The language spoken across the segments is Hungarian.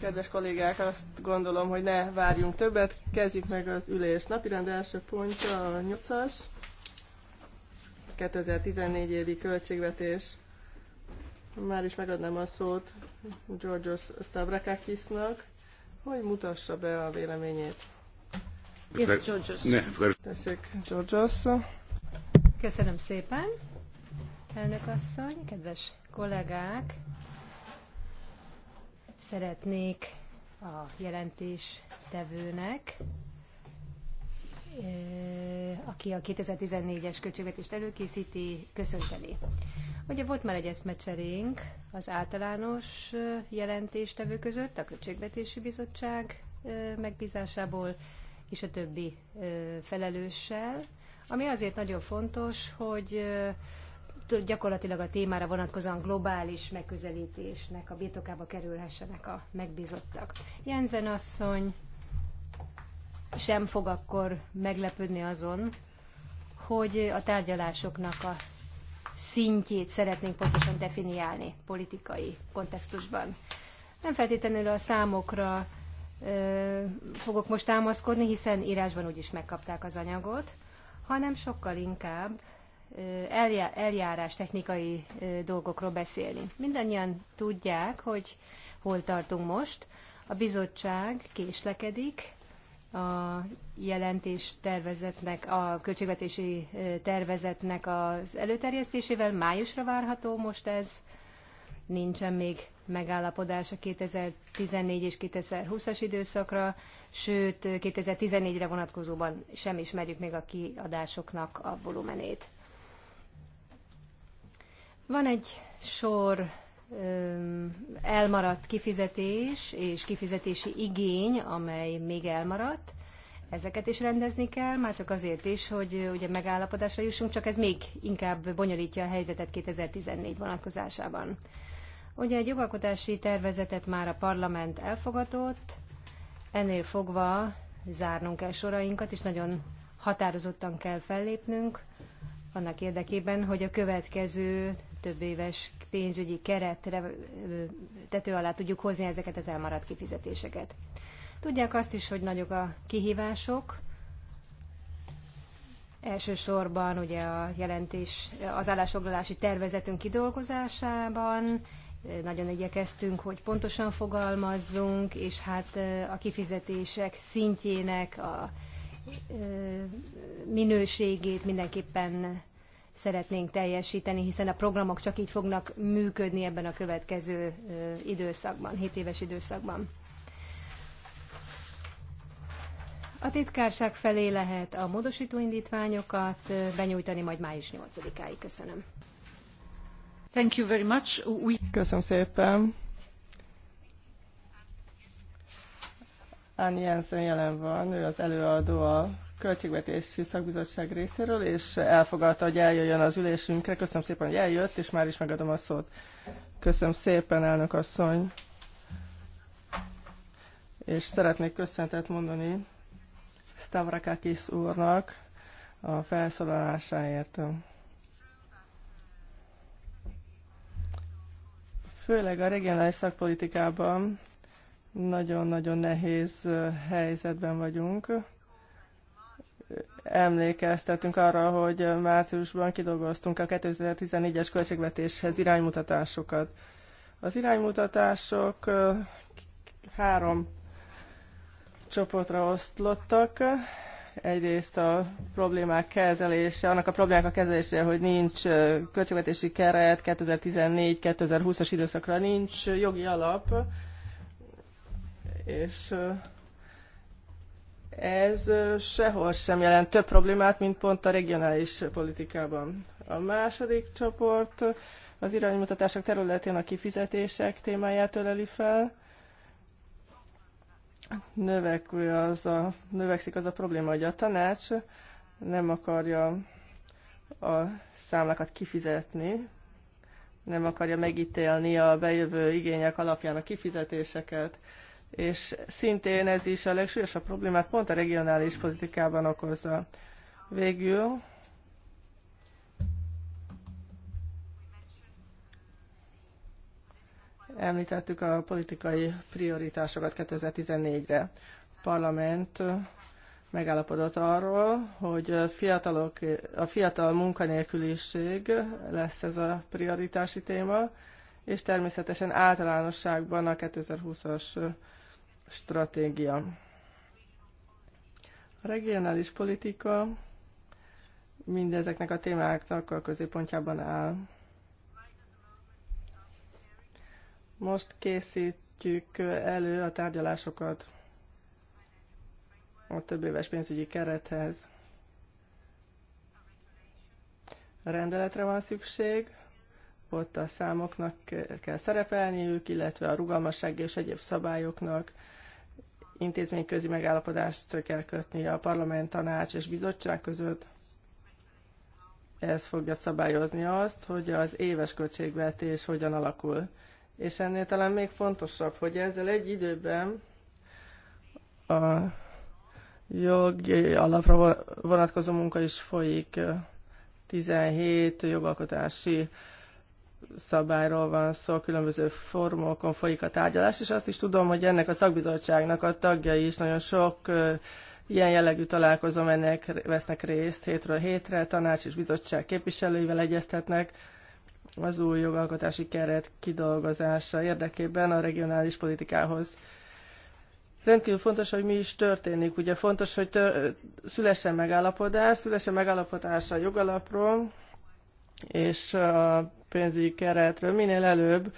Kedves kollégák, azt gondolom, hogy ne várjunk többet. Kezdjük meg az ülés. Napirend első pontja a 8-as. 2014 évi költségvetés. Már is megadnám a szót Georgios Stavrakakisnak, hogy mutassa be a véleményét. Yes, Tessék, Georgios. Köszönöm szépen, elnök asszony, kedves kollégák! Szeretnék a jelentéstevőnek, eh, aki a 2014-es költségvetést előkészíti, köszönteni. Ugye volt már egy eszmecserénk az általános eh, jelentéstevő között, a Költségvetési Bizottság eh, megbízásából és a többi felelőssel, ami azért nagyon fontos, hogy gyakorlatilag a témára vonatkozóan globális megközelítésnek a birtokába kerülhessenek a megbízottak. Jensen asszony sem fog akkor meglepődni azon, hogy a tárgyalásoknak a szintjét szeretnénk pontosan definiálni politikai kontextusban. Nem feltétlenül a számokra ö, fogok most támaszkodni, hiszen írásban úgyis megkapták az anyagot, hanem sokkal inkább eljárás technikai dolgokról beszélni. Mindannyian tudják, hogy hol tartunk most. A bizottság késlekedik a jelentés tervezetnek, a költségvetési tervezetnek az előterjesztésével. Májusra várható most ez. Nincsen még megállapodás a 2014 és 2020-as időszakra, sőt 2014-re vonatkozóban sem ismerjük még a kiadásoknak a volumenét. Van egy sor elmaradt kifizetés és kifizetési igény, amely még elmaradt. Ezeket is rendezni kell, már csak azért is, hogy ugye megállapodásra jussunk, csak ez még inkább bonyolítja a helyzetet 2014 vonatkozásában. Ugye egy jogalkotási tervezetet már a parlament elfogadott, ennél fogva zárnunk kell sorainkat, és nagyon határozottan kell fellépnünk annak érdekében, hogy a következő több éves pénzügyi keretre tető alá tudjuk hozni ezeket az elmaradt kifizetéseket. Tudják azt is, hogy nagyok a kihívások, elsősorban ugye a jelentés, az állásfoglalási tervezetünk kidolgozásában, nagyon igyekeztünk, hogy pontosan fogalmazzunk, és hát a kifizetések szintjének a minőségét mindenképpen szeretnénk teljesíteni, hiszen a programok csak így fognak működni ebben a következő időszakban, 7 éves időszakban. A titkárság felé lehet a módosító indítványokat benyújtani majd május 8-áig. Köszönöm. Thank you very much. We... Köszönöm szépen. Ann Jensen jelen van, ő az előadó a Költségvetési Szakbizottság részéről, és elfogadta, hogy eljöjjön az ülésünkre. Köszönöm szépen, hogy eljött, és már is megadom a szót. Köszönöm szépen, elnök asszony. És szeretnék köszöntet mondani Stavrakakis úrnak a felszólalásáért. Főleg a regionális szakpolitikában nagyon-nagyon nehéz helyzetben vagyunk emlékeztetünk arra, hogy márciusban kidolgoztunk a 2014-es költségvetéshez iránymutatásokat. Az iránymutatások három csoportra osztlottak. Egyrészt a problémák kezelése, annak a problémák a kezelése, hogy nincs költségvetési keret, 2014-2020-as időszakra nincs jogi alap, és ez sehol sem jelent több problémát, mint pont a regionális politikában. A második csoport az iránymutatások területén a kifizetések témáját öleli fel. az a, növekszik az a probléma, hogy a tanács nem akarja a számlákat kifizetni, nem akarja megítélni a bejövő igények alapján a kifizetéseket és szintén ez is a legsúlyosabb problémát pont a regionális politikában okozza. Végül említettük a politikai prioritásokat 2014-re. Parlament megállapodott arról, hogy fiatalok, a fiatal munkanélküliség lesz ez a prioritási téma, és természetesen általánosságban a 2020-as stratégia. A regionális politika mindezeknek a témáknak a középpontjában áll. Most készítjük elő a tárgyalásokat a több éves pénzügyi kerethez. A rendeletre van szükség, ott a számoknak kell szerepelniük, illetve a rugalmasság és egyéb szabályoknak, intézményközi megállapodást kell kötni a parlament, tanács és bizottság között. Ez fogja szabályozni azt, hogy az éves költségvetés hogyan alakul. És ennél talán még fontosabb, hogy ezzel egy időben a jogi alapra vonatkozó munka is folyik. 17 jogalkotási szabályról van szó, különböző formokon folyik a tárgyalás, és azt is tudom, hogy ennek a szakbizottságnak a tagjai is nagyon sok ilyen jellegű találkozó ennek vesznek részt hétről hétre, tanács és bizottság képviselőivel egyeztetnek az új jogalkotási keret kidolgozása érdekében a regionális politikához. Rendkívül fontos, hogy mi is történik. Ugye fontos, hogy tör- szülessen megállapodás, szülessen megállapodás a jogalapról, és a pénzügyi keretről minél előbb,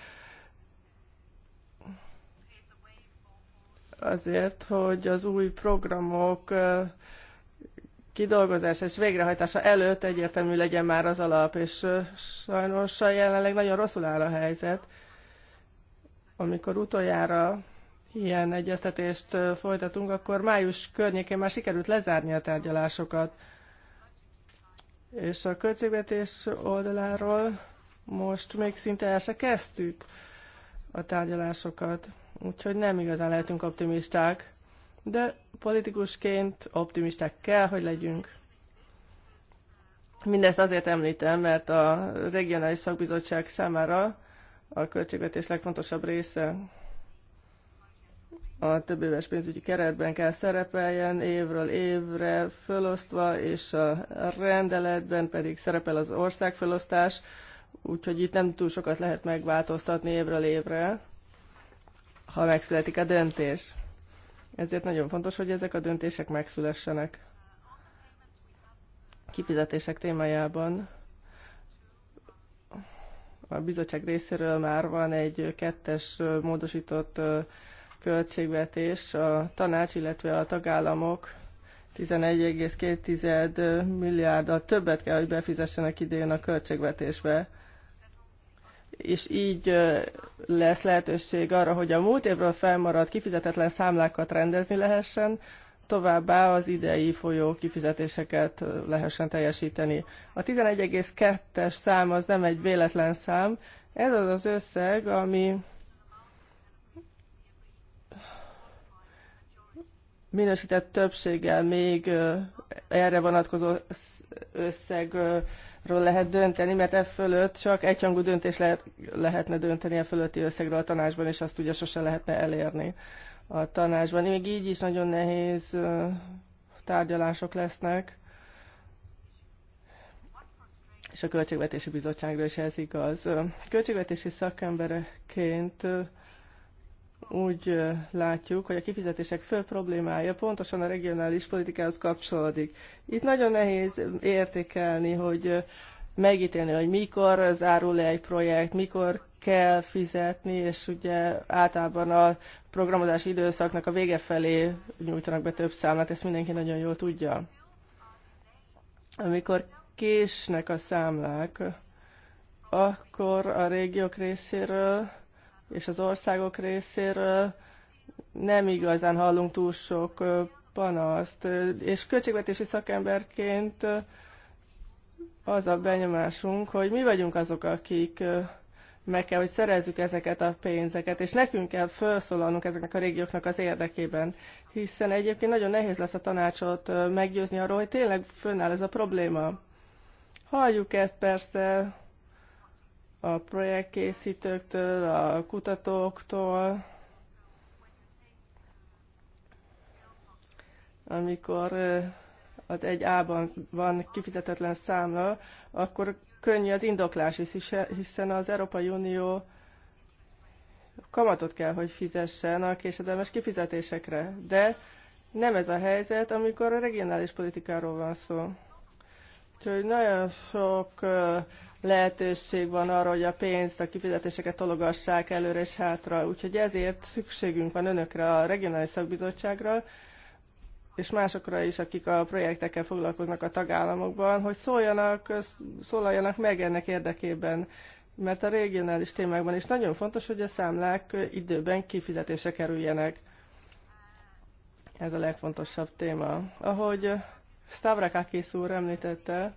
azért, hogy az új programok kidolgozása és végrehajtása előtt egyértelmű legyen már az alap, és sajnos jelenleg nagyon rosszul áll a helyzet. Amikor utoljára ilyen egyeztetést folytatunk, akkor május környékén már sikerült lezárni a tárgyalásokat. És a költségvetés oldaláról most még szinte el se kezdtük a tárgyalásokat, úgyhogy nem igazán lehetünk optimisták, de politikusként optimisták kell, hogy legyünk. Mindezt azért említem, mert a regionális szakbizottság számára a költségvetés legfontosabb része a több éves pénzügyi keretben kell szerepeljen évről évre fölosztva, és a rendeletben pedig szerepel az országfelosztás, úgyhogy itt nem túl sokat lehet megváltoztatni évről évre, ha megszületik a döntés. Ezért nagyon fontos, hogy ezek a döntések megszülessenek. Kifizetések témájában a bizottság részéről már van egy kettes módosított költségvetés a tanács, illetve a tagállamok 11,2 milliárddal többet kell, hogy befizessenek idén a költségvetésbe. És így lesz lehetőség arra, hogy a múlt évről felmaradt kifizetetlen számlákat rendezni lehessen, továbbá az idei folyó kifizetéseket lehessen teljesíteni. A 11,2-es szám az nem egy véletlen szám, ez az az összeg, ami minősített többséggel még erre vonatkozó összegről lehet dönteni, mert e fölött csak egyhangú döntés lehet, lehetne dönteni e fölötti összegről a tanácsban, és azt ugye sose lehetne elérni a tanácsban. Még így is nagyon nehéz tárgyalások lesznek, és a Költségvetési Bizottságra is ez igaz. Költségvetési szakembereként úgy látjuk, hogy a kifizetések fő problémája pontosan a regionális politikához kapcsolódik. Itt nagyon nehéz értékelni, hogy megítélni, hogy mikor zárul le egy projekt, mikor kell fizetni, és ugye általában a programozási időszaknak a vége felé nyújtanak be több számlát, ezt mindenki nagyon jól tudja. Amikor késnek a számlák, akkor a régiók részéről és az országok részéről nem igazán hallunk túl sok panaszt. És költségvetési szakemberként az a benyomásunk, hogy mi vagyunk azok, akik meg kell, hogy szerezzük ezeket a pénzeket, és nekünk kell felszólalnunk ezeknek a régióknak az érdekében, hiszen egyébként nagyon nehéz lesz a tanácsot meggyőzni arról, hogy tényleg fönnáll ez a probléma. Halljuk ezt persze a projektkészítőktől, a kutatóktól, amikor az egy ában van kifizetetlen számla, akkor könnyű az indoklás is, hiszen az Európai Unió kamatot kell, hogy fizessen a késedelmes kifizetésekre. De nem ez a helyzet, amikor a regionális politikáról van szó. Úgyhogy nagyon sok lehetőség van arra, hogy a pénzt, a kifizetéseket tologassák előre és hátra. Úgyhogy ezért szükségünk van önökre, a regionális szakbizottságra, és másokra is, akik a projektekkel foglalkoznak a tagállamokban, hogy szóljanak, szólaljanak meg ennek érdekében. Mert a regionális témákban is nagyon fontos, hogy a számlák időben kifizetése kerüljenek. Ez a legfontosabb téma. Ahogy Stavrakakis úr említette,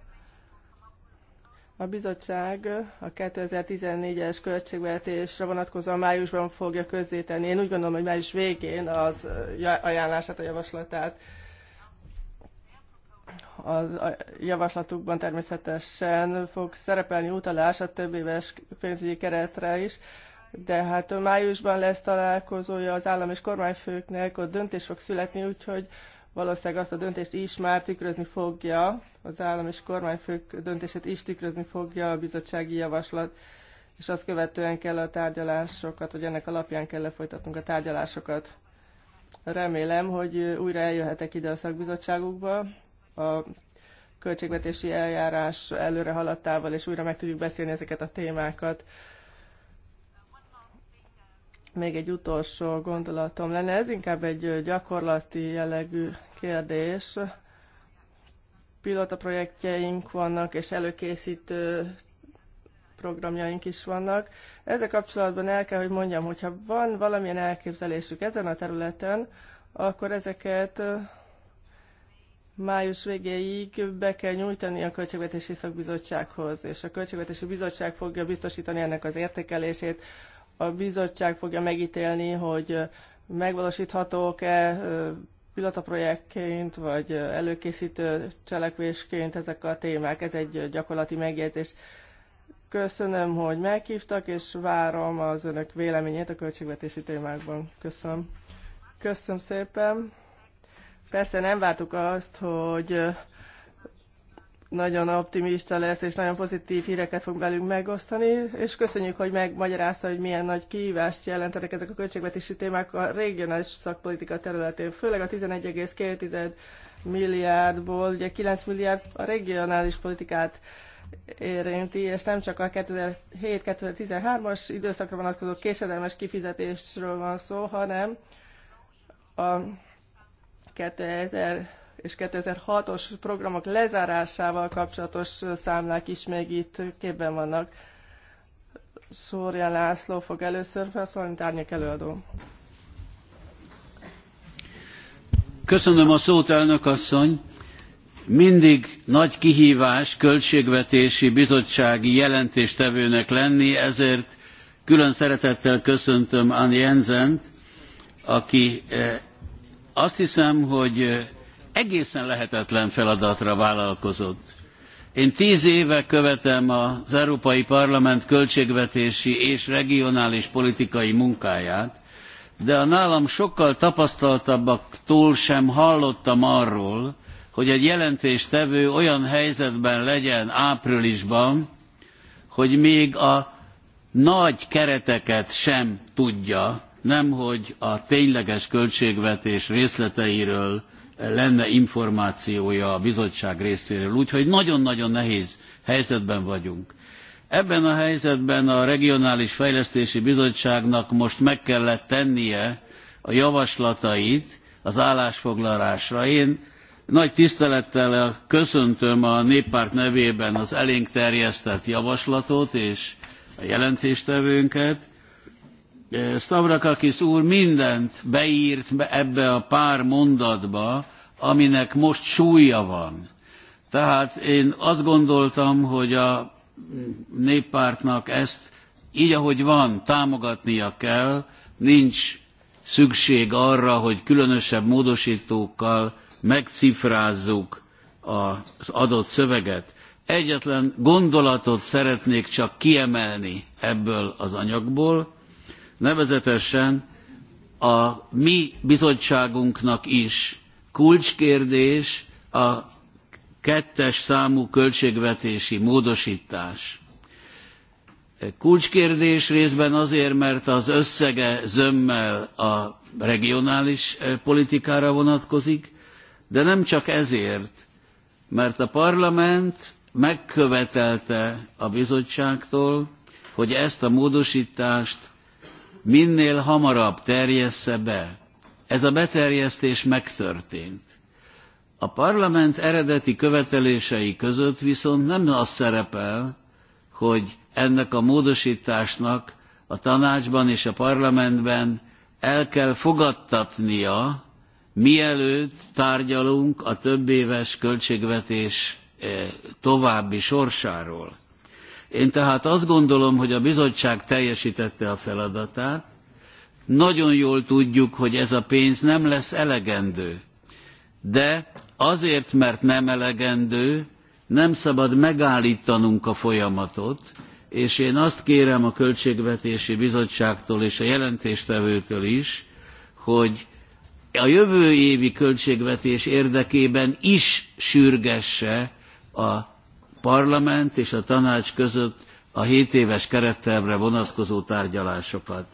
a bizottság a 2014-es költségvetésre vonatkozóan májusban fogja közzétenni. Én úgy gondolom, hogy május végén az ajánlását, a javaslatát. A javaslatukban természetesen fog szerepelni utalás a több éves pénzügyi keretre is, de hát májusban lesz találkozója az állam és kormányfőknek, ott döntés fog születni, úgyhogy valószínűleg azt a döntést is már tükrözni fogja, az állam és kormányfők döntését is tükrözni fogja a bizottsági javaslat, és azt követően kell a tárgyalásokat, vagy ennek alapján kell lefolytatnunk a tárgyalásokat. Remélem, hogy újra eljöhetek ide a szakbizottságukba, a költségvetési eljárás előre haladtával, és újra meg tudjuk beszélni ezeket a témákat. Még egy utolsó gondolatom lenne, ez inkább egy gyakorlati jellegű kérdés. Pilota projektjeink vannak, és előkészítő programjaink is vannak. Ezzel kapcsolatban el kell, hogy mondjam, hogyha van valamilyen elképzelésük ezen a területen, akkor ezeket május végéig be kell nyújtani a Költségvetési Szakbizottsághoz, és a Költségvetési Bizottság fogja biztosítani ennek az értékelését, a bizottság fogja megítélni, hogy megvalósíthatók-e pilotaprojektként, vagy előkészítő cselekvésként ezek a témák. Ez egy gyakorlati megjegyzés. Köszönöm, hogy meghívtak, és várom az önök véleményét a költségvetési témákban. Köszönöm. Köszönöm szépen. Persze nem vártuk azt, hogy nagyon optimista lesz, és nagyon pozitív híreket fog velünk megosztani, és köszönjük, hogy megmagyarázta, hogy milyen nagy kihívást jelentenek ezek a költségvetési témák a regionális szakpolitika területén, főleg a 11,2 milliárdból, ugye 9 milliárd a regionális politikát érinti, és nem csak a 2007-2013-as időszakra vonatkozó késedelmes kifizetésről van szó, hanem a 2000 és 2006-os programok lezárásával kapcsolatos számlák is még itt képben vannak. Sorja László fog először felszólni, tárnyék előadó. Köszönöm a szót, elnök asszony! Mindig nagy kihívás költségvetési bizottsági jelentéstevőnek lenni, ezért külön szeretettel köszöntöm Anni Jensent, aki eh, azt hiszem, hogy eh, egészen lehetetlen feladatra vállalkozott. Én tíz éve követem az Európai Parlament költségvetési és regionális politikai munkáját, de a nálam sokkal tapasztaltabbaktól sem hallottam arról, hogy egy jelentéstevő olyan helyzetben legyen áprilisban, hogy még a nagy kereteket sem tudja, nemhogy a tényleges költségvetés részleteiről lenne információja a bizottság részéről, úgyhogy nagyon-nagyon nehéz helyzetben vagyunk. Ebben a helyzetben a Regionális Fejlesztési Bizottságnak most meg kellett tennie a javaslatait az állásfoglalásra. Én nagy tisztelettel köszöntöm a néppárt nevében az elénk terjesztett javaslatot és a jelentéstevőnket. Stavrakakis úr mindent beírt ebbe a pár mondatba, aminek most súlya van. Tehát én azt gondoltam, hogy a néppártnak ezt így, ahogy van, támogatnia kell, nincs szükség arra, hogy különösebb módosítókkal megcifrázzuk az adott szöveget. Egyetlen gondolatot szeretnék csak kiemelni ebből az anyagból, nevezetesen a mi bizottságunknak is Kulcskérdés a kettes számú költségvetési módosítás. Kulcskérdés részben azért, mert az összege zömmel a regionális politikára vonatkozik, de nem csak ezért, mert a parlament megkövetelte a bizottságtól, hogy ezt a módosítást minél hamarabb terjessze be. Ez a beterjesztés megtörtént. A parlament eredeti követelései között viszont nem az szerepel, hogy ennek a módosításnak a tanácsban és a parlamentben el kell fogadtatnia, mielőtt tárgyalunk a többéves költségvetés eh, további sorsáról. Én tehát azt gondolom, hogy a bizottság teljesítette a feladatát, nagyon jól tudjuk, hogy ez a pénz nem lesz elegendő. De azért, mert nem elegendő, nem szabad megállítanunk a folyamatot, és én azt kérem a Költségvetési Bizottságtól és a jelentéstevőtől is, hogy a jövő évi költségvetés érdekében is sürgesse a parlament és a tanács között a 7 éves kerettervre vonatkozó tárgyalásokat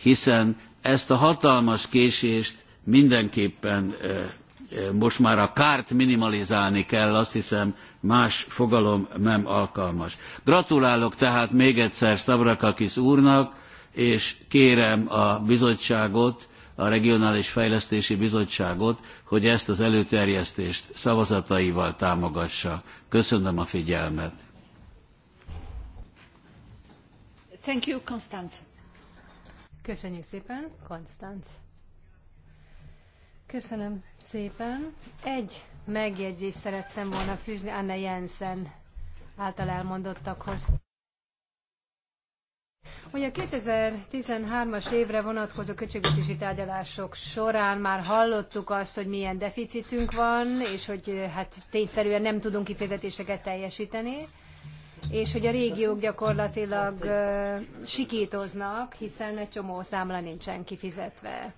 hiszen ezt a hatalmas késést mindenképpen most már a kárt minimalizálni kell, azt hiszem más fogalom nem alkalmas. Gratulálok tehát még egyszer Stavrakakis úrnak, és kérem a bizottságot, a Regionális Fejlesztési Bizottságot, hogy ezt az előterjesztést szavazataival támogassa. Köszönöm a figyelmet. Thank you, Constance. Köszönjük szépen, Konstanz. Köszönöm szépen. Egy megjegyzést szerettem volna fűzni Anne Jensen által elmondottakhoz. Hogy a 2013-as évre vonatkozó költségvetési tárgyalások során már hallottuk azt, hogy milyen deficitünk van, és hogy hát tényszerűen nem tudunk kifizetéseket teljesíteni és hogy a régiók gyakorlatilag sikítoznak, hiszen egy csomó számla nincsen kifizetve.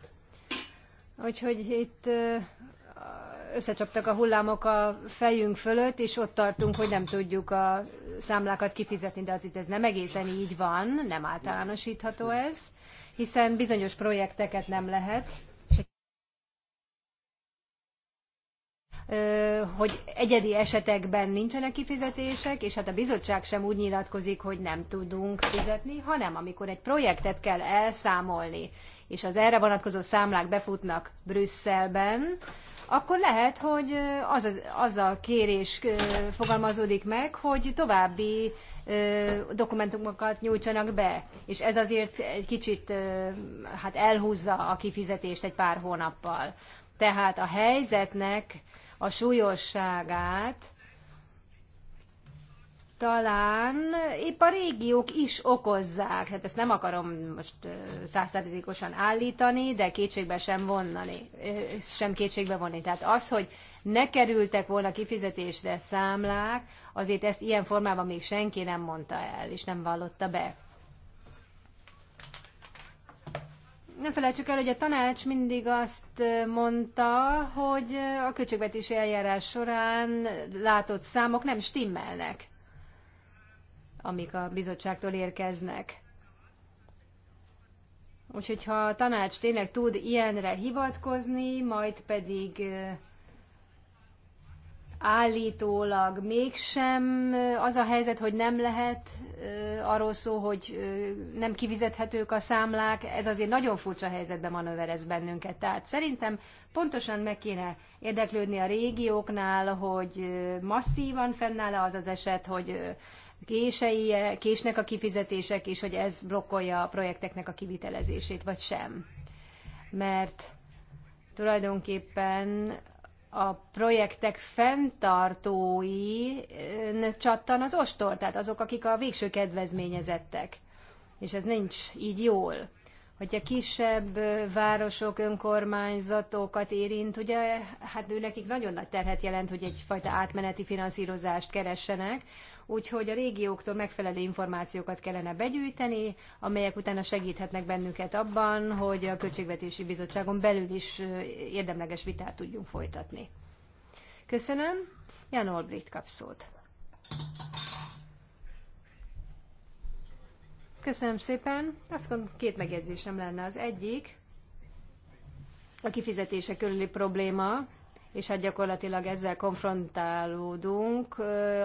Úgyhogy itt összecsaptak a hullámok a fejünk fölött, és ott tartunk, hogy nem tudjuk a számlákat kifizetni, de az itt ez nem egészen így van, nem általánosítható ez, hiszen bizonyos projekteket nem lehet hogy egyedi esetekben nincsenek kifizetések, és hát a bizottság sem úgy nyilatkozik, hogy nem tudunk fizetni, hanem amikor egy projektet kell elszámolni, és az erre vonatkozó számlák befutnak Brüsszelben, akkor lehet, hogy az, az, az a kérés fogalmazódik meg, hogy további dokumentumokat nyújtsanak be, és ez azért egy kicsit hát elhúzza a kifizetést egy pár hónappal. Tehát a helyzetnek a súlyosságát, talán épp a régiók is okozzák. Hát ezt nem akarom most százszerzékosan állítani, de kétségbe sem vonnani, sem kétségbe vonni. Tehát az, hogy ne kerültek volna kifizetésre számlák, azért ezt ilyen formában még senki nem mondta el, és nem vallotta be. nem felejtsük el, hogy a tanács mindig azt mondta, hogy a költségvetési eljárás során látott számok nem stimmelnek, amik a bizottságtól érkeznek. Úgyhogy ha a tanács tényleg tud ilyenre hivatkozni, majd pedig állítólag mégsem az a helyzet, hogy nem lehet arról szó, hogy nem kivizethetők a számlák, ez azért nagyon furcsa helyzetben manőverez bennünket. Tehát szerintem pontosan meg kéne érdeklődni a régióknál, hogy masszívan fennáll az az eset, hogy kései, késnek a kifizetések, és hogy ez blokkolja a projekteknek a kivitelezését, vagy sem. Mert tulajdonképpen a projektek fenntartói csattan az ostor, tehát azok, akik a végső kedvezményezettek. És ez nincs így jól hogy a kisebb városok, önkormányzatokat érint, ugye, hát ő nekik nagyon nagy terhet jelent, hogy egyfajta átmeneti finanszírozást keressenek, úgyhogy a régióktól megfelelő információkat kellene begyűjteni, amelyek utána segíthetnek bennünket abban, hogy a Költségvetési Bizottságon belül is érdemleges vitát tudjunk folytatni. Köszönöm. Jan Olbricht kap szót. Köszönöm szépen. Azt gondolom, két megjegyzésem lenne. Az egyik, a kifizetése körüli probléma, és hát gyakorlatilag ezzel konfrontálódunk,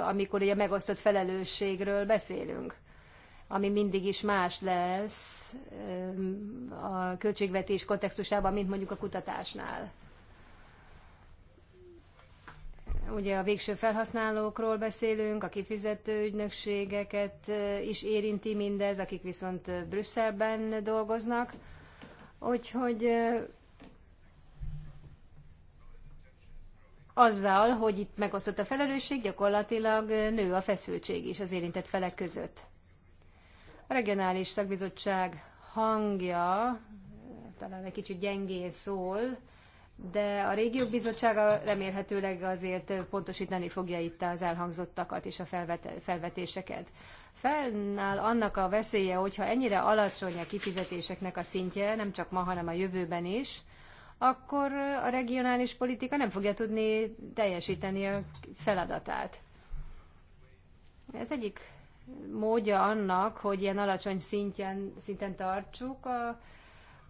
amikor ugye megosztott felelősségről beszélünk ami mindig is más lesz a költségvetés kontextusában, mint mondjuk a kutatásnál. ugye a végső felhasználókról beszélünk, a kifizető ügynökségeket is érinti mindez, akik viszont Brüsszelben dolgoznak. Úgyhogy azzal, hogy itt megosztott a felelősség, gyakorlatilag nő a feszültség is az érintett felek között. A regionális szakbizottság hangja talán egy kicsit gyengén szól, de a régiók bizottsága remélhetőleg azért pontosítani fogja itt az elhangzottakat és a felvet felvetéseket. Felnál annak a veszélye, hogyha ennyire alacsony a kifizetéseknek a szintje, nem csak ma, hanem a jövőben is, akkor a regionális politika nem fogja tudni teljesíteni a feladatát. Ez egyik módja annak, hogy ilyen alacsony szinten, szinten tartsuk a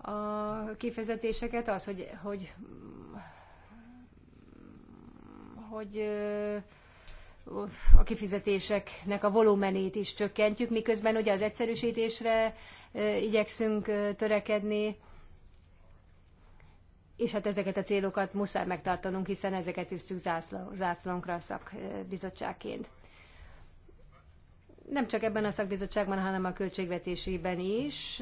a kifizetéseket, az, hogy, hogy, hogy a kifizetéseknek a volumenét is csökkentjük, miközben ugye az egyszerűsítésre igyekszünk törekedni, és hát ezeket a célokat muszáj megtartanunk, hiszen ezeket tűztük zászlónkra a szakbizottságként. Nem csak ebben a szakbizottságban, hanem a költségvetésében is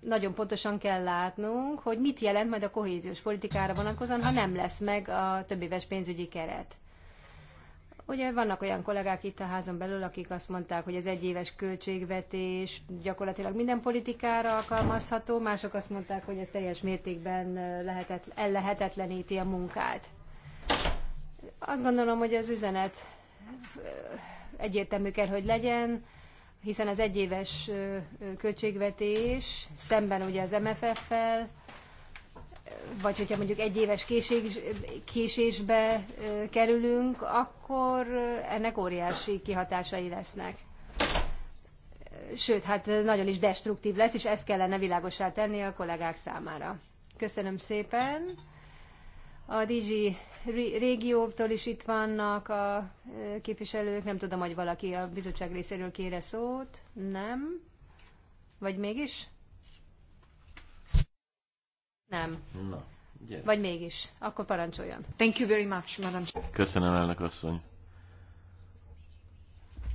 nagyon pontosan kell látnunk, hogy mit jelent majd a kohéziós politikára vonatkozóan, ha nem lesz meg a többéves pénzügyi keret. Ugye vannak olyan kollégák itt a házon belül, akik azt mondták, hogy az egyéves költségvetés gyakorlatilag minden politikára alkalmazható, mások azt mondták, hogy ez teljes mértékben lehetet, ellehetetleníti a munkát. Azt gondolom, hogy az üzenet egyértelmű kell, hogy legyen, hiszen az egyéves költségvetés szemben ugye az MFF-fel, vagy hogyha mondjuk egy éves késés, késésbe kerülünk, akkor ennek óriási kihatásai lesznek. Sőt, hát nagyon is destruktív lesz, és ezt kellene világosá tenni a kollégák számára. Köszönöm szépen. A DG régióktól is itt vannak a képviselők. Nem tudom, hogy valaki a bizottság részéről kére szót. Nem? Vagy mégis? Nem. Na, gyere. Vagy mégis. Akkor parancsoljon. Thank you very much, madam. Köszönöm, elnök asszony.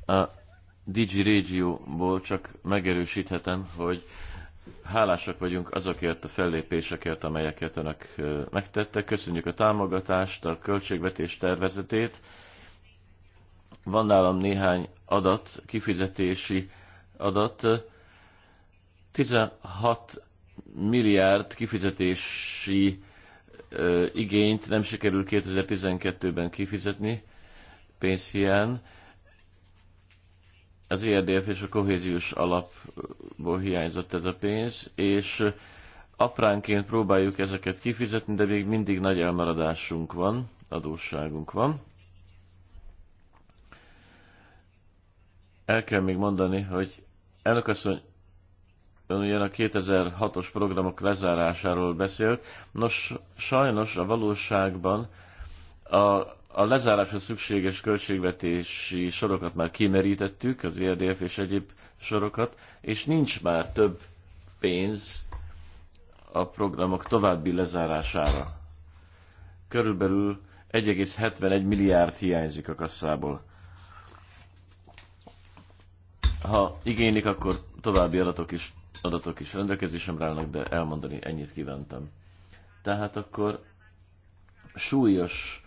A Digi Régióból csak megerősíthetem, hogy hálásak vagyunk azokért a fellépésekért, amelyeket önök megtettek. Köszönjük a támogatást, a költségvetés tervezetét. Van nálam néhány adat, kifizetési adat. 16 milliárd kifizetési igényt nem sikerül 2012-ben kifizetni pénzhiány az ERDF és a kohéziós alapból hiányzott ez a pénz, és apránként próbáljuk ezeket kifizetni, de még mindig nagy elmaradásunk van, adósságunk van. El kell még mondani, hogy elnök asszony ön ugyan a 2006-os programok lezárásáról beszélt. Nos, sajnos a valóságban a a lezárásra szükséges költségvetési sorokat már kimerítettük, az ERDF és egyéb sorokat, és nincs már több pénz a programok további lezárására. Körülbelül 1,71 milliárd hiányzik a kasszából. Ha igénylik, akkor további adatok is, adatok is rendelkezésemre állnak, de elmondani ennyit kívántam. Tehát akkor súlyos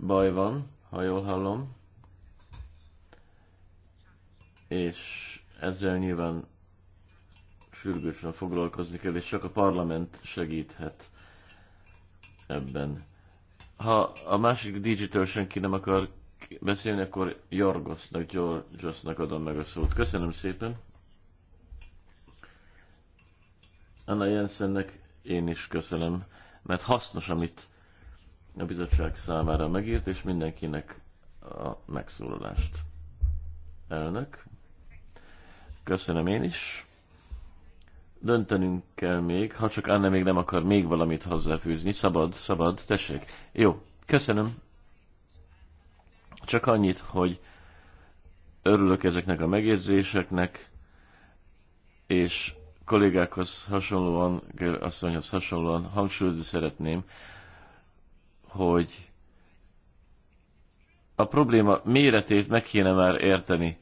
baj van, ha jól hallom, és ezzel nyilván sürgősen foglalkozni kell, és csak a parlament segíthet ebben. Ha a másik digital senki nem akar beszélni, akkor Jorgosnak, Georgesnak adom meg a szót. Köszönöm szépen. Anna Jensennek én is köszönöm, mert hasznos, amit a bizottság számára megírt, és mindenkinek a megszólalást. Elnök, köszönöm én is. Döntenünk kell még, ha csak Anna még nem akar még valamit hozzáfűzni. Szabad, szabad, tessék. Jó, köszönöm. Csak annyit, hogy örülök ezeknek a megjegyzéseknek, és kollégákhoz hasonlóan, asszonyhoz hasonlóan hangsúlyozni szeretném, hogy a probléma méretét meg kéne már érteni.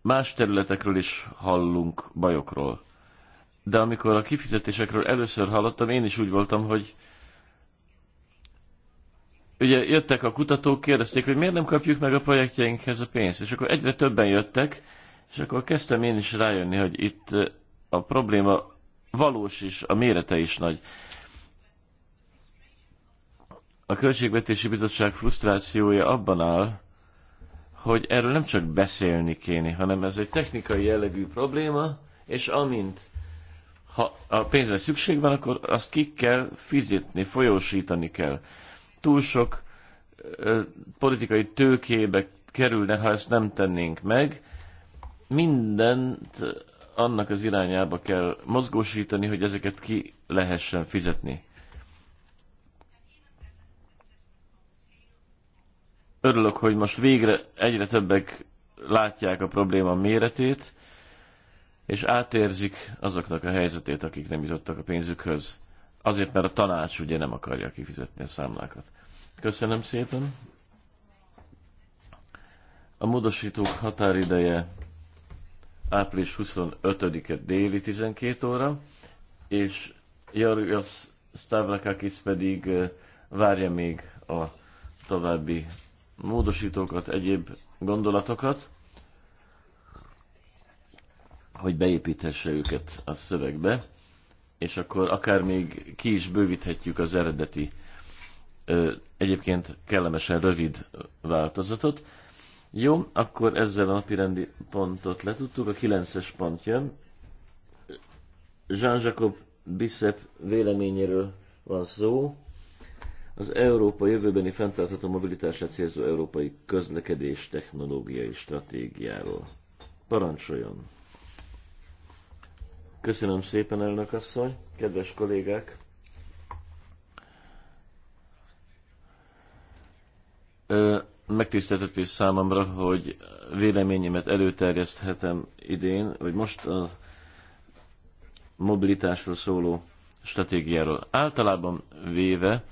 Más területekről is hallunk bajokról. De amikor a kifizetésekről először hallottam, én is úgy voltam, hogy ugye jöttek a kutatók, kérdezték, hogy miért nem kapjuk meg a projektjeinkhez a pénzt. És akkor egyre többen jöttek, és akkor kezdtem én is rájönni, hogy itt a probléma valós is, a mérete is nagy. A Költségvetési Bizottság frusztrációja abban áll, hogy erről nem csak beszélni kéne, hanem ez egy technikai jellegű probléma, és amint ha a pénzre szükség van, akkor azt ki kell fizetni, folyósítani kell. Túl sok ö, politikai tőkébe kerülne, ha ezt nem tennénk meg. Mindent annak az irányába kell mozgósítani, hogy ezeket ki lehessen fizetni. örülök, hogy most végre egyre többek látják a probléma méretét, és átérzik azoknak a helyzetét, akik nem jutottak a pénzükhöz. Azért, mert a tanács ugye nem akarja kifizetni a számlákat. Köszönöm szépen. A módosítók határideje április 25-e déli 12 óra, és Jarjasz Stavrakakis pedig eh, várja még a további módosítókat, egyéb gondolatokat, hogy beépíthesse őket a szövegbe, és akkor akár még ki is bővíthetjük az eredeti, egyébként kellemesen rövid változatot. Jó, akkor ezzel a napirendi pontot letudtuk, a 9-es pont jön. jean jacques Bissep véleményéről van szó az Európa jövőbeni fenntartható mobilitásra célzó európai közlekedés technológiai stratégiáról. Parancsoljon! Köszönöm szépen, elnök asszony, kedves kollégák! Megtiszteltetés számomra, hogy véleményemet előterjeszthetem idén, vagy most a mobilitásról szóló stratégiáról. Általában véve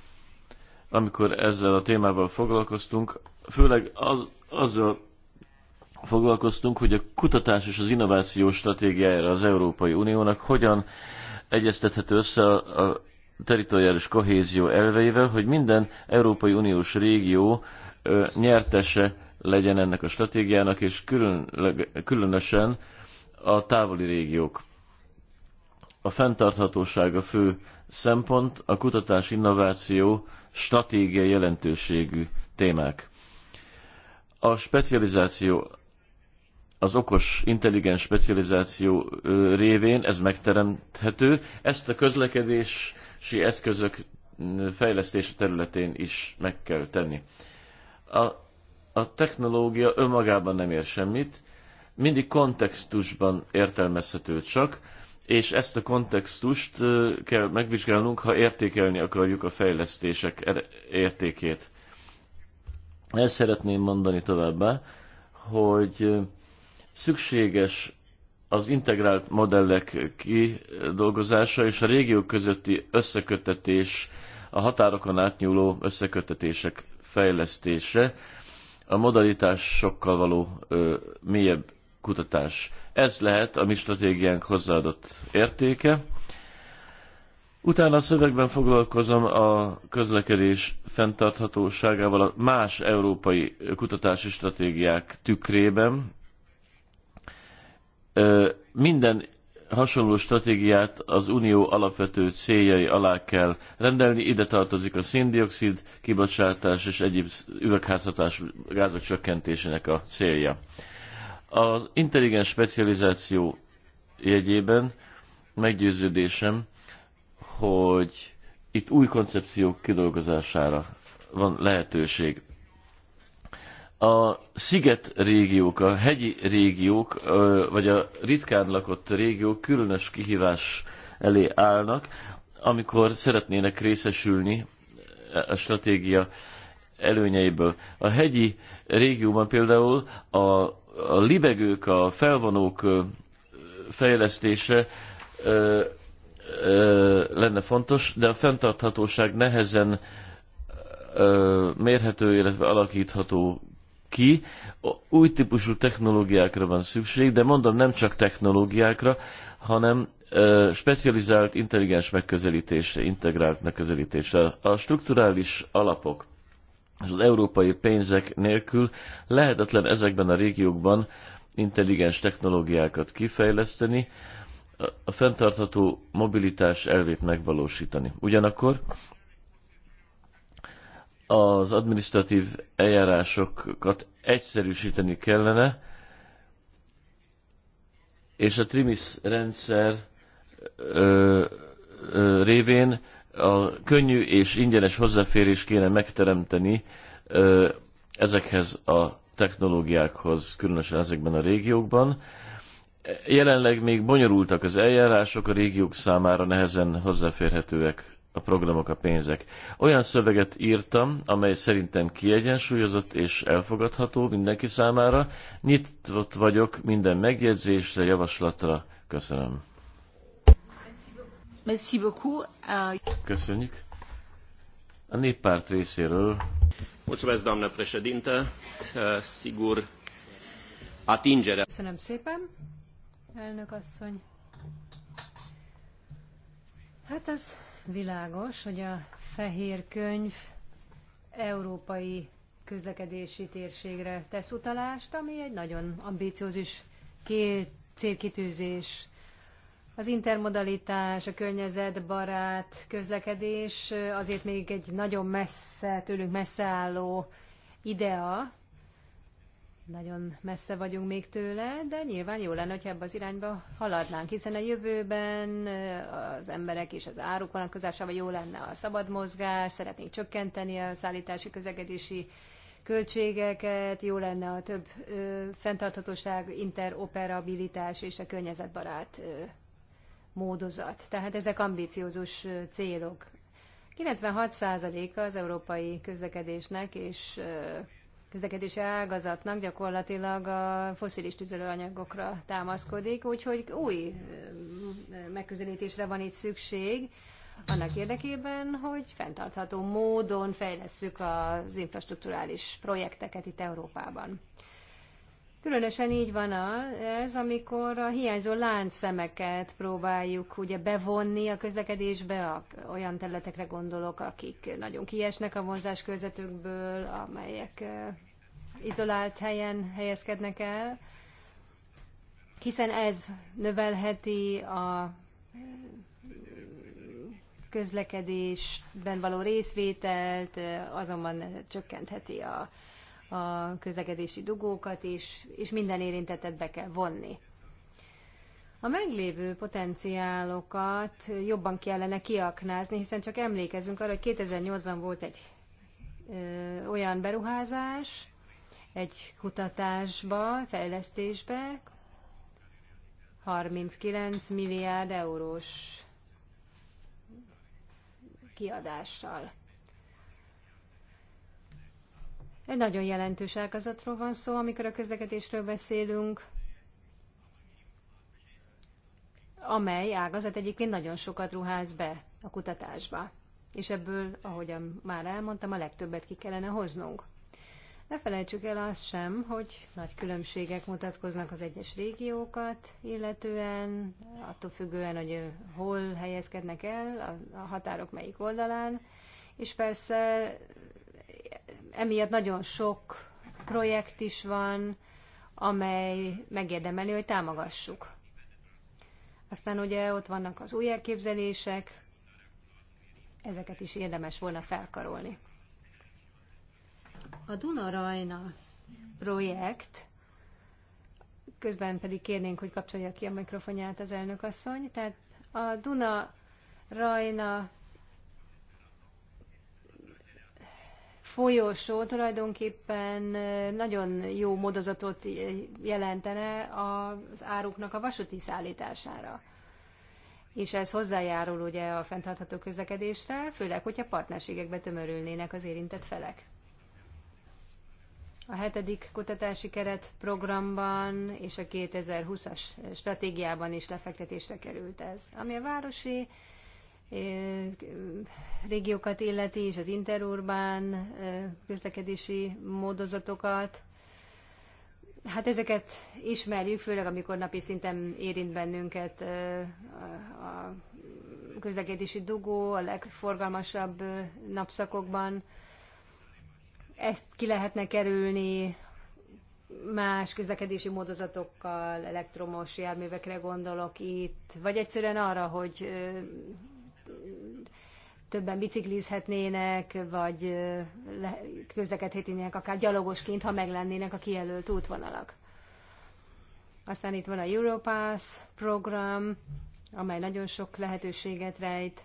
amikor ezzel a témával foglalkoztunk, főleg az, azzal foglalkoztunk, hogy a kutatás és az innováció stratégiájára az Európai Uniónak hogyan egyeztethető össze a, a teritoriális kohézió elveivel, hogy minden Európai Uniós régió ö, nyertese legyen ennek a stratégiának, és különleg, különösen a távoli régiók. A fenntarthatóság a fő szempont, a kutatás, innováció, stratégiai jelentőségű témák. A specializáció, az okos, intelligens specializáció révén ez megteremthető. Ezt a közlekedési eszközök fejlesztése területén is meg kell tenni. A, a technológia önmagában nem ér semmit, mindig kontextusban értelmezhető csak, és ezt a kontextust kell megvizsgálnunk, ha értékelni akarjuk a fejlesztések értékét. El szeretném mondani továbbá, hogy szükséges az integrált modellek kidolgozása és a régiók közötti összekötetés, a határokon átnyúló összekötetések fejlesztése, a modalitásokkal való ö, mélyebb kutatás. Ez lehet a mi stratégiánk hozzáadott értéke. Utána a szövegben foglalkozom a közlekedés fenntarthatóságával a más európai kutatási stratégiák tükrében. Minden hasonló stratégiát az unió alapvető céljai alá kell rendelni. Ide tartozik a széndiokszid kibocsátás és egyéb üvegházhatás gázok csökkentésének a célja. Az intelligens specializáció jegyében meggyőződésem, hogy itt új koncepciók kidolgozására van lehetőség. A sziget régiók, a hegyi régiók, vagy a ritkán lakott régiók különös kihívás elé állnak, amikor szeretnének részesülni a stratégia előnyeiből. A hegyi régióban például a a libegők, a felvonók fejlesztése lenne fontos, de a fenntarthatóság nehezen mérhető, illetve alakítható ki. Új típusú technológiákra van szükség, de mondom nem csak technológiákra, hanem specializált, intelligens megközelítésre, integrált megközelítésre. A strukturális alapok és az európai pénzek nélkül lehetetlen ezekben a régiókban intelligens technológiákat kifejleszteni, a fenntartható mobilitás elvét megvalósítani. Ugyanakkor az administratív eljárásokat egyszerűsíteni kellene, és a Trimis rendszer ö, ö, révén a könnyű és ingyenes hozzáférés kéne megteremteni ezekhez a technológiákhoz, különösen ezekben a régiókban. Jelenleg még bonyolultak az eljárások, a régiók számára nehezen hozzáférhetőek a programok, a pénzek. Olyan szöveget írtam, amely szerintem kiegyensúlyozott és elfogadható mindenki számára. Nyitott vagyok minden megjegyzésre, javaslatra. Köszönöm. Merci beaucoup. Euh, Köszönjük. A néppárt részéről. Mulțumesc, doamnă președinte. Sigur, atingerea... Köszönöm szépen, elnök asszony. Hát az világos, hogy a fehér könyv európai közlekedési térségre tesz utalást, ami egy nagyon ambíciózus célkitűzés az intermodalitás, a környezetbarát közlekedés azért még egy nagyon messze, tőlünk messze álló idea, nagyon messze vagyunk még tőle, de nyilván jó lenne, hogyha ebbe az irányba haladnánk, hiszen a jövőben az emberek és az áruk vonatkozásában jó lenne a szabad mozgás, szeretnénk csökkenteni a szállítási közlekedési költségeket, jó lenne a több ö, fenntarthatóság, interoperabilitás és a környezetbarát ö, módozat. Tehát ezek ambíciózus célok. 96%-a az európai közlekedésnek és közlekedési ágazatnak gyakorlatilag a foszilis tüzelőanyagokra támaszkodik, úgyhogy új megközelítésre van itt szükség, annak érdekében, hogy fenntartható módon fejlesszük az infrastruktúrális projekteket itt Európában. Különösen így van ez, amikor a hiányzó láncszemeket próbáljuk ugye bevonni a közlekedésbe, a, olyan területekre gondolok, akik nagyon kiesnek a vonzás körzetükből, amelyek izolált helyen helyezkednek el, hiszen ez növelheti a közlekedésben való részvételt, azonban csökkentheti a a közlekedési dugókat is, és minden érintetet be kell vonni. A meglévő potenciálokat jobban kellene kiaknázni, hiszen csak emlékezzünk arra, hogy 2008-ban volt egy ö, olyan beruházás, egy kutatásba, fejlesztésbe, 39 milliárd eurós kiadással. Egy nagyon jelentős ágazatról van szó, amikor a közlekedésről beszélünk, amely ágazat egyébként nagyon sokat ruház be a kutatásba. És ebből, ahogyan már elmondtam, a legtöbbet ki kellene hoznunk. Ne felejtsük el azt sem, hogy nagy különbségek mutatkoznak az egyes régiókat, illetően attól függően, hogy hol helyezkednek el, a határok melyik oldalán, és persze emiatt nagyon sok projekt is van, amely megérdemeli, hogy támogassuk. Aztán ugye ott vannak az új elképzelések, ezeket is érdemes volna felkarolni. A Duna-Rajna projekt, közben pedig kérnénk, hogy kapcsolja ki a mikrofonját az elnök asszony, tehát a Duna Rajna folyosó tulajdonképpen nagyon jó módozatot jelentene az áruknak a vasúti szállítására. És ez hozzájárul ugye a fenntartható közlekedésre, főleg, hogyha partnerségekbe tömörülnének az érintett felek. A hetedik kutatási keret programban és a 2020-as stratégiában is lefektetésre került ez, ami a városi régiókat illeti, és az interurbán közlekedési módozatokat. Hát ezeket ismerjük, főleg amikor napi szinten érint bennünket a közlekedési dugó a legforgalmasabb napszakokban. Ezt ki lehetne kerülni más közlekedési módozatokkal, elektromos járművekre gondolok itt, vagy egyszerűen arra, hogy többen biciklizhetnének, vagy közlekedhetnének akár gyalogosként, ha meglennének a kijelölt útvonalak. Aztán itt van a Europass program, amely nagyon sok lehetőséget rejt.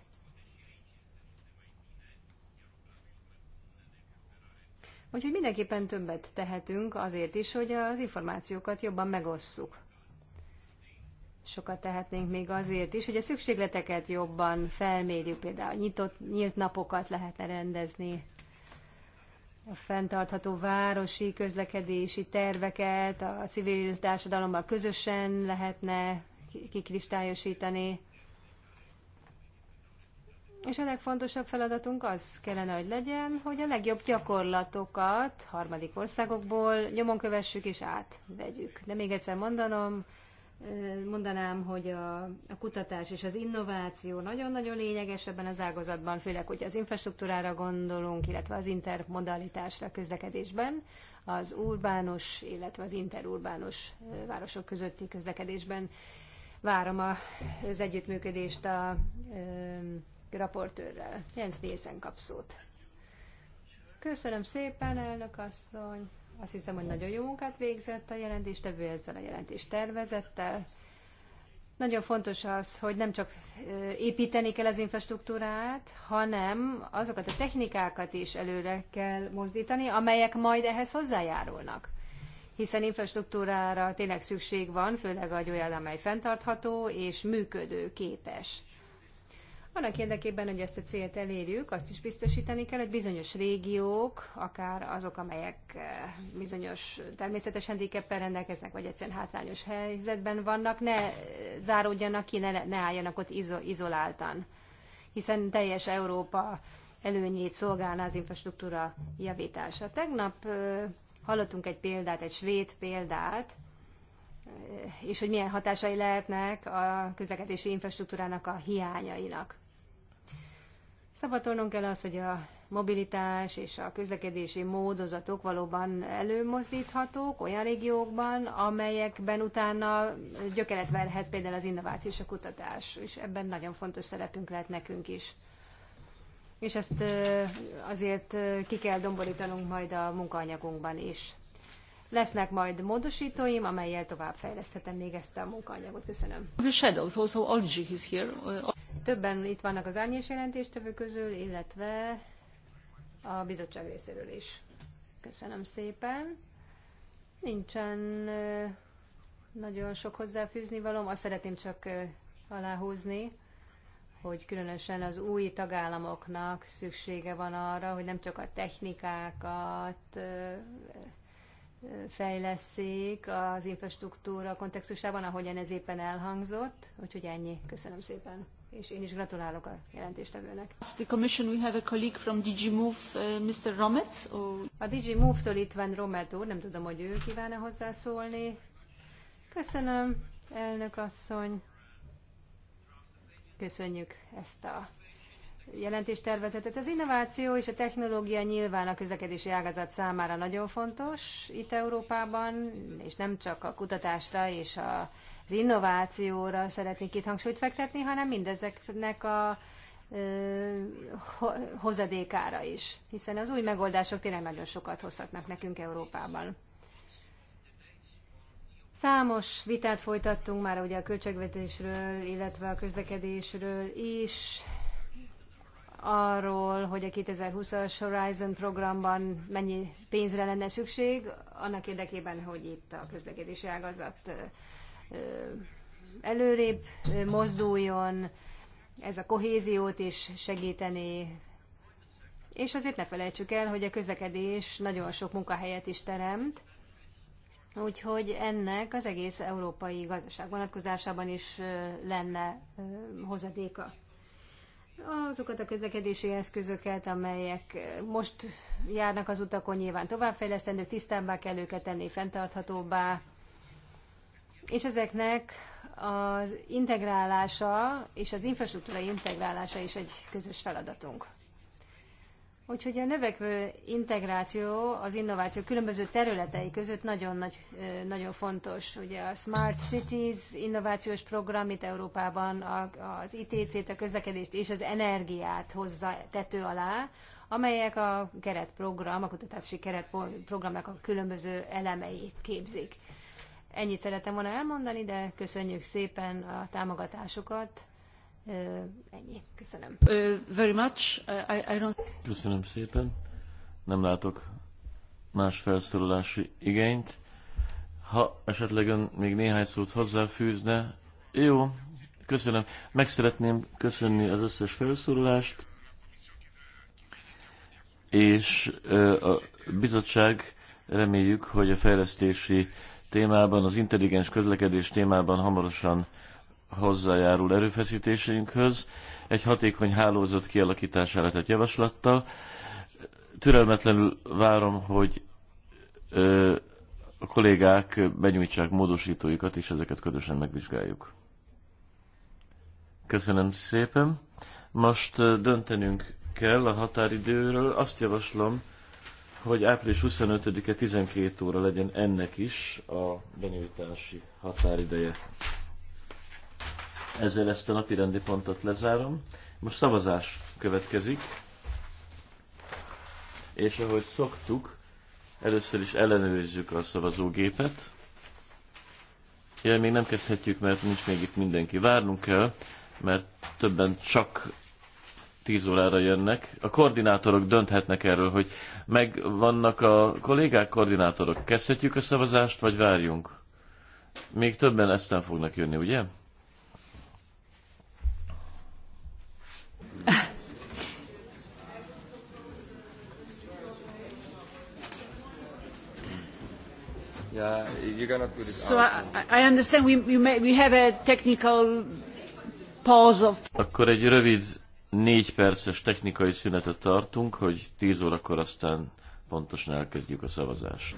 Úgyhogy mindenképpen többet tehetünk azért is, hogy az információkat jobban megosszuk sokat tehetnénk még azért is, hogy a szükségleteket jobban felmérjük, például nyitott, nyílt napokat lehetne rendezni, a fenntartható városi közlekedési terveket, a civil társadalommal közösen lehetne kikristályosítani. És a legfontosabb feladatunk az kellene, hogy legyen, hogy a legjobb gyakorlatokat harmadik országokból nyomon kövessük és átvegyük. De még egyszer mondanom, mondanám, hogy a, a kutatás és az innováció nagyon-nagyon lényeges ebben az ágazatban, főleg, hogy az infrastruktúrára gondolunk, illetve az intermodalitásra közlekedésben, az urbánus, illetve az interurbánus városok közötti közlekedésben. Várom a, az együttműködést a ö, raportőrrel. Jens Nézen kap szót. Köszönöm szépen, elnök asszony! Azt hiszem, hogy nagyon jó munkát végzett a jelentéstevő ezzel a jelentés tervezettel. Nagyon fontos az, hogy nem csak építeni kell az infrastruktúrát, hanem azokat a technikákat is előre kell mozdítani, amelyek majd ehhez hozzájárulnak. Hiszen infrastruktúrára tényleg szükség van, főleg a olyan, amely fenntartható és működő képes annak érdekében, hogy ezt a célt elérjük, azt is biztosítani kell, hogy bizonyos régiók, akár azok, amelyek eh, bizonyos természetes handicappel rendelkeznek, vagy egyszerűen hátrányos helyzetben vannak, ne záródjanak ki, ne, ne álljanak ott izoláltan. Hiszen teljes Európa előnyét szolgálná az infrastruktúra javítása. Tegnap eh, hallottunk egy példát, egy svéd példát, és hogy milyen hatásai lehetnek a közlekedési infrastruktúrának a hiányainak. Szabadolnunk kell az, hogy a mobilitás és a közlekedési módozatok valóban előmozdíthatók olyan régiókban, amelyekben utána gyökeret verhet például az innováció és a kutatás, és ebben nagyon fontos szerepünk lehet nekünk is. És ezt azért ki kell domborítanunk majd a munkaanyagunkban is. Lesznek majd módosítóim, amelyel továbbfejleszthetem még ezt a munkaanyagot. Köszönöm. The shadows, also Olgi is here. Többen itt vannak az árnyés jelentéstevő közül, illetve a bizottság részéről is. Köszönöm szépen. Nincsen nagyon sok hozzáfűzni valom. Azt szeretném csak aláhúzni, hogy különösen az új tagállamoknak szüksége van arra, hogy nem csak a technikákat fejleszék az infrastruktúra kontextusában, ahogyan ez éppen elhangzott. Úgyhogy ennyi. Köszönöm szépen. És én is gratulálok a jelentéstevőnek. The commission, we have a colleague from DG Move, uh, Mr. Rometz. Or... A DG Move-tól itt van Romet úr, nem tudom, hogy ő kíván-e hozzászólni. Köszönöm, elnök asszony. Köszönjük ezt a jelentéstervezetet. Az innováció és a technológia nyilván a közlekedési ágazat számára nagyon fontos itt Európában, és nem csak a kutatásra és a, az innovációra szeretnék itt hangsúlyt fektetni, hanem mindezeknek a hozadékára is, hiszen az új megoldások tényleg nagyon sokat hozhatnak nekünk Európában. Számos vitát folytattunk már ugye a költségvetésről, illetve a közlekedésről is, arról, hogy a 2020-as Horizon programban mennyi pénzre lenne szükség, annak érdekében, hogy itt a közlekedési ágazat előrébb mozduljon, ez a kohéziót is segíteni, és azért ne felejtsük el, hogy a közlekedés nagyon sok munkahelyet is teremt, úgyhogy ennek az egész európai gazdaság vonatkozásában is lenne hozadéka azokat a közlekedési eszközöket, amelyek most járnak az utakon, nyilván továbbfejlesztendő, tisztábbá kell őket tenni, fenntarthatóbbá, és ezeknek az integrálása és az infrastruktúra integrálása is egy közös feladatunk. Úgyhogy a növekvő integráció az innováció különböző területei között nagyon, nagy, nagyon fontos. Ugye a Smart Cities innovációs program itt Európában az ITC-t, a közlekedést és az energiát hozza tető alá, amelyek a keretprogram, a kutatási keretprogramnak a különböző elemeit képzik. Ennyit szeretem volna elmondani, de köszönjük szépen a támogatásukat Ennyi. Köszönöm. Uh, very much. I, I don't... Köszönöm szépen. Nem látok más felszólalási igényt. Ha esetleg ön még néhány szót hozzáfűzne, jó, köszönöm. Meg szeretném köszönni az összes felszólalást, és a bizottság reméljük, hogy a fejlesztési témában, az intelligens közlekedés témában hamarosan hozzájárul erőfeszítéseinkhöz. Egy hatékony hálózat kialakítására tett javaslattal. Türelmetlenül várom, hogy ö, a kollégák benyújtsák módosítóikat, és ezeket közösen megvizsgáljuk. Köszönöm szépen. Most döntenünk kell a határidőről. Azt javaslom, hogy április 25-e 12 óra legyen ennek is a benyújtási határideje. Ezzel ezt a napi rendi pontot lezárom. Most szavazás következik. És ahogy szoktuk, először is ellenőrizzük a szavazógépet. Jaj, még nem kezdhetjük, mert nincs még itt mindenki. Várnunk kell, mert többen csak 10 órára jönnek. A koordinátorok dönthetnek erről, hogy megvannak a kollégák koordinátorok. Kezdhetjük a szavazást, vagy várjunk? Még többen ezt nem fognak jönni, ugye? so I, I understand we, we, may, we have a technical pause of... Akkor egy rövid négy perces technikai szünetet tartunk, hogy tíz órakor aztán pontosan elkezdjük a szavazást.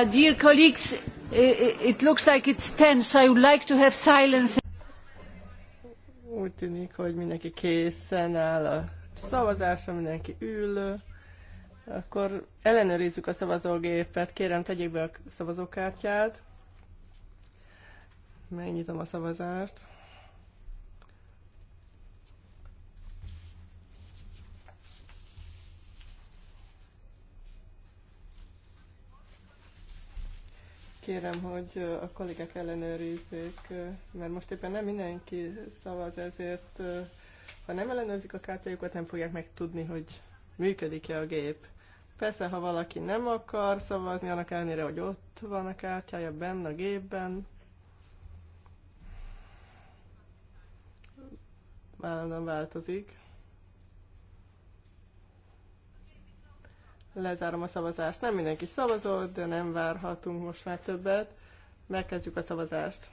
Uh, dear colleagues, it looks like it's tense. I would like to have silence. Úgy tűnik, hogy mindenki készen áll a szavazásra, mindenki ül. Akkor ellenőrizzük a szavazógépet. Kérem, tegyék be a szavazókártyát. Megnyitom a szavazást. Kérem, hogy a kollégák ellenőrizzék, mert most éppen nem mindenki szavaz, ezért ha nem ellenőrzik a kártyájukat, nem fogják megtudni, hogy működik-e a gép. Persze, ha valaki nem akar szavazni, annak ellenére, hogy ott van a kártyája, benne a gépben, állandóan változik. Lezárom a szavazást. Nem mindenki szavazott, de nem várhatunk most már többet. Megkezdjük a szavazást.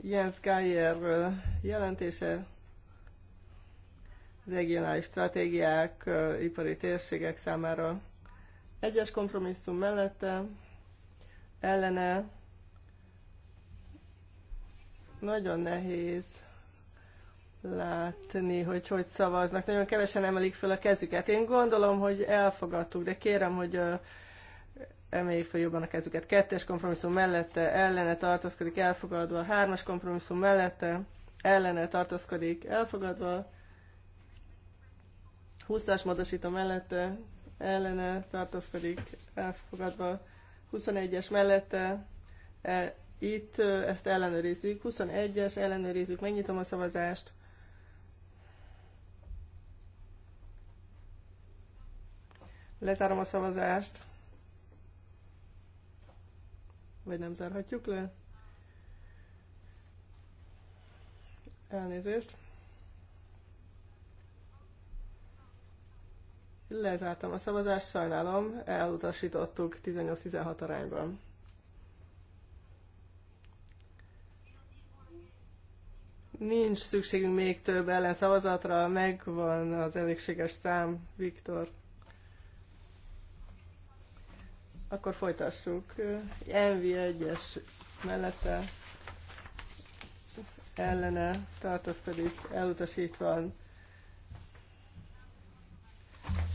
Jens Geyer jelentése regionális stratégiák, ipari térségek számára. Egyes kompromisszum mellette, ellene nagyon nehéz látni, hogy hogy szavaznak. Nagyon kevesen emelik fel a kezüket. Én gondolom, hogy elfogadtuk, de kérem, hogy emeljék fel jobban a kezüket. Kettes kompromisszum mellette ellene tartozkodik elfogadva. Hármas kompromisszum mellette ellene tartozkodik elfogadva. Húszas módosító mellette ellene tartozkodik elfogadva. 21-es mellette e, itt ezt ellenőrizzük. 21-es ellenőrizzük. Megnyitom a szavazást. Lezárom a szavazást. Vagy nem zárhatjuk le? Elnézést. Lezártam a szavazást, sajnálom, elutasítottuk 18-16 arányban. Nincs szükségünk még több ellenszavazatra, megvan az elégséges szám, Viktor. Akkor folytassuk. Envi egyes mellette ellene tartózkodik, elutasítva.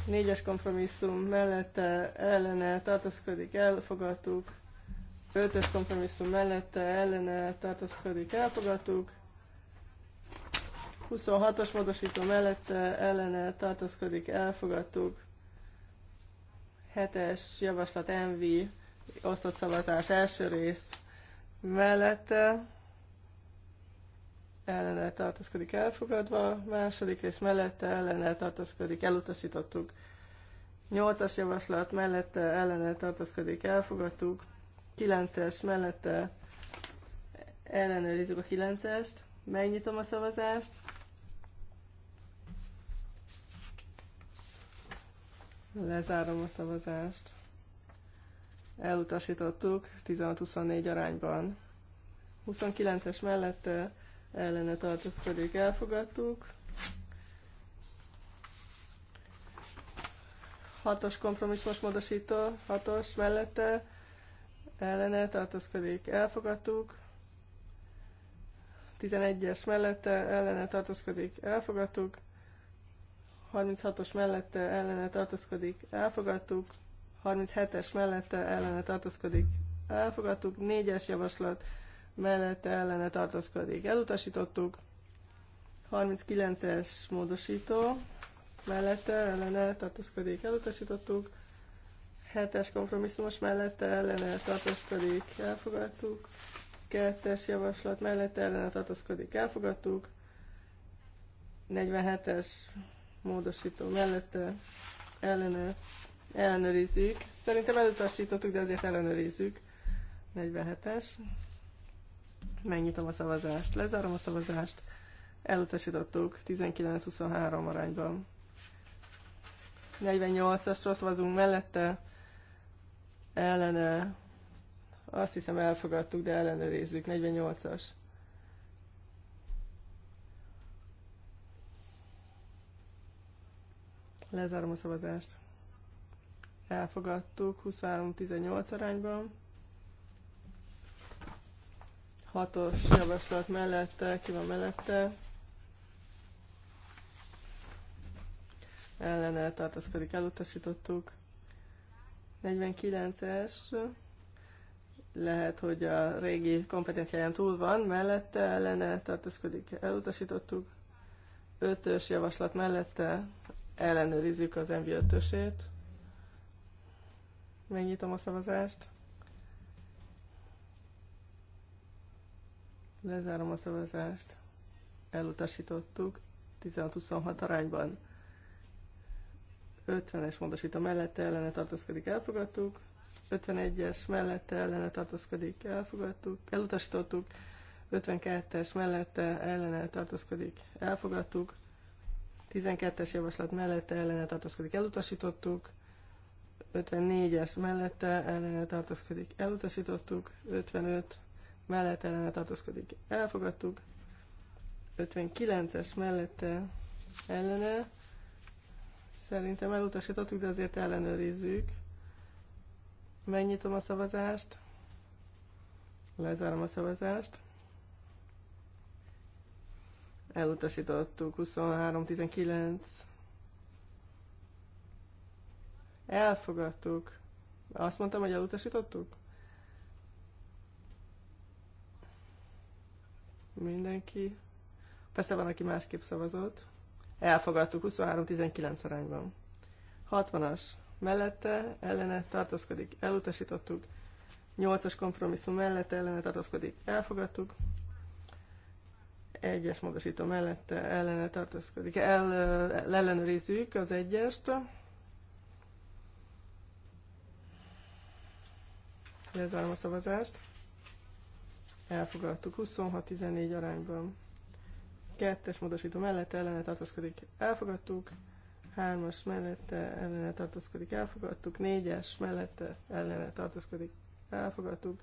Négyes kompromisszum mellette ellene tartózkodik, elfogadtuk. Ötös kompromisszum mellette ellene tartózkodik, elfogadtuk. 26-os módosító mellette ellene tartózkodik, elfogadtuk. Hetes javaslat MV osztott szavazás első rész mellette ellene tartozkodik elfogadva, második rész mellette ellene tartozkodik elutasítottuk. Nyolcas javaslat mellette ellene tartozkodik elfogadtuk. Kilences mellette ellenőrizzük a kilencest. Megnyitom a szavazást. Lezárom a szavazást. Elutasítottuk 16-24 arányban. 29-es mellette ellene tartózkodik, elfogadtuk. 6-os kompromisszumos módosító, 6-os mellette ellene tartózkodik, elfogadtuk. 11-es mellette ellene tartózkodik, elfogadtuk. 36-os mellette ellene tartózkodik, elfogadtuk. 37-es mellette ellene tartózkodik, elfogadtuk. 4-es javaslat mellette ellene tartózkodik, elutasítottuk. 39-es módosító mellette ellene tartózkodik, elutasítottuk. 7-es kompromisszumos mellette ellene tartózkodik, elfogadtuk. 2-es javaslat mellette ellene tartózkodik, elfogadtuk. 47-es módosító mellette ellenőr, ellenőrizzük. Szerintem elutasítottuk, de azért ellenőrizzük. 47-es. Megnyitom a szavazást, lezárom a szavazást. Elutasítottuk 19-23 arányban. 48-asról szavazunk mellette. Ellene. Azt hiszem elfogadtuk, de ellenőrizzük. 48-as. Lezárom a szavazást. Elfogadtuk 23-18 arányban. Hatos javaslat mellette, ki van mellette. Ellene tartozkodik, elutasítottuk. 49-es, lehet, hogy a régi kompetenciáján túl van, mellette ellene tartózkodik, elutasítottuk. 5-ös javaslat mellette ellenőrizzük az MV5-ösét. Megnyitom a szavazást. Lezárom a szavazást. Elutasítottuk 16-26 arányban. 50-es módosító mellette ellene tartózkodik, elfogadtuk. 51-es mellette ellene tartózkodik, elfogadtuk, elutasítottuk. 52-es mellette ellene tartózkodik, elfogadtuk. 12-es javaslat mellette ellene tartózkodik, elutasítottuk. 54-es mellette ellene tartózkodik, elutasítottuk. 55 mellette ellene tartózkodik, elfogadtuk. 59-es mellette ellene szerintem elutasítottuk, de azért ellenőrizzük. Megnyitom a szavazást. Lezárom a szavazást elutasítottuk 23-19. Elfogadtuk. Azt mondtam, hogy elutasítottuk? Mindenki. Persze van, aki másképp szavazott. Elfogadtuk 23-19 arányban. 60-as. Mellette ellene tartózkodik. Elutasítottuk. 8-as kompromisszum mellette ellene tartózkodik. Elfogadtuk. Egyes módosító mellette ellene tartózkodik. El, el, eh, ellenőrizzük az egyest. Lezárom a szavazást. Elfogadtuk 26-14 arányban. Kettes módosító mellette ellene tartózkodik. Elfogadtuk. Hármas mellette ellene tartózkodik. Elfogadtuk. Négyes mellette ellene tartózkodik. Elfogadtuk.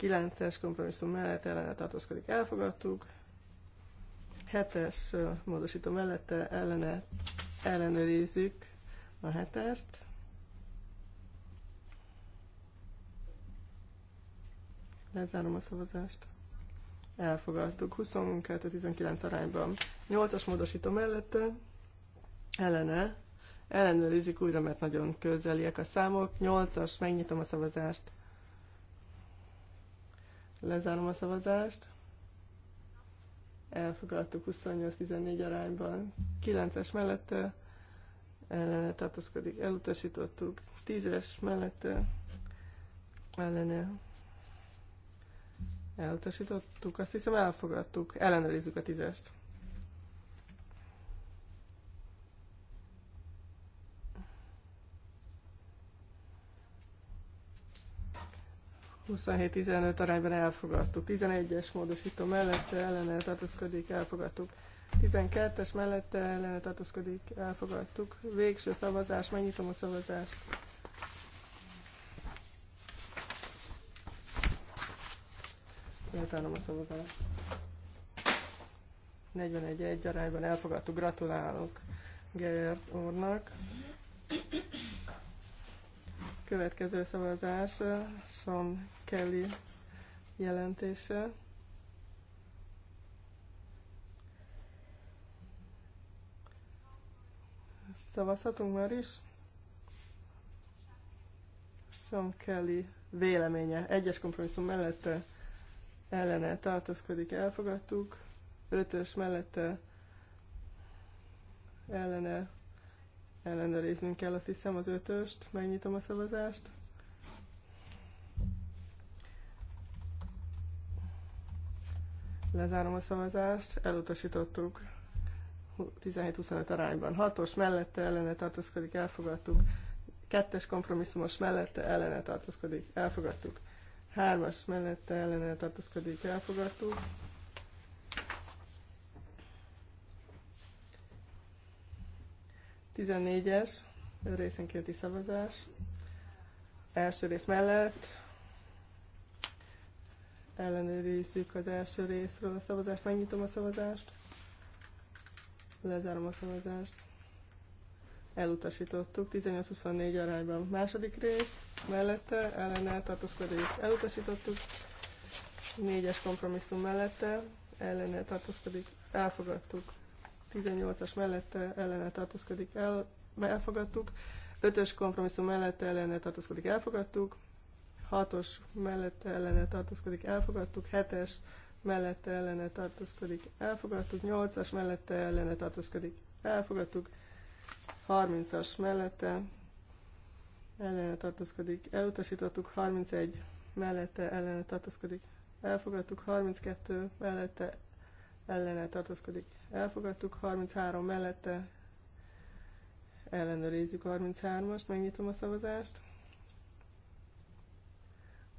9-es kompromisszum mellett ellene tartózkodik, elfogadtuk. Hetes módosító mellette ellene ellenőrizzük a hetest. Lezárom a szavazást. Elfogadtuk 22-19 arányban. 8-as módosító mellette ellene ellenőrizzük újra, mert nagyon közeliek a számok. 8-as, megnyitom a szavazást. Lezárom a szavazást elfogadtuk 28-14 arányban. 9-es mellette ellene tartózkodik, elutasítottuk. 10-es mellette ellene elutasítottuk, azt hiszem elfogadtuk, ellenőrizzük a 10-est. 27-15 arányban elfogadtuk. 11-es módosító mellette ellene tartózkodik, elfogadtuk. 12-es mellette ellene tartózkodik, elfogadtuk. Végső szavazás, megnyitom a szavazást. Lezárom a szavazást. 41-1 arányban elfogadtuk. Gratulálok Geyer úrnak. Következő szavazás eh, Sean Kelly jelentése. Szavazhatunk már is? Sean Kelly véleménye. Egyes kompromisszum mellette ellene tartózkodik, elfogadtuk. Ötös mellette ellene ellenőriznünk kell, azt hiszem, az ötöst. Megnyitom a szavazást. Lezárom a szavazást, elutasítottuk 17-25 arányban. Hatos mellette ellene tartózkodik, elfogadtuk. Kettes kompromisszumos mellette ellene tartózkodik, elfogadtuk. Hármas mellette ellene tartózkodik, elfogadtuk. 14-es részenkénti szavazás. Első rész mellett ellenőrizzük az első részről a szavazást. Megnyitom a szavazást. Lezárom a szavazást. Elutasítottuk 18-24 arányban. Második rész mellette ellen tartózkodik. Elutasítottuk. Négyes kompromisszum mellette ellen tartózkodik. Elfogadtuk. 18-as mellette ellene tartózkodik el, elfogadtuk. 5-ös kompromisszum mellette ellene tartózkodik, elfogadtuk. 6-os mellette ellene tartózkodik, elfogadtuk. 7-es mellette ellene tartózkodik, elfogadtuk. 8-as mellette ellene tartózkodik, elfogadtuk. 30-as mellette ellene tartózkodik, elutasítottuk. 31 mellette ellene tartózkodik, elfogadtuk. 32 mellette ellene tartózkodik, elfogadtuk, 33 mellette ellenőrizzük 33-ast, megnyitom a szavazást,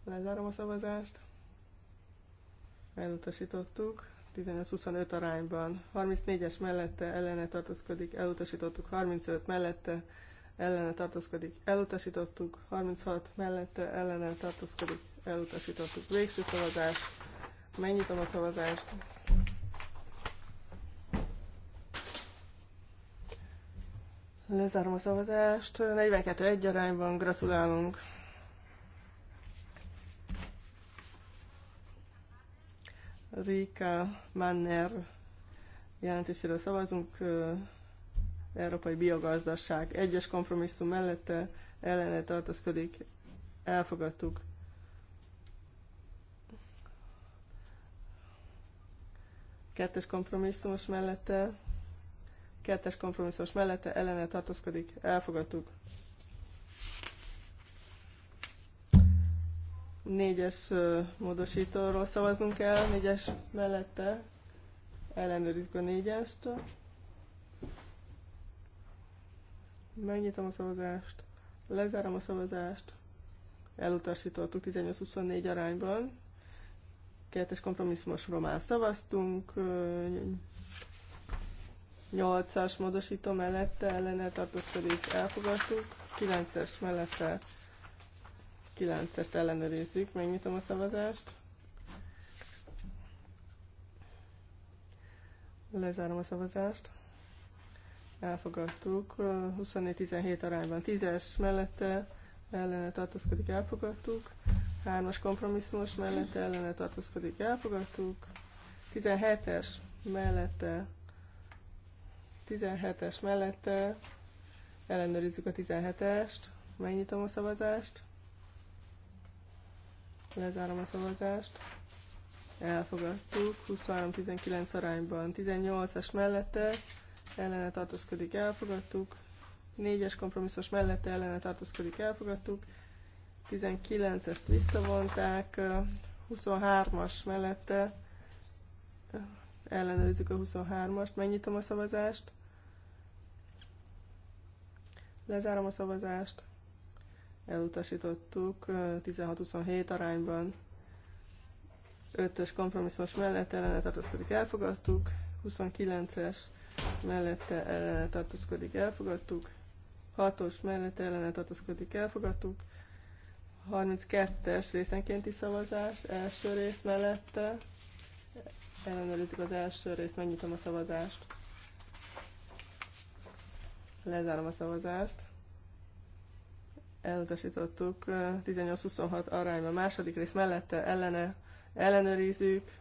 lezárom a szavazást, elutasítottuk, 15 25 arányban, 34-es mellette ellene tartózkodik, elutasítottuk, 35 mellette ellene tartózkodik, elutasítottuk, 36 mellette ellene tartózkodik, elutasítottuk. Végső szavazás, megnyitom a szavazást, Lezárom a szavazást. 42 1 arányban gratulálunk. Rika Manner jelentéséről szavazunk. Európai Biogazdaság. Egyes kompromisszum mellette ellene tartozkodik. Elfogadtuk. Kettes kompromisszumos mellette Kettes kompromisszós mellette ellene tartózkodik. Elfogadtuk. Négyes módosítóról szavaznunk kell. Négyes mellette ellenőrizzük a négyest. Megnyitom a szavazást. Lezárom a szavazást. Elutasítottuk 18-24 arányban. Kettes kompromisszumos román szavaztunk. 8-as módosító mellette ellene tartózkodik, elfogadtuk. 9-es mellette 9-est ellenőrizzük, megnyitom a szavazást. Lezárom a szavazást. Elfogadtuk. 24-17 arányban 10-es mellette ellene tartózkodik, elfogadtuk. 3-as kompromisszumos mellette ellene tartózkodik, elfogadtuk. 17-es mellette 17-es mellette ellenőrizzük a 17-est. Megnyitom a szavazást. Lezárom a szavazást. Elfogadtuk. 23-19 arányban. 18-es mellette ellene tartózkodik, elfogadtuk. 4-es kompromisszos mellette ellene tartózkodik, elfogadtuk. 19-est visszavonták. 23-as mellette ellenőrizzük a 23-ast, megnyitom a szavazást, lezárom a szavazást, elutasítottuk 16-27 arányban, 5-ös kompromisszumos mellett ellene tartózkodik, elfogadtuk, 29-es mellette ellene tartózkodik, elfogadtuk, 6-os mellette ellene tartózkodik, elfogadtuk, 32-es részenkénti szavazás, első rész mellette ellenőrizzük az első részt, megnyitom a szavazást. Lezárom a szavazást. Elutasítottuk 18-26 arányban. Második rész mellette ellene ellenőrizzük.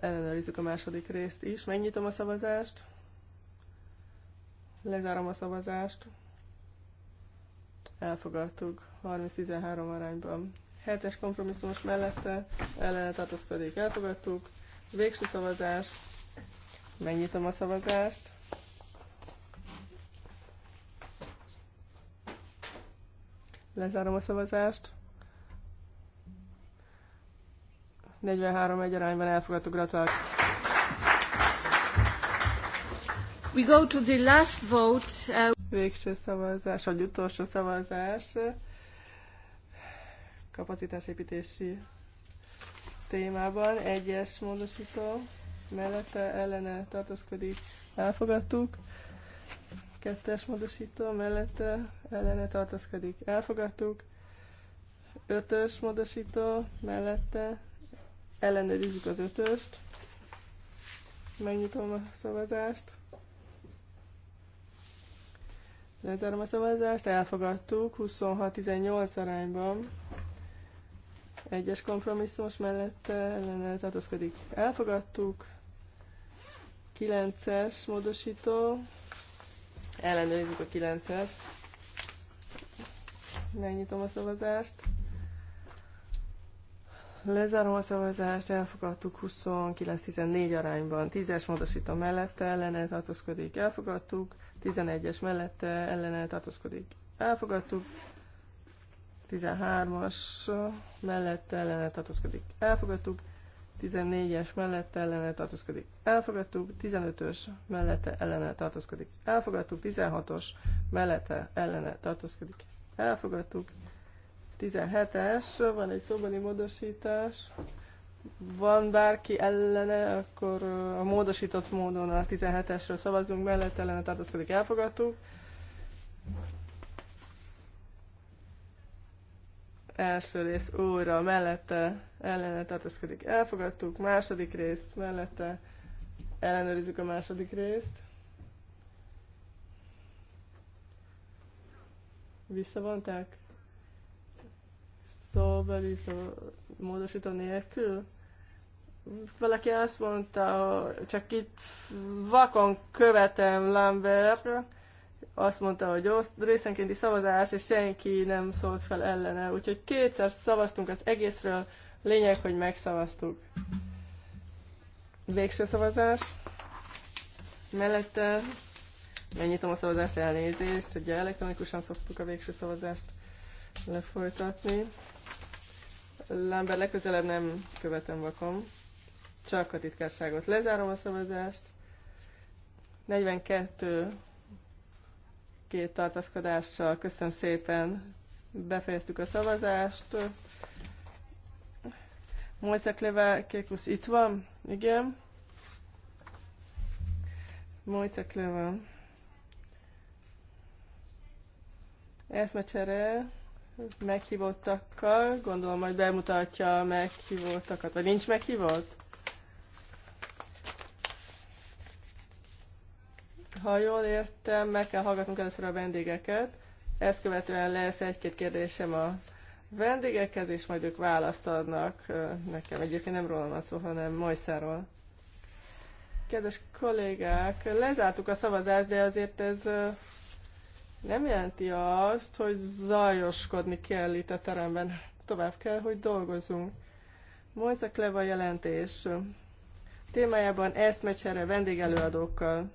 Ellenőrizzük a második részt is. Megnyitom a szavazást. Lezárom a szavazást. Elfogadtuk 30-13 arányban. Hetes kompromisszumos mellette ellene tartózkodik, elfogadtuk. Végső szavazás. Megnyitom a szavazást. Lezárom a szavazást. 43 egy arányban elfogadtuk, gratulálok. We go to the last vote. Uh, Végső szavazás, vagy utolsó szavazás kapacitásépítési témában. Egyes módosító mellette ellene tartózkodik, elfogadtuk. Kettes módosító mellette ellene tartózkodik, elfogadtuk. Ötös módosító mellette ellenőrizzük az ötöst. Megnyitom a szavazást. Lezárom a szavazást, elfogadtuk 26-18 arányban. Egyes kompromisszumos mellett ellene tartózkodik. Elfogadtuk. 9-es módosító. Ellenőrizzük a 9-est. Megnyitom a szavazást. Lezárom a szavazást, elfogadtuk 29-14 arányban. 10-es módosító mellette ellene tartózkodik, elfogadtuk. 11-es mellette ellene tartózkodik, elfogadtuk. 13-as mellette ellene tartózkodik, elfogadtuk. 14-es mellette ellene tartózkodik, elfogadtuk. 15-ös mellette ellene tartózkodik, elfogadtuk. 16-os mellette ellene tartózkodik, elfogadtuk. 17-es, van egy szóbeli módosítás. Van bárki ellene, akkor a módosított módon a 17-esről szavazunk, mellette ellene tartózkodik, elfogadtuk. első rész újra mellette ellene tartozkodik. Elfogadtuk. Második rész mellette ellenőrizzük a második részt. Visszavonták? Szóbeli szó, módosító nélkül? Valaki azt mondta, csak itt vakon követem Lambert, azt mondta, hogy osz, részenkénti szavazás, és senki nem szólt fel ellene. Úgyhogy kétszer szavaztunk az egészről, lényeg, hogy megszavaztuk. Végső szavazás. Mellette megnyitom a szavazást, elnézést, ugye elektronikusan szoktuk a végső szavazást lefolytatni. Lámber legközelebb nem követem vakom, csak a titkárságot. Lezárom a szavazást. 42 két tartaszkodással. Köszönöm szépen, befejeztük a szavazást. Mojzek Leve Kékus itt van, igen. Mojzek Leve. Eszmecsere meghívottakkal, gondolom majd bemutatja a meghívottakat, vagy nincs meghívott? ha jól értem, meg kell hallgatnunk először a vendégeket. Ezt követően lesz egy-két kérdésem a vendégekhez, és majd ők választ adnak. Nekem egyébként nem rólam van szó, hanem Majszáról. Kedves kollégák, lezártuk a szavazást, de azért ez nem jelenti azt, hogy zajoskodni kell itt a teremben. Tovább kell, hogy dolgozunk. Mojza Kleva jelentés témájában eszmecsere vendégelőadókkal.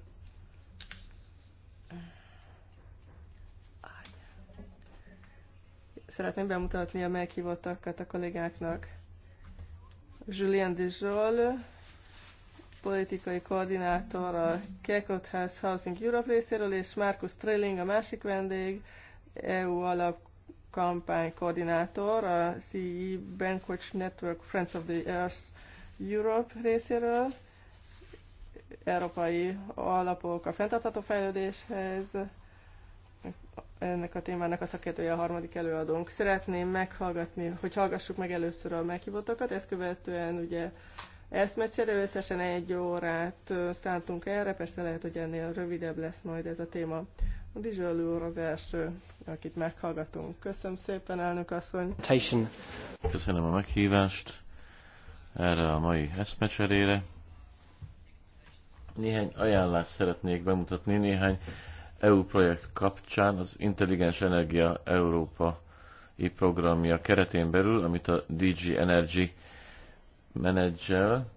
szeretném bemutatni a meghívottakat a kollégáknak. Julien Dizsol, politikai koordinátor a Kekot House Housing Europe részéről, és Markus Trilling a másik vendég, EU alap koordinátor a CE e Bankwatch Network Friends of the Earth Europe részéről, Európai Alapok a fenntartható Fejlődéshez, ennek a témának a szakértője a harmadik előadónk. Szeretném meghallgatni, hogy hallgassuk meg először a meghívottakat, ezt követően ugye eszmecsere, összesen egy órát szántunk erre, persze lehet, hogy ennél rövidebb lesz majd ez a téma. A Dizsölő úr az első, akit meghallgatunk. Köszönöm szépen, elnök asszony. Köszönöm a meghívást erre a mai eszmecserére. Néhány ajánlást szeretnék bemutatni, néhány EU projekt kapcsán az Intelligens Energia Európa programja keretén belül, amit a DG Energy menedzsel.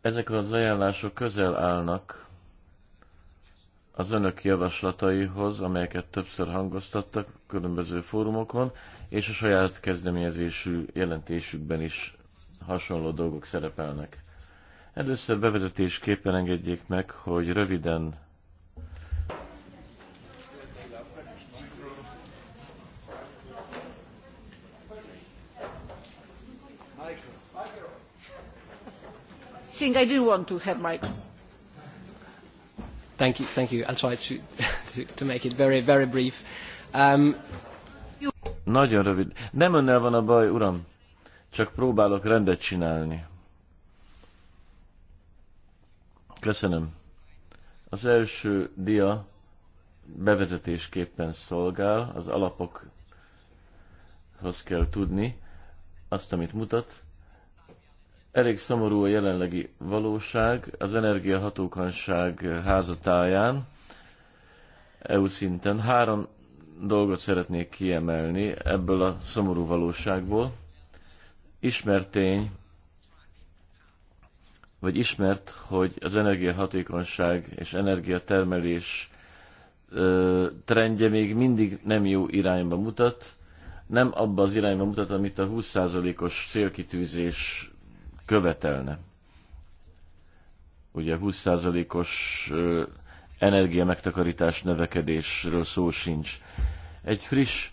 Ezek az ajánlások közel állnak az önök javaslataihoz, amelyeket többször hangoztattak különböző fórumokon, és a saját kezdeményezésű jelentésükben is hasonló dolgok szerepelnek. Először bevezetésképpen engedjék meg, hogy röviden think I do want to have my. Thank you, thank you. I'll try to, to, to make it very, very brief. Um, Nagyon rövid. Nem önnel van a baj, uram. Csak próbálok rendet csinálni. Köszönöm. Az első dia bevezetésképpen szolgál, az alapokhoz kell tudni azt, amit mutat. Elég szomorú a jelenlegi valóság az energiahatókanság házatáján, EU szinten. Három dolgot szeretnék kiemelni ebből a szomorú valóságból. Ismert tény, vagy ismert, hogy az energiahatékonyság és energiatermelés trendje még mindig nem jó irányba mutat, nem abba az irányba mutat, amit a 20%-os célkitűzés követelne. Ugye 20%-os energia megtakarítás növekedésről szó sincs. Egy friss,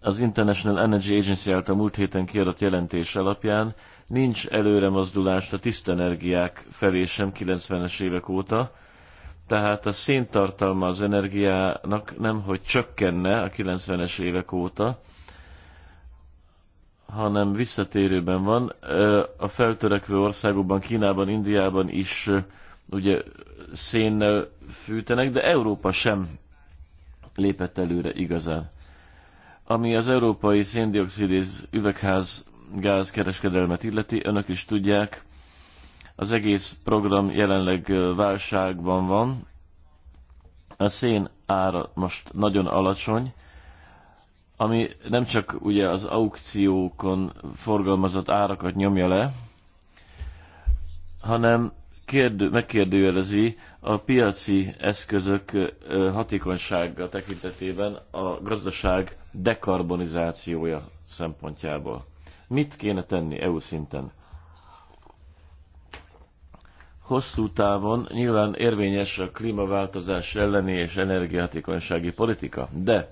az International Energy Agency által múlt héten kiadott jelentés alapján Nincs előre mozdulás a tiszta energiák felé sem 90-es évek óta, tehát a széntartalma az energiának nem, hogy csökkenne a 90-es évek óta, hanem visszatérőben van. A feltörekvő országokban, Kínában, Indiában is ugye szénnel fűtenek, de Európa sem lépett előre igazán. Ami az európai széndiokszidéz üvegház gázkereskedelmet illeti, önök is tudják, az egész program jelenleg válságban van. A szén ára most nagyon alacsony, ami nem csak ugye az aukciókon forgalmazott árakat nyomja le, hanem kérdő, megkérdőjelezi a piaci eszközök hatékonysága tekintetében a gazdaság dekarbonizációja szempontjából. Mit kéne tenni EU szinten? Hosszú távon nyilván érvényes a klímaváltozás elleni és energiahatékonysági politika, de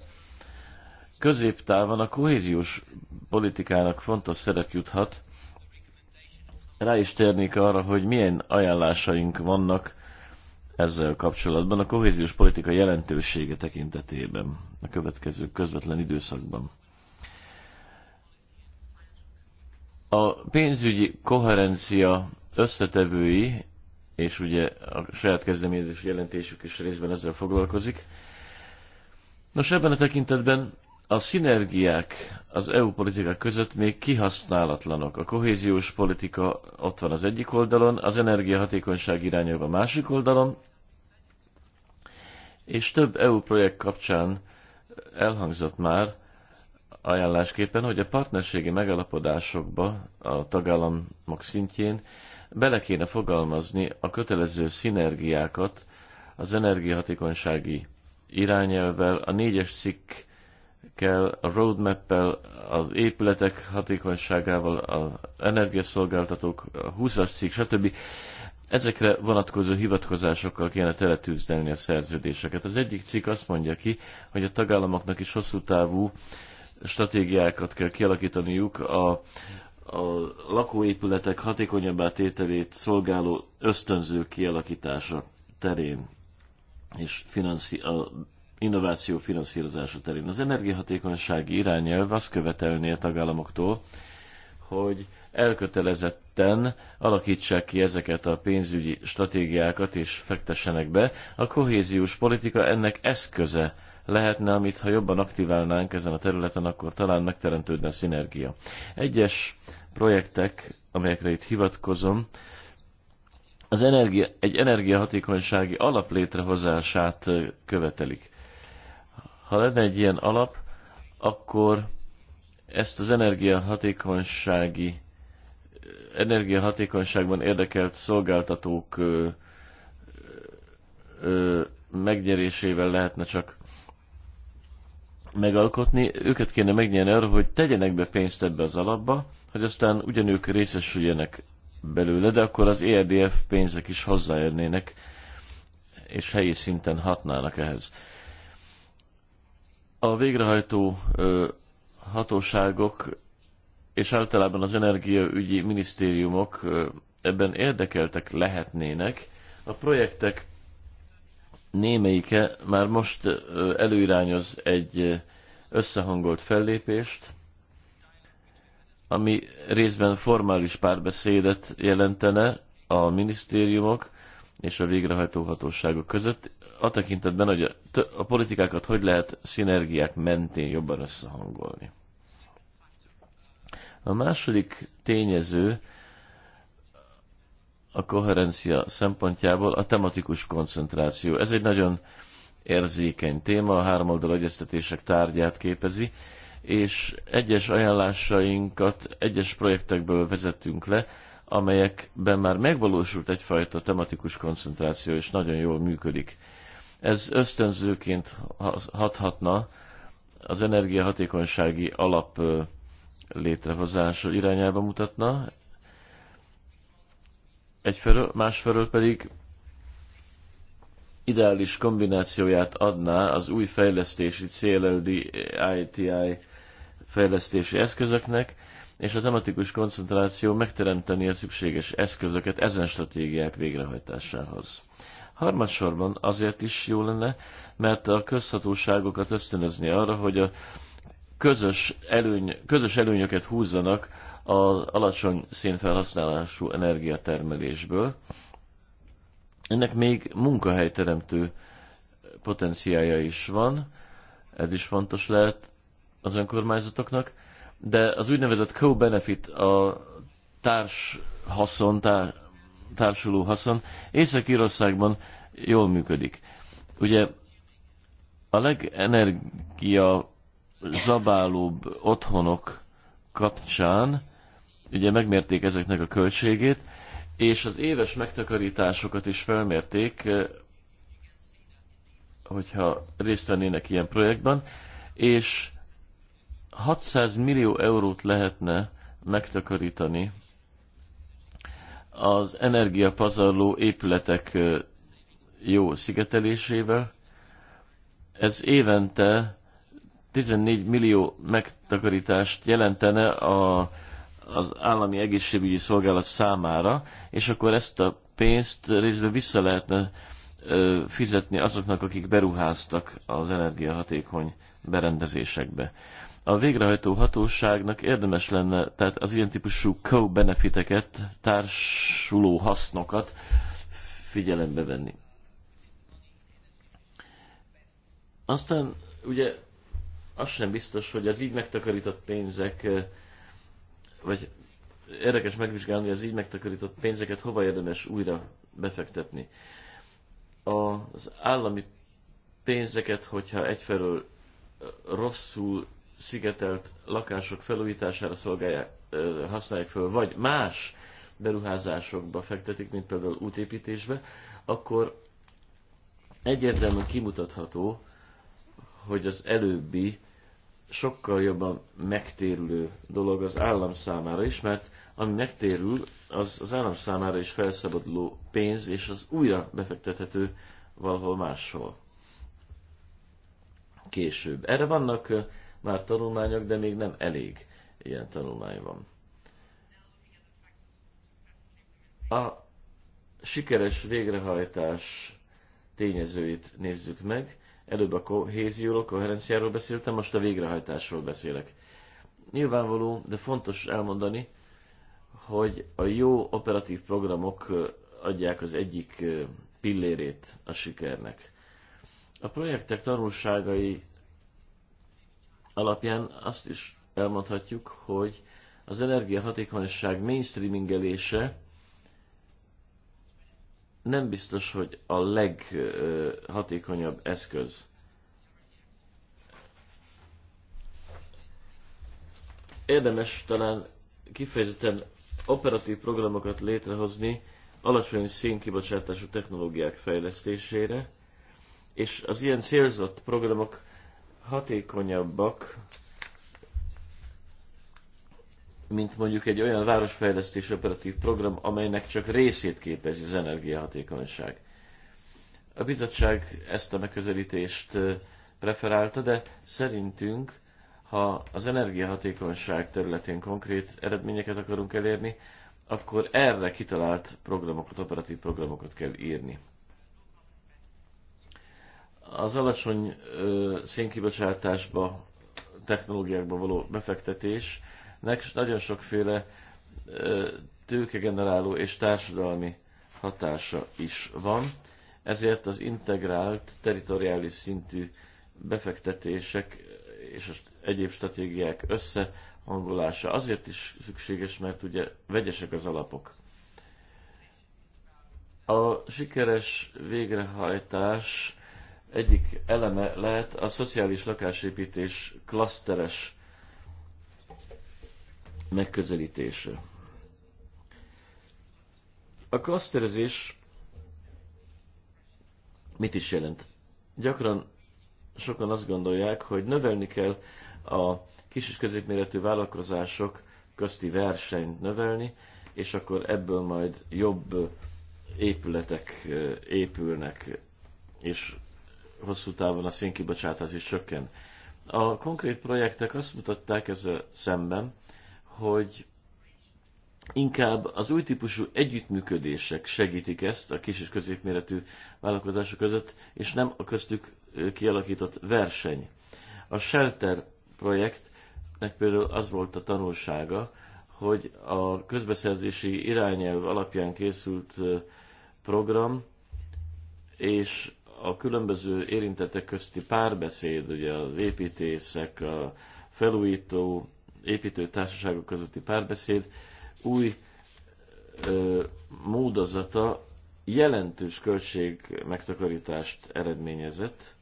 középtávon a kohéziós politikának fontos szerep juthat. Rá is térnék arra, hogy milyen ajánlásaink vannak ezzel kapcsolatban a kohéziós politika jelentősége tekintetében a következő közvetlen időszakban. A pénzügyi koherencia összetevői, és ugye a saját kezdeményezés jelentésük is részben ezzel foglalkozik. Nos, ebben a tekintetben a szinergiák az EU politikák között még kihasználatlanok. A kohéziós politika ott van az egyik oldalon, az energiahatékonyság irányelv a másik oldalon, és több EU projekt kapcsán elhangzott már, ajánlásképpen, hogy a partnerségi megalapodásokba a tagállamok szintjén bele kéne fogalmazni a kötelező szinergiákat az energiahatékonysági irányelvvel, a négyes cikkkel, a roadmap-el, az épületek hatékonyságával, az energiaszolgáltatók, a 20-as cikk, stb. Ezekre vonatkozó hivatkozásokkal kéne teletűzdelni a szerződéseket. Az egyik cikk azt mondja ki, hogy a tagállamoknak is hosszú távú stratégiákat kell kialakítaniuk a, a lakóépületek hatékonyabbá tételét szolgáló ösztönző kialakítása terén és finanszi- a innováció finanszírozása terén. Az energiahatékonysági irányelv azt követelné a tagállamoktól, hogy elkötelezetten alakítsák ki ezeket a pénzügyi stratégiákat és fektessenek be. A kohéziós politika ennek eszköze lehetne, amit ha jobban aktiválnánk ezen a területen, akkor talán megteremtődne a szinergia. Egyes projektek, amelyekre itt hivatkozom, az energia, egy energiahatékonysági alap létrehozását követelik. Ha lenne egy ilyen alap, akkor ezt az energiahatékonysági energiahatékonyságban érdekelt szolgáltatók ö, ö, megnyerésével lehetne csak megalkotni, őket kéne megnyerni arra, hogy tegyenek be pénzt ebbe az alapba, hogy aztán ugyanők részesüljenek belőle, de akkor az ERDF pénzek is hozzáérnének, és helyi szinten hatnának ehhez. A végrehajtó ö, hatóságok és általában az energiaügyi minisztériumok ö, ebben érdekeltek lehetnének. A projektek némelyike már most előirányoz egy összehangolt fellépést, ami részben formális párbeszédet jelentene a minisztériumok és a végrehajtó hatóságok között, a tekintetben, hogy a, a politikákat hogy lehet szinergiák mentén jobban összehangolni. A második tényező a koherencia szempontjából a tematikus koncentráció. Ez egy nagyon érzékeny téma, a háromoldal egyeztetések tárgyát képezi, és egyes ajánlásainkat egyes projektekből vezetünk le, amelyekben már megvalósult egyfajta tematikus koncentráció, és nagyon jól működik. Ez ösztönzőként hathatna az energiahatékonysági alap létrehozása irányába mutatna, egyfelől, másfelől pedig ideális kombinációját adná az új fejlesztési CLLD ITI fejlesztési eszközöknek, és a tematikus koncentráció megteremteni a szükséges eszközöket ezen stratégiák végrehajtásához. Harmadsorban azért is jó lenne, mert a közhatóságokat ösztönözni arra, hogy a közös, előny, közös előnyöket húzzanak az alacsony szénfelhasználású energiatermelésből. Ennek még munkahelyteremtő potenciája is van, ez is fontos lehet az önkormányzatoknak, de az úgynevezett co-benefit, a társ haszon, tár, társuló haszon Észak-Írországban jól működik. Ugye a legenergia zabálóbb otthonok kapcsán ugye megmérték ezeknek a költségét, és az éves megtakarításokat is felmérték, eh, hogyha részt vennének ilyen projektben, és 600 millió eurót lehetne megtakarítani az energiapazarló épületek eh, jó szigetelésével. Ez évente 14 millió megtakarítást jelentene a az állami egészségügyi szolgálat számára, és akkor ezt a pénzt részben vissza lehetne fizetni azoknak, akik beruháztak az energiahatékony berendezésekbe. A végrehajtó hatóságnak érdemes lenne, tehát az ilyen típusú co-benefiteket, társuló hasznokat figyelembe venni. Aztán ugye az sem biztos, hogy az így megtakarított pénzek vagy érdekes megvizsgálni, hogy az így megtakarított pénzeket hova érdemes újra befektetni. Az állami pénzeket, hogyha egyfelől rosszul szigetelt lakások felújítására szolgálják, használják föl, vagy más beruházásokba fektetik, mint például útépítésbe, akkor egyértelműen kimutatható, hogy az előbbi sokkal jobban megtérülő dolog az állam számára is, mert ami megtérül, az az állam számára is felszabaduló pénz, és az újra befektethető valahol máshol. Később. Erre vannak már tanulmányok, de még nem elég ilyen tanulmány van. A sikeres végrehajtás tényezőit nézzük meg. Előbb a kohézióról, koherenciáról beszéltem, most a végrehajtásról beszélek. Nyilvánvaló, de fontos elmondani, hogy a jó operatív programok adják az egyik pillérét a sikernek. A projektek tanulságai alapján azt is elmondhatjuk, hogy az energiahatékonyság mainstreamingelése nem biztos, hogy a leghatékonyabb eszköz. Érdemes talán kifejezetten operatív programokat létrehozni alacsony szénkibocsátású technológiák fejlesztésére, és az ilyen célzott programok hatékonyabbak, mint mondjuk egy olyan városfejlesztés operatív program, amelynek csak részét képezi az energiahatékonyság. A bizottság ezt a megközelítést preferálta, de szerintünk, ha az energiahatékonyság területén konkrét eredményeket akarunk elérni, akkor erre kitalált programokat, operatív programokat kell írni. Az alacsony szénkibocsátásba, technológiákba való befektetés nagyon sokféle tőkegeneráló és társadalmi hatása is van, ezért az integrált, teritoriális szintű befektetések és az egyéb stratégiák összehangolása azért is szükséges, mert ugye vegyesek az alapok. A sikeres végrehajtás egyik eleme lehet a szociális lakásépítés klaszteres megközelítése. A klaszterezés mit is jelent? Gyakran sokan azt gondolják, hogy növelni kell a kis és középméretű vállalkozások közti versenyt növelni, és akkor ebből majd jobb épületek épülnek, és hosszú távon a szénkibocsátás is csökken. A konkrét projektek azt mutatták ezzel szemben, hogy inkább az új típusú együttműködések segítik ezt a kis és középméretű vállalkozások között, és nem a köztük kialakított verseny. A Shelter projektnek például az volt a tanulsága, hogy a közbeszerzési irányelv alapján készült program és a különböző érintettek közti párbeszéd, ugye az építészek, a felújító építő társaságok közötti párbeszéd új ö, módozata jelentős költség megtakarítást eredményezett,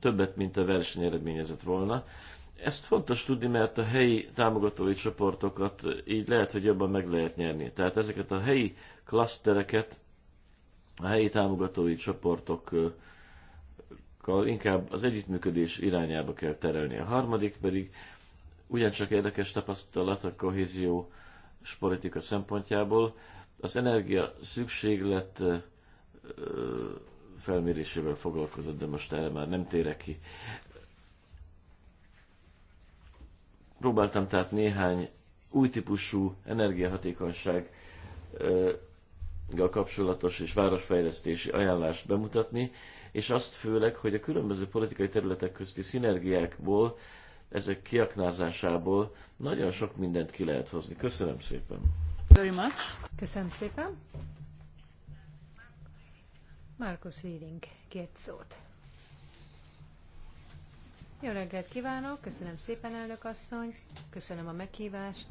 többet, mint a verseny eredményezett volna. Ezt fontos tudni, mert a helyi támogatói csoportokat így lehet, hogy jobban meg lehet nyerni. Tehát ezeket a helyi klasztereket, a helyi támogatói csoportokkal inkább az együttműködés irányába kell terelni. A harmadik pedig ugyancsak érdekes tapasztalat a kohézió és politika szempontjából. Az energia szükséglet felmérésével foglalkozott, de most erre már nem térek ki. Próbáltam tehát néhány új típusú energiahatékonyság kapcsolatos és városfejlesztési ajánlást bemutatni, és azt főleg, hogy a különböző politikai területek közti szinergiákból ezek kiaknázásából nagyon sok mindent ki lehet hozni. Köszönöm szépen! Very much. Köszönöm szépen! Markus Wheeling két szót. Jó reggelt kívánok, köszönöm szépen, elnök asszony, köszönöm a meghívást.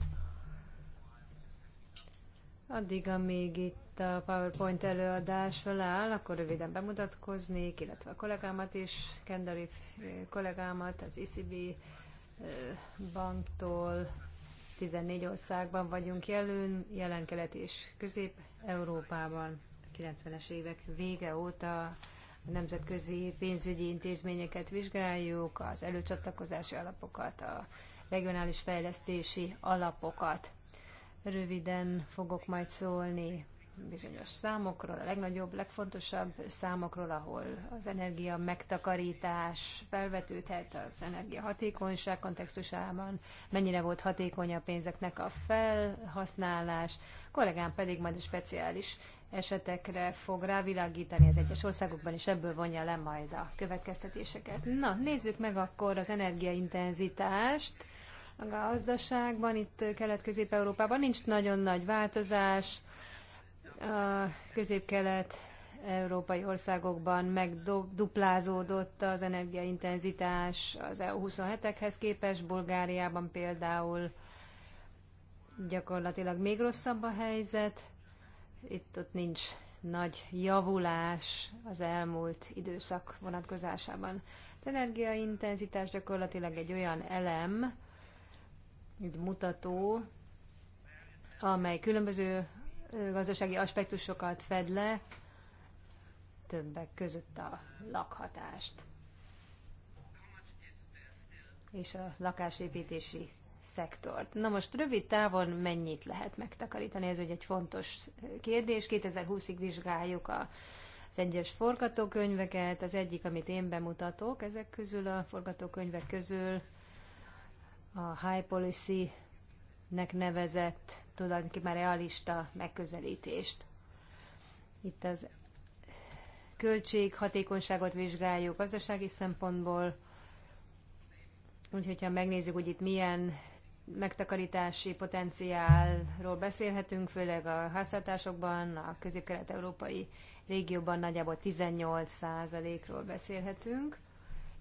Addig, amíg itt a PowerPoint előadás feláll, akkor röviden bemutatkoznék, illetve a kollégámat is, Kendali kollégámat, az ICB e banktól 14 országban vagyunk jelen, jelen kelet és közép-európában. 90-es évek vége óta a nemzetközi pénzügyi intézményeket vizsgáljuk, az előcsatlakozási alapokat, a regionális fejlesztési alapokat. Röviden fogok majd szólni bizonyos számokról, a legnagyobb, legfontosabb számokról, ahol az energia megtakarítás felvetődhet az energia hatékonyság kontextusában, mennyire volt hatékony a pénzeknek a felhasználás. A kollégám pedig majd a speciális esetekre fog rávilágítani az egyes országokban, és ebből vonja le majd a következtetéseket. Na, nézzük meg akkor az energiaintenzitást. A gazdaságban, itt Kelet-Közép-Európában nincs nagyon nagy változás, a közép-kelet európai országokban megduplázódott az energiaintenzitás az EU27-ekhez képest, Bulgáriában például gyakorlatilag még rosszabb a helyzet. Itt ott nincs nagy javulás az elmúlt időszak vonatkozásában. Az energiaintenzitás gyakorlatilag egy olyan elem, egy mutató, amely különböző gazdasági aspektusokat fed le, többek között a lakhatást. És a lakásépítési szektort. Na most rövid távon mennyit lehet megtakarítani? Ez egy fontos kérdés. 2020-ig vizsgáljuk a az egyes forgatókönyveket, az egyik, amit én bemutatok ezek közül, a forgatókönyvek közül a High Policy-nek nevezett tulajdonképpen realista megközelítést. Itt az költség hatékonyságot vizsgáljuk gazdasági szempontból, úgyhogy ha megnézzük, hogy itt milyen megtakarítási potenciálról beszélhetünk, főleg a háztartásokban, a közép-kelet-európai régióban nagyjából 18%-ról beszélhetünk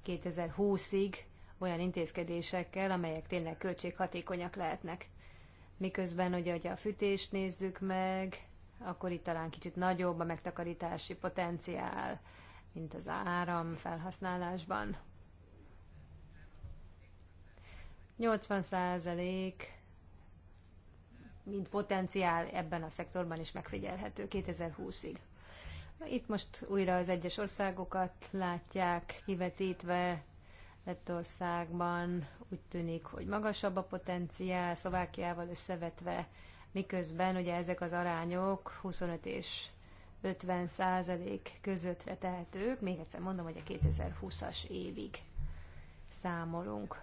2020-ig olyan intézkedésekkel, amelyek tényleg költséghatékonyak lehetnek miközben ugye, hogyha a fűtést nézzük meg, akkor itt talán kicsit nagyobb a megtakarítási potenciál, mint az áram felhasználásban. 80 százalék mint potenciál ebben a szektorban is megfigyelhető 2020-ig. Itt most újra az egyes országokat látják kivetítve, Lettországban úgy tűnik, hogy magasabb a potenciál Szlovákiával összevetve, miközben ugye ezek az arányok 25 és 50 százalék közöttre tehetők, még egyszer mondom, hogy a 2020-as évig számolunk.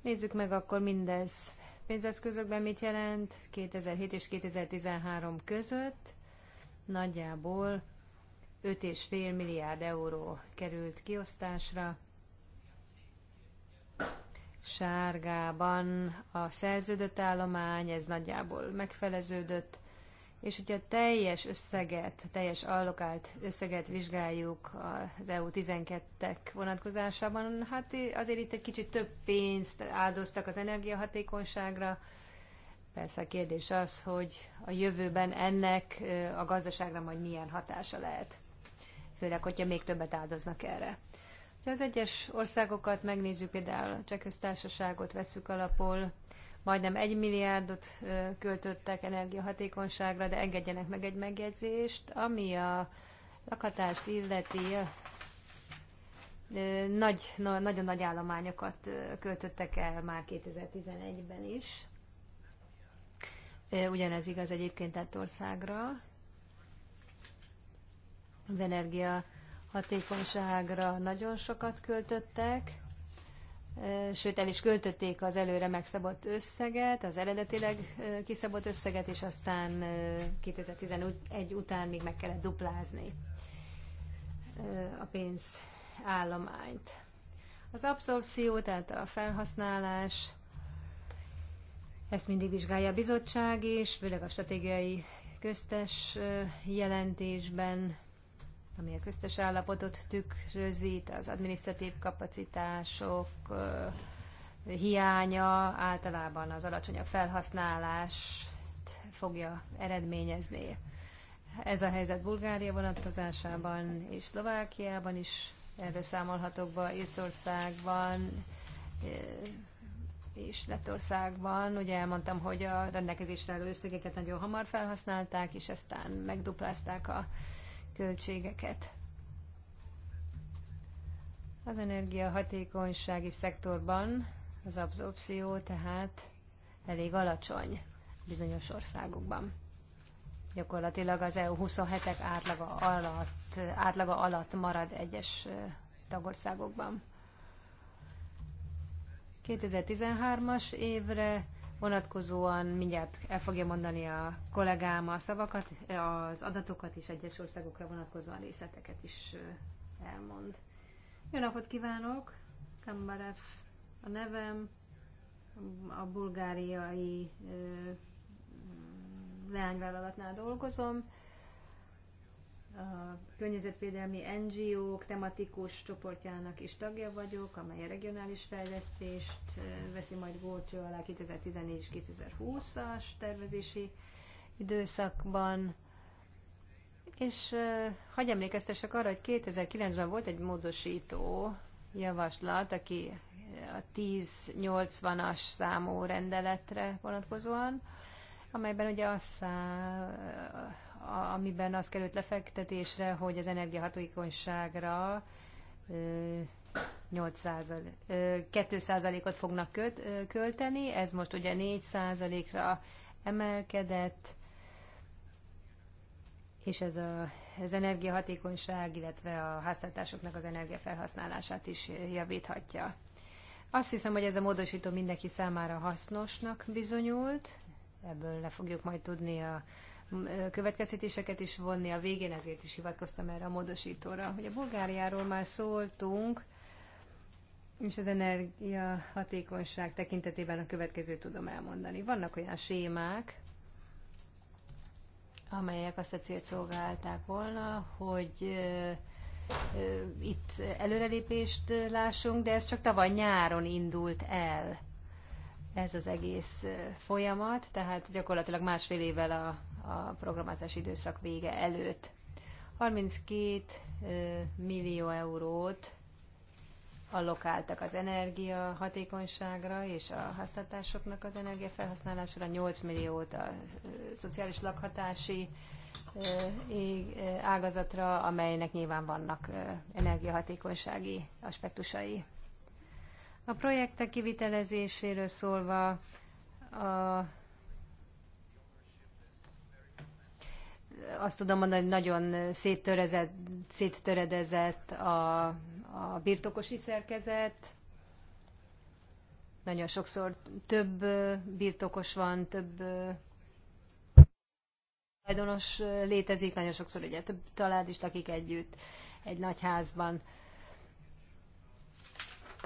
Nézzük meg akkor mindez pénzeszközökben mit jelent 2007 és 2013 között. Nagyjából 5,5 milliárd euró került kiosztásra, sárgában a szerződött állomány, ez nagyjából megfeleződött, és hogyha teljes összeget, teljes allokált összeget vizsgáljuk az EU12-ek vonatkozásában, hát azért itt egy kicsit több pénzt áldoztak az energiahatékonyságra. Persze a kérdés az, hogy a jövőben ennek a gazdaságra majd milyen hatása lehet. Főleg, hogyha még többet áldoznak erre. Ha az egyes országokat megnézzük, például a köztársaságot veszük alapul, majdnem egy milliárdot költöttek energiahatékonyságra, de engedjenek meg egy megjegyzést, ami a lakhatást illeti, nagy, na, nagyon nagy állományokat költöttek el már 2011-ben is. Ugyanez igaz egyébként országra. Az energia hatékonyságra nagyon sokat költöttek, e, sőt el is költötték az előre megszabott összeget, az eredetileg e, kiszabott összeget, és aztán 2011 e, után még meg kellett duplázni a pénz állományt. Az abszorpció, tehát a felhasználás, ezt mindig vizsgálja a bizottság is, főleg a stratégiai köztes jelentésben ami a köztes állapotot tükrözi, az administratív kapacitások hiánya általában az alacsonyabb felhasználást fogja eredményezni. Ez a helyzet Bulgária vonatkozásában és Szlovákiában is erről számolhatok be, Észtországban és Lettországban. Ugye elmondtam, hogy a rendelkezésre álló összegeket nagyon hamar felhasználták, és aztán megduplázták a költségeket. Az energiahatékonysági szektorban az abszorpció tehát elég alacsony bizonyos országokban. Gyakorlatilag az EU 27-ek átlaga alatt, átlaga alatt marad egyes tagországokban. 2013-as évre vonatkozóan mindjárt el fogja mondani a kollégám a szavakat, az adatokat és egyes országokra vonatkozóan részleteket is elmond. Jó napot kívánok! Kambarev a nevem, a bulgáriai mm, leányvállalatnál dolgozom, a környezetvédelmi NGO-k tematikus csoportjának is tagja vagyok, amely a regionális fejlesztést eh, veszi majd górcső alá 2014 2020-as tervezési időszakban. És eh, hagyj emlékeztessek arra, hogy 2009-ben volt egy módosító javaslat, aki a 1080-as számú rendeletre vonatkozóan, amelyben ugye azt amiben az került lefektetésre, hogy az energiahatékonyságra 2%-ot fognak köt, költeni, ez most ugye 4%-ra emelkedett, és ez a, az energiahatékonyság, illetve a háztartásoknak az energiafelhasználását is javíthatja. Azt hiszem, hogy ez a módosító mindenki számára hasznosnak bizonyult, ebből le fogjuk majd tudni a következtetéseket is vonni a végén, ezért is hivatkoztam erre a módosítóra. Hogy a Bulgáriáról már szóltunk, és az energia hatékonyság tekintetében a következőt tudom elmondani. Vannak olyan sémák, amelyek azt a célt szolgálták volna, hogy itt előrelépést lássunk, de ez csak tavaly nyáron indult el ez az egész folyamat, tehát gyakorlatilag másfél évvel a a programozási időszak vége előtt. 32 millió eurót allokáltak az energia hatékonyságra és a háztartásoknak az energiafelhasználásra, 8 milliót a szociális lakhatási ágazatra, amelynek nyilván vannak energiahatékonysági aspektusai. A projektek kivitelezéséről szólva a azt tudom mondani, hogy nagyon széttöredezett, széttöredezett a, a birtokosi szerkezet. Nagyon sokszor több birtokos van, több tulajdonos létezik, nagyon sokszor ugye több talád is lakik együtt egy nagy házban.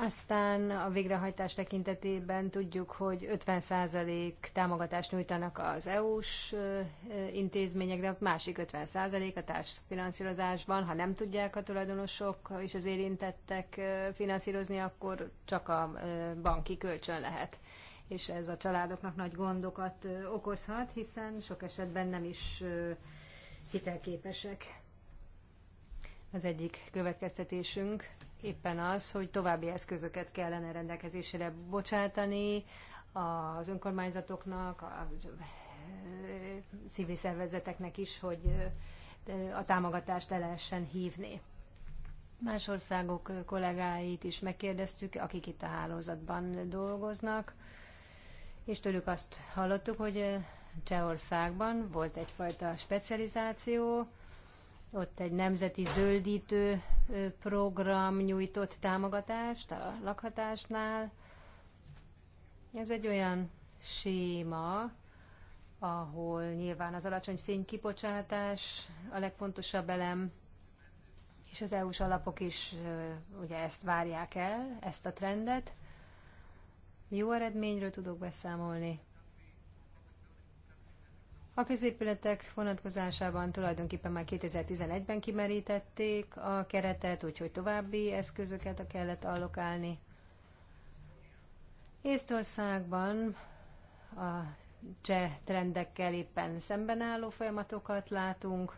Aztán a végrehajtás tekintetében tudjuk, hogy 50% támogatást nyújtanak az EU-s intézmények, de a másik 50% a társfinanszírozásban, ha nem tudják a tulajdonosok és az érintettek finanszírozni, akkor csak a banki kölcsön lehet. És ez a családoknak nagy gondokat okozhat, hiszen sok esetben nem is hitelképesek. Az egyik következtetésünk éppen az, hogy további eszközöket kellene rendelkezésére bocsátani az önkormányzatoknak, a civil szervezeteknek is, hogy a támogatást el lehessen hívni. Más országok kollégáit is megkérdeztük, akik itt a hálózatban dolgoznak, és tőlük azt hallottuk, hogy Csehországban volt egyfajta specializáció, ott egy nemzeti zöldítő program nyújtott támogatást a lakhatásnál. Ez egy olyan séma, ahol nyilván az alacsony szénkibocsátás a legfontosabb elem, és az EU-s alapok is ugye ezt várják el, ezt a trendet. Jó eredményről tudok beszámolni. A középületek vonatkozásában tulajdonképpen már 2011-ben kimerítették a keretet, úgyhogy további eszközöket kellett allokálni. Észtországban a cseh trendekkel éppen szemben álló folyamatokat látunk.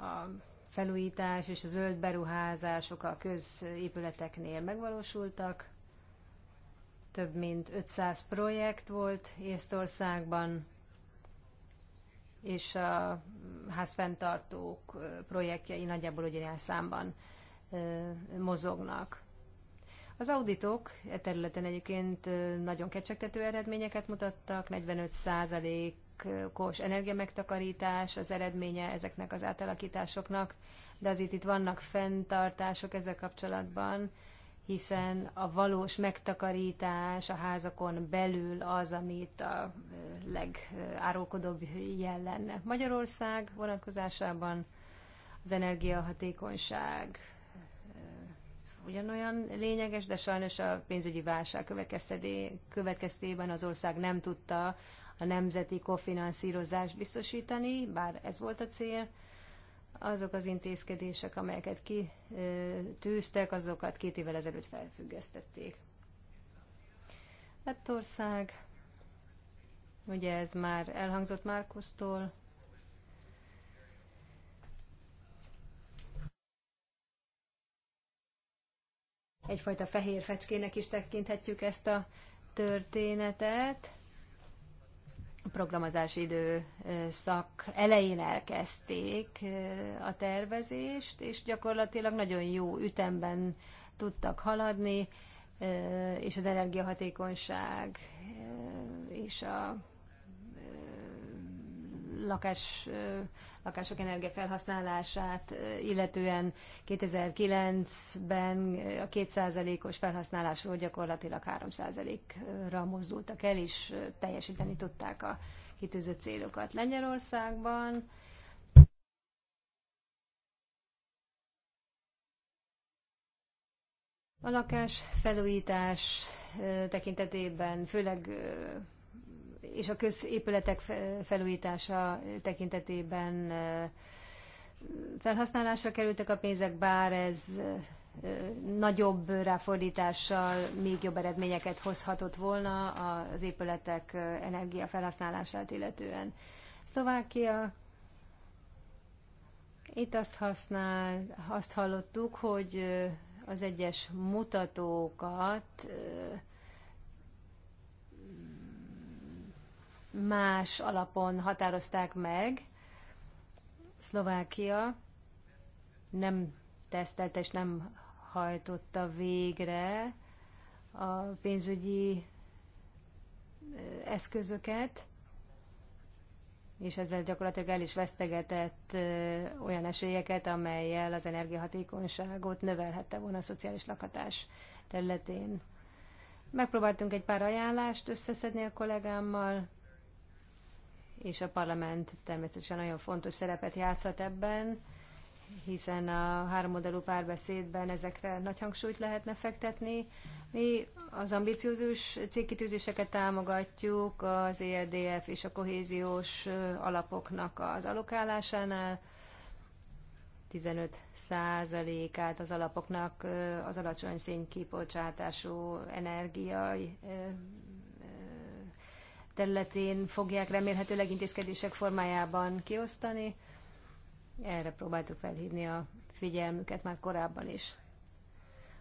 A felújítás és a zöld beruházások a középületeknél megvalósultak. Több mint 500 projekt volt Észtországban és a házfenntartók projektjei nagyjából ugyanilyen számban mozognak. Az auditok e területen egyébként nagyon kecsegtető eredményeket mutattak, 45%-os energiamegtakarítás az eredménye ezeknek az átalakításoknak, de azért itt vannak fenntartások ezzel kapcsolatban, hiszen a valós megtakarítás a házakon belül az, amit a legárulkodóbb jel lenne. Magyarország vonatkozásában az energiahatékonyság ugyanolyan lényeges, de sajnos a pénzügyi válság következtében az ország nem tudta a nemzeti kofinanszírozást biztosítani, bár ez volt a cél, azok az intézkedések, amelyeket kitűztek, azokat két évvel ezelőtt felfüggesztették. Lettország, ugye ez már elhangzott Márkusztól, egyfajta fehér fecskének is tekinthetjük ezt a történetet programozási időszak elején elkezdték a tervezést, és gyakorlatilag nagyon jó ütemben tudtak haladni, és az energiahatékonyság és a lakás, lakások energiafelhasználását, illetően 2009-ben a kétszázalékos os felhasználásról gyakorlatilag 3%-ra mozdultak el, és teljesíteni tudták a kitűzött célokat. Lengyelországban A lakás felújítás tekintetében főleg és a középületek felújítása tekintetében felhasználásra kerültek a pénzek, bár ez nagyobb ráfordítással még jobb eredményeket hozhatott volna az épületek energiafelhasználását illetően. Szlovákia itt azt használ, azt hallottuk, hogy az egyes mutatókat más alapon határozták meg. Szlovákia nem tesztelt és nem hajtotta végre a pénzügyi eszközöket, és ezzel gyakorlatilag el is vesztegetett olyan esélyeket, amelyel az energiahatékonyságot növelhette volna a szociális lakhatás területén. Megpróbáltunk egy pár ajánlást összeszedni a kollégámmal, és a parlament természetesen nagyon fontos szerepet játszhat ebben, hiszen a háromoldalú párbeszédben ezekre nagy hangsúlyt lehetne fektetni. Mi az ambiciózus cégkitűzéseket támogatjuk az ELDF és a kohéziós alapoknak az alokálásánál. 15 százalékát az alapoknak az alacsony szénkibocsátású energiai területén fogják remélhetőleg intézkedések formájában kiosztani. Erre próbáltuk felhívni a figyelmüket már korábban is.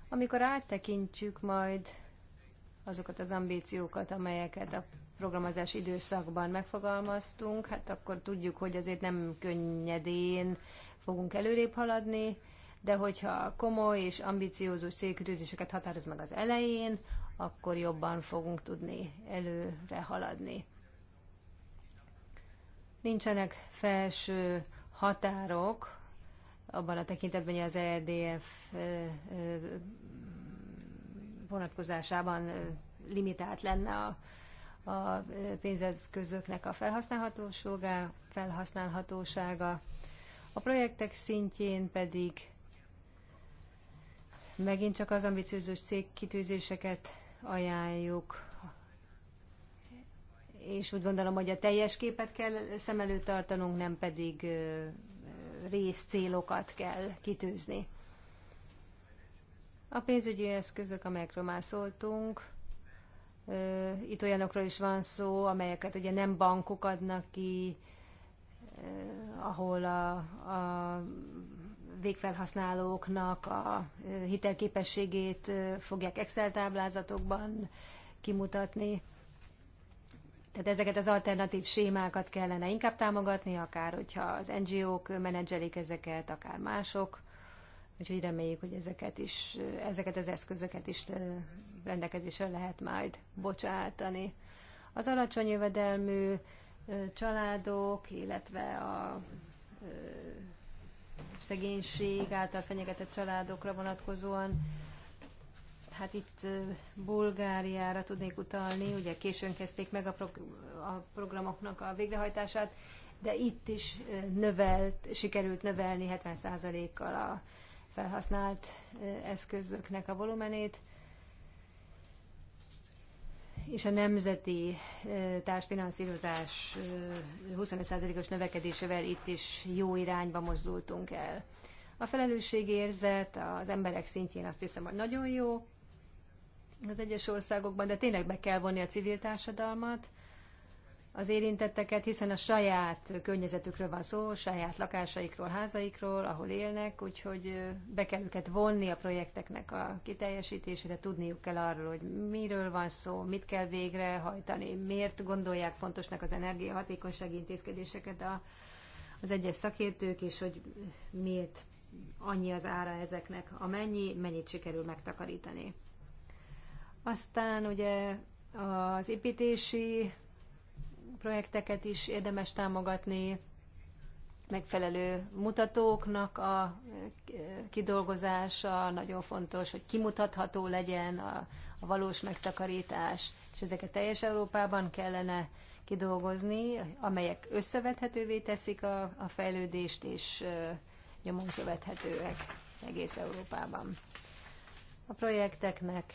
Amikor áttekintjük majd azokat az ambíciókat, amelyeket a programozás időszakban megfogalmaztunk, hát akkor tudjuk, hogy azért nem könnyedén fogunk előrébb haladni, de hogyha komoly és ambiciózus célkütőzéseket határoz meg az elején, akkor jobban fogunk tudni előre haladni. Nincsenek felső határok abban a tekintetben, hogy az EDF vonatkozásában limitált lenne a, a pénzeszközöknek a felhasználhatósága, felhasználhatósága. A projektek szintjén pedig megint csak az ambiciózus cégkitűzéseket ajánljuk, és úgy gondolom, hogy a teljes képet kell szem előtt tartanunk, nem pedig részcélokat kell kitűzni. A pénzügyi eszközök, amelyekről már szóltunk, itt olyanokról is van szó, amelyeket ugye nem bankok adnak ki, ahol a, a végfelhasználóknak a hitelképességét fogják Excel táblázatokban kimutatni. Tehát ezeket az alternatív sémákat kellene inkább támogatni, akár hogyha az NGO-k menedzselik ezeket, akár mások. Úgyhogy reméljük, hogy ezeket, is, ezeket az eszközöket is rendelkezésre lehet majd bocsátani. Az alacsony jövedelmű családok, illetve a szegénység által fenyegetett családokra vonatkozóan. Hát itt Bulgáriára tudnék utalni, ugye későn kezdték meg a, prog- a programoknak a végrehajtását, de itt is növelt, sikerült növelni 70%-kal a felhasznált eszközöknek a volumenét és a nemzeti társfinanszírozás 25%-os növekedésével itt is jó irányba mozdultunk el. A felelősségérzet az emberek szintjén azt hiszem, hogy nagyon jó az egyes országokban, de tényleg be kell vonni a civil társadalmat, az érintetteket, hiszen a saját környezetükről van szó, saját lakásaikról, házaikról, ahol élnek, úgyhogy be kell őket vonni a projekteknek a kiteljesítésére, tudniuk kell arról, hogy miről van szó, mit kell végrehajtani, miért gondolják fontosnak az energiahatékonysági intézkedéseket a, az egyes szakértők, és hogy miért annyi az ára ezeknek, amennyi, mennyit sikerül megtakarítani. Aztán ugye az építési projekteket is érdemes támogatni, megfelelő mutatóknak a eh, kidolgozása nagyon fontos, hogy kimutatható legyen a, a valós megtakarítás, és ezeket teljes Európában kellene kidolgozni, amelyek összevethetővé teszik a, a fejlődést, és eh, nyomon követhetőek egész Európában. A projekteknek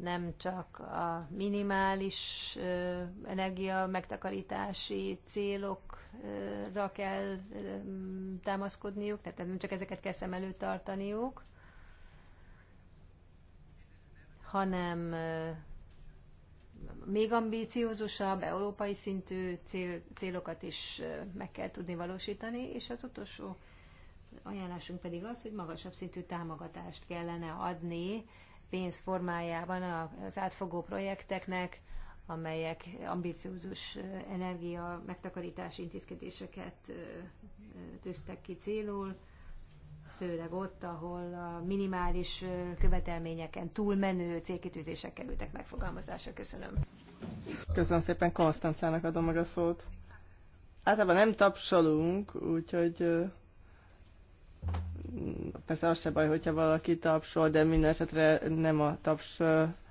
nem csak a minimális energia megtakarítási célokra kell támaszkodniuk, tehát nem csak ezeket kell szem előtt tartaniuk, hanem még ambíciózusabb, európai szintű cél, célokat is meg kell tudni valósítani, és az utolsó ajánlásunk pedig az, hogy magasabb szintű támogatást kellene adni pénz formájában az átfogó projekteknek, amelyek ambiciózus energia megtakarítási intézkedéseket tűztek ki célul, főleg ott, ahol a minimális követelményeken túlmenő célkitűzések kerültek megfogalmazásra. Köszönöm. Köszönöm szépen, Konstancának adom meg a szót. Általában nem tapsolunk, úgyhogy Persze az se baj, hogyha valaki tapsol, de minden esetre nem a taps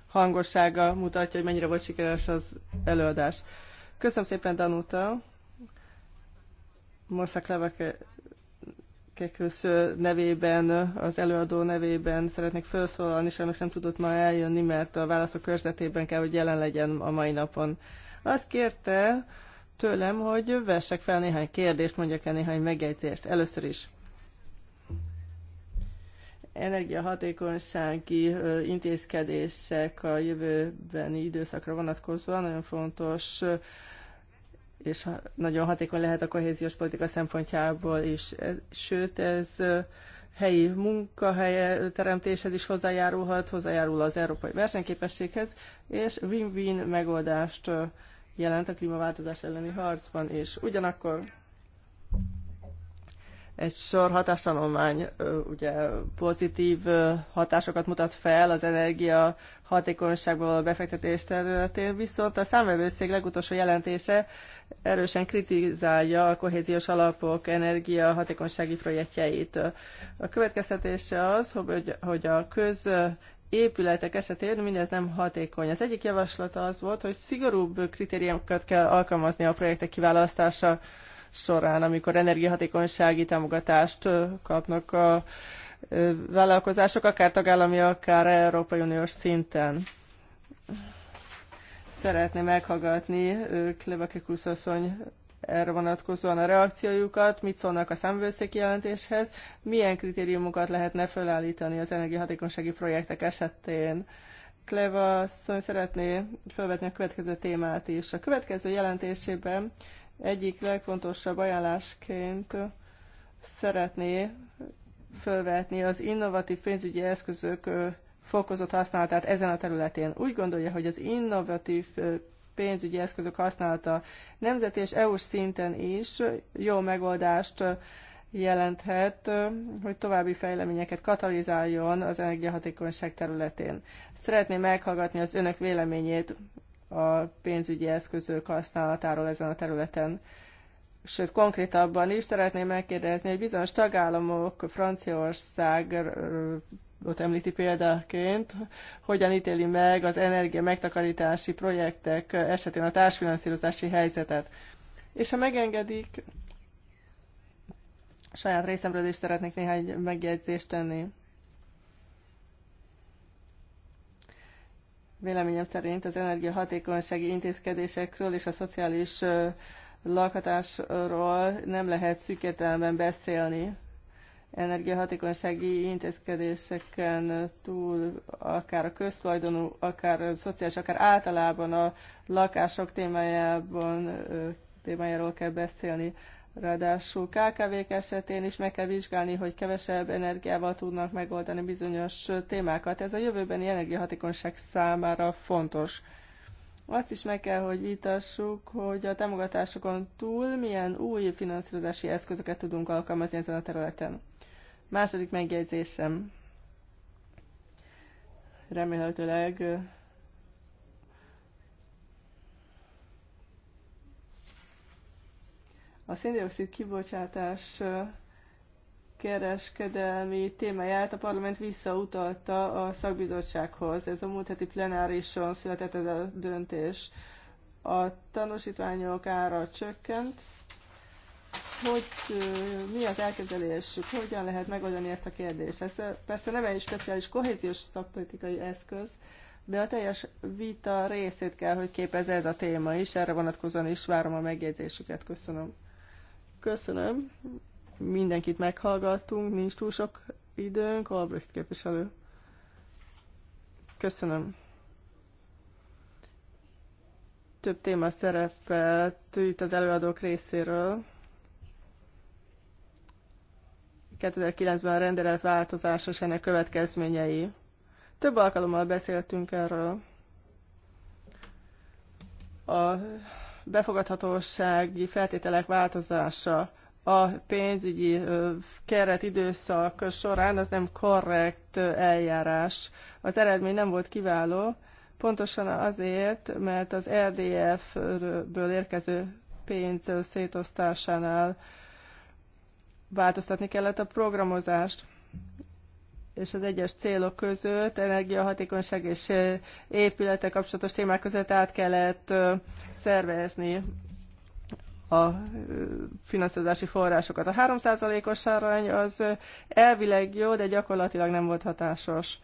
hangossága mutatja, hogy mennyire volt sikeres az előadás. Köszönöm szépen, Danuta. Morszak Leveke nevében, az előadó nevében szeretnék felszólalni, sajnos nem tudott ma eljönni, mert a válaszok körzetében kell, hogy jelen legyen a mai napon. Azt kérte tőlem, hogy vessek fel néhány kérdést, mondjak el néhány megjegyzést. Először is energiahatékonysági intézkedések a jövőbeni időszakra vonatkozóan nagyon fontos és nagyon hatékony lehet a kohéziós politika szempontjából is. Sőt, ez helyi munkahely teremtéshez is hozzájárulhat, hozzájárul az európai versenyképességhez, és win-win megoldást jelent a klímaváltozás elleni harcban, és ugyanakkor egy sor hatástanulmány ugye pozitív hatásokat mutat fel az energia hatékonyságból a befektetés területén, viszont a számvevőszék legutolsó jelentése erősen kritizálja a kohéziós alapok energia hatékonysági projektjeit. A következtetése az, hogy, hogy a köz épületek esetén mindez nem hatékony. Az egyik javaslata az volt, hogy szigorúbb kritériumokat kell alkalmazni a projektek kiválasztása során, amikor energiahatékonysági támogatást kapnak a vállalkozások, akár tagállami, akár Európai Uniós szinten. Szeretném meghallgatni Klebeke asszony erre vonatkozóan a reakciójukat, mit szólnak a számvőszék jelentéshez, milyen kritériumokat lehetne felállítani az energiahatékonysági projektek esetén. Kleva szóval szeretné felvetni a következő témát is. A következő jelentésében egyik legfontosabb ajánlásként szeretné fölvetni az innovatív pénzügyi eszközök fokozott használatát ezen a területén. Úgy gondolja, hogy az innovatív pénzügyi eszközök használata nemzeti és EU-s szinten is jó megoldást jelenthet, hogy további fejleményeket katalizáljon az energiahatékonyság területén. Szeretném meghallgatni az önök véleményét a pénzügyi eszközök használatáról ezen a területen. Sőt, konkrétabban is szeretném megkérdezni, hogy bizonyos tagállamok, Franciaország, ott említi példaként, hogyan ítéli meg az energia megtakarítási projektek esetén a társfinanszírozási helyzetet. És ha megengedik, saját részemről is szeretnék néhány megjegyzést tenni. Véleményem szerint az energiahatékonysági intézkedésekről és a szociális lakhatásról nem lehet szűk értelemben beszélni. Energiahatékonysági intézkedéseken túl akár a köztulajdonú, akár a szociális, akár általában a lakások témájában, témájáról kell beszélni. Ráadásul KKV-k esetén is meg kell vizsgálni, hogy kevesebb energiával tudnak megoldani bizonyos témákat. Ez a jövőbeni energiahatékonyság számára fontos. Azt is meg kell, hogy vitassuk, hogy a támogatásokon túl milyen új finanszírozási eszközöket tudunk alkalmazni ezen a területen. Második megjegyzésem. Remélhetőleg A széndiokszid kibocsátás kereskedelmi témáját a parlament visszautalta a szakbizottsághoz. Ez a múlt heti plenárison született ez a döntés. A tanúsítványok ára csökkent. Hogy mi az elképzelésük, hogyan lehet megoldani ezt a kérdést? Ez persze nem egy speciális kohéziós szakpolitikai eszköz, de a teljes vita részét kell, hogy képezze ez a téma is. Erre vonatkozóan is várom a megjegyzésüket. Köszönöm. Köszönöm. Mindenkit meghallgattunk, nincs túl sok időnk. Albrecht képviselő. Köszönöm. Több téma szerepelt itt az előadók részéről. 2009-ben a rendelet változás és ennek következményei. Több alkalommal beszéltünk erről. A befogadhatósági feltételek változása a pénzügyi keret időszak során az nem korrekt eljárás. Az eredmény nem volt kiváló, pontosan azért, mert az RDF-ből érkező pénz szétosztásánál változtatni kellett a programozást és az egyes célok között, energiahatékonyság és épülete kapcsolatos témák között át kellett szervezni a finanszírozási forrásokat. A 3%-os arány az elvileg jó, de gyakorlatilag nem volt hatásos.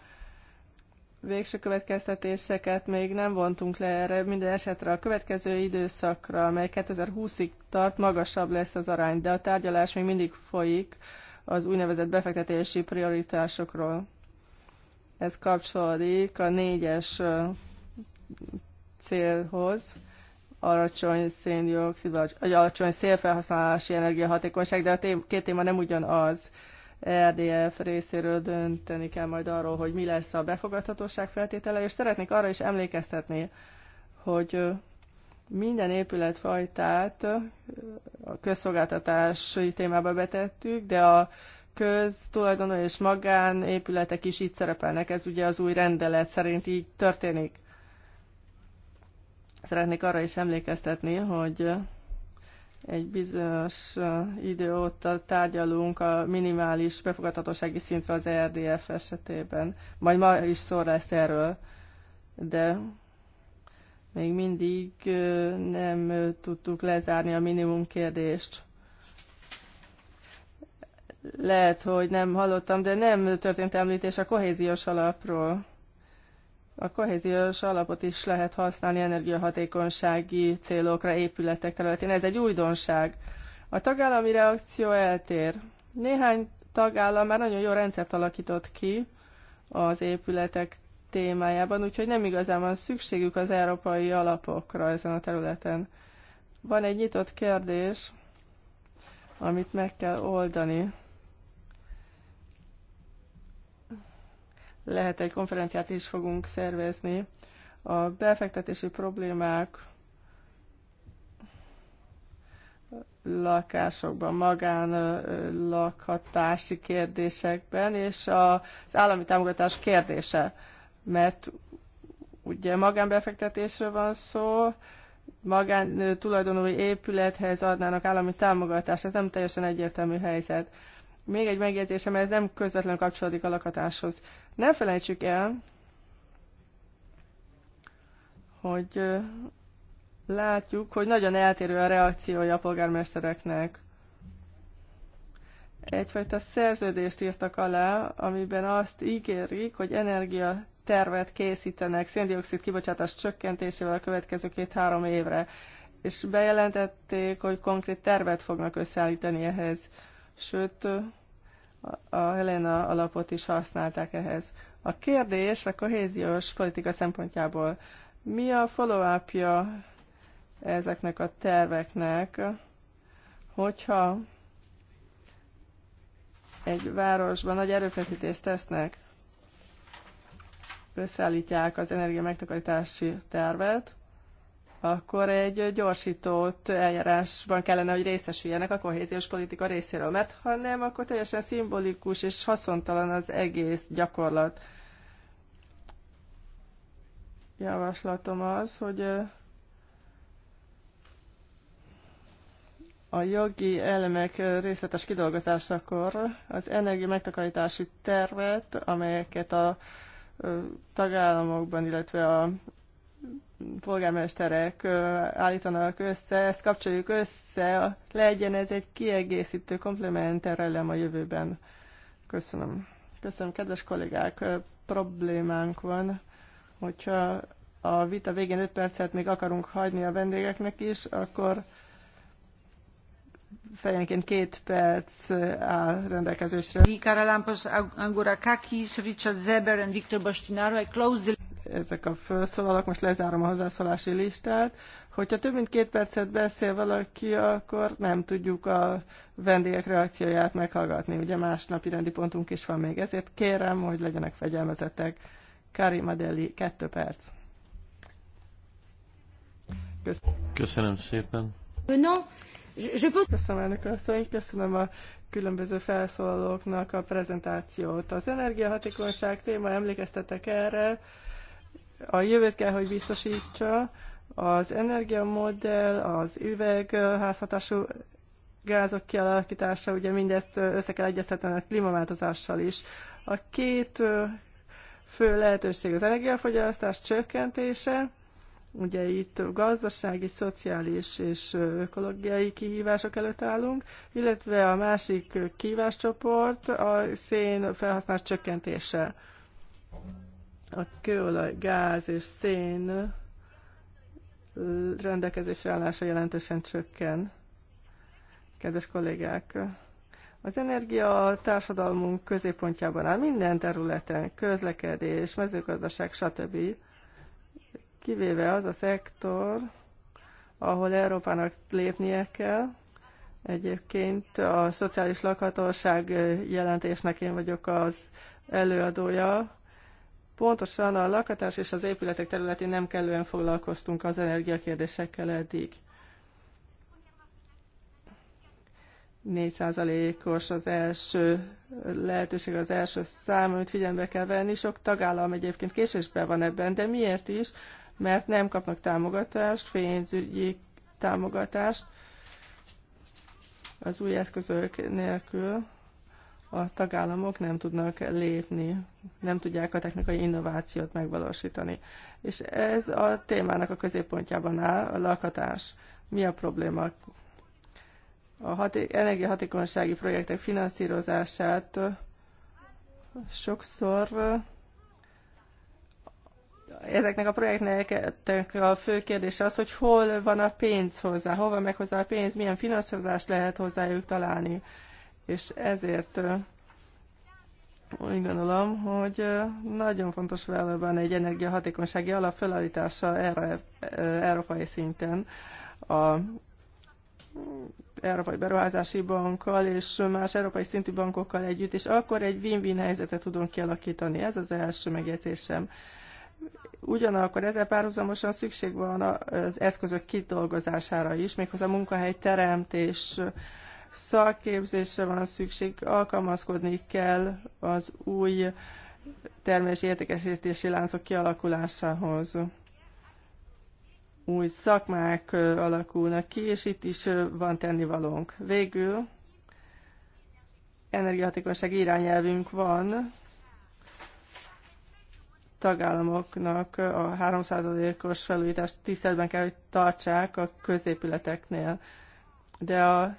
Végső következtetéseket még nem vontunk le erre, minden esetre a következő időszakra, amely 2020-ig tart, magasabb lesz az arány, de a tárgyalás még mindig folyik az úgynevezett befektetési prioritásokról. Ez kapcsolódik a négyes célhoz, alacsony széndiokszid, vagy alacsony szélfelhasználási energiahatékonyság, de a tém, két téma nem ugyanaz. RDF részéről dönteni kell majd arról, hogy mi lesz a befogadhatóság feltétele, és szeretnék arra is emlékeztetni, hogy minden épületfajtát a közszolgáltatási témába betettük, de a köztulajdonú és magán épületek is itt szerepelnek. Ez ugye az új rendelet szerint így történik. Szeretnék arra is emlékeztetni, hogy egy bizonyos idő óta tárgyalunk a minimális befogadhatósági szintre az e RDF esetében. Majd ma is szó lesz erről, de még mindig nem tudtuk lezárni a minimum kérdést. Lehet, hogy nem hallottam, de nem történt említés a kohéziós alapról. A kohéziós alapot is lehet használni energiahatékonysági célokra épületek területén. Ez egy újdonság. A tagállami reakció eltér. Néhány tagállam már nagyon jó rendszert alakított ki az épületek témájában, úgyhogy nem igazán van szükségük az európai alapokra ezen a területen. Van egy nyitott kérdés, amit meg kell oldani. Lehet egy konferenciát is fogunk szervezni. A befektetési problémák lakásokban, magán lakhatási kérdésekben, és az állami támogatás kérdése mert ugye magánbefektetésről van szó, magán tulajdonú épülethez adnának állami támogatást, ez nem teljesen egyértelmű helyzet. Még egy megjegyzésem, ez nem közvetlenül kapcsolódik a lakatáshoz. Ne felejtsük el, hogy látjuk, hogy nagyon eltérő a reakciója a polgármestereknek. Egyfajta szerződést írtak alá, amiben azt ígérik, hogy energia tervet készítenek széndiokszid kibocsátás csökkentésével a következő két-három évre, és bejelentették, hogy konkrét tervet fognak összeállítani ehhez. Sőt, a Helena alapot is használták ehhez. A kérdés a kohéziós politika szempontjából, mi a follow-upja ezeknek a terveknek, hogyha egy városban nagy erőfeszítést tesznek, összeállítják az energia megtakarítási tervet, akkor egy gyorsított eljárásban kellene, hogy részesüljenek a kohéziós politika részéről, mert ha nem, akkor teljesen szimbolikus és haszontalan az egész gyakorlat. Javaslatom az, hogy a jogi elemek részletes kidolgozásakor az energia megtakarítási tervet, amelyeket a tagállamokban, illetve a polgármesterek állítanak össze, ezt kapcsoljuk össze, legyen ez egy kiegészítő komplementer elem a jövőben. Köszönöm. Köszönöm, kedves kollégák, problémánk van, hogyha a vita végén 5 percet még akarunk hagyni a vendégeknek is, akkor fejenként két perc áll rendelkezésre. Karalampos Angurakakis, Richard Zeber and Viktor Bostinaro. I close the... Ezek a felszólalók, most lezárom a hozzászólási listát. Hogyha több mint két percet beszél valaki, akkor nem tudjuk a vendégek reakcióját meghallgatni. Ugye másnapi rendi pontunk is van még, ezért kérem, hogy legyenek fegyelmezettek. Kari Adeli, kettő perc. Köszönöm, Köszönöm szépen. No. Je pense... Köszönöm, elnök asszony, köszönöm a különböző felszólalóknak a prezentációt. Az energiahatékonyság téma, emlékeztetek erre, a jövőt kell, hogy biztosítsa, az energiamodell, az üvegházhatású gázok kialakítása, ugye mindezt össze kell egyeztetni a klímaváltozással is. A két fő lehetőség az energiafogyasztás csökkentése, Ugye itt gazdasági, szociális és ökológiai kihívások előtt állunk, illetve a másik kihíváscsoport a szén felhasználás csökkentése. A kőolaj, gáz és szén rendelkezésre állása jelentősen csökken. Kedves kollégák! Az energia a társadalmunk középpontjában áll minden területen, közlekedés, mezőgazdaság, stb kivéve az a szektor, ahol Európának lépnie kell. Egyébként a Szociális Lakhatóság jelentésnek én vagyok az előadója. Pontosan a lakhatás és az épületek területén nem kellően foglalkoztunk az energiakérdésekkel eddig. 4%-os az első lehetőség, az első szám, amit figyelembe kell venni. Sok tagállam egyébként késésben van ebben, de miért is? mert nem kapnak támogatást, pénzügyi támogatást az új eszközök nélkül a tagállamok nem tudnak lépni, nem tudják a technikai innovációt megvalósítani. És ez a témának a középpontjában áll a lakhatás. Mi a probléma? A haté- energiahatékonysági projektek finanszírozását sokszor ezeknek a projektnek a fő kérdése az, hogy hol van a pénz hozzá, hova megy hozzá a pénz, milyen finanszírozást lehet hozzájuk találni. És ezért úgy gondolom, hogy nagyon fontos valóban egy energiahatékonysági alap felállítása erre, európai szinten a Európai Beruházási Bankkal és más európai szintű bankokkal együtt, és akkor egy win-win helyzetet tudunk kialakítani. Ez az első megjegyzésem. Ugyanakkor ezzel párhuzamosan szükség van az eszközök kidolgozására is, méghozzá a munkahely teremtés szakképzésre van szükség, alkalmazkodni kell az új termés értékesítési láncok kialakulásához. Új szakmák alakulnak ki, és itt is van tennivalónk. Végül energiahatékonyság irányelvünk van, tagállamoknak a 3%-os felújítást tiszteletben kell, hogy tartsák a középületeknél. De a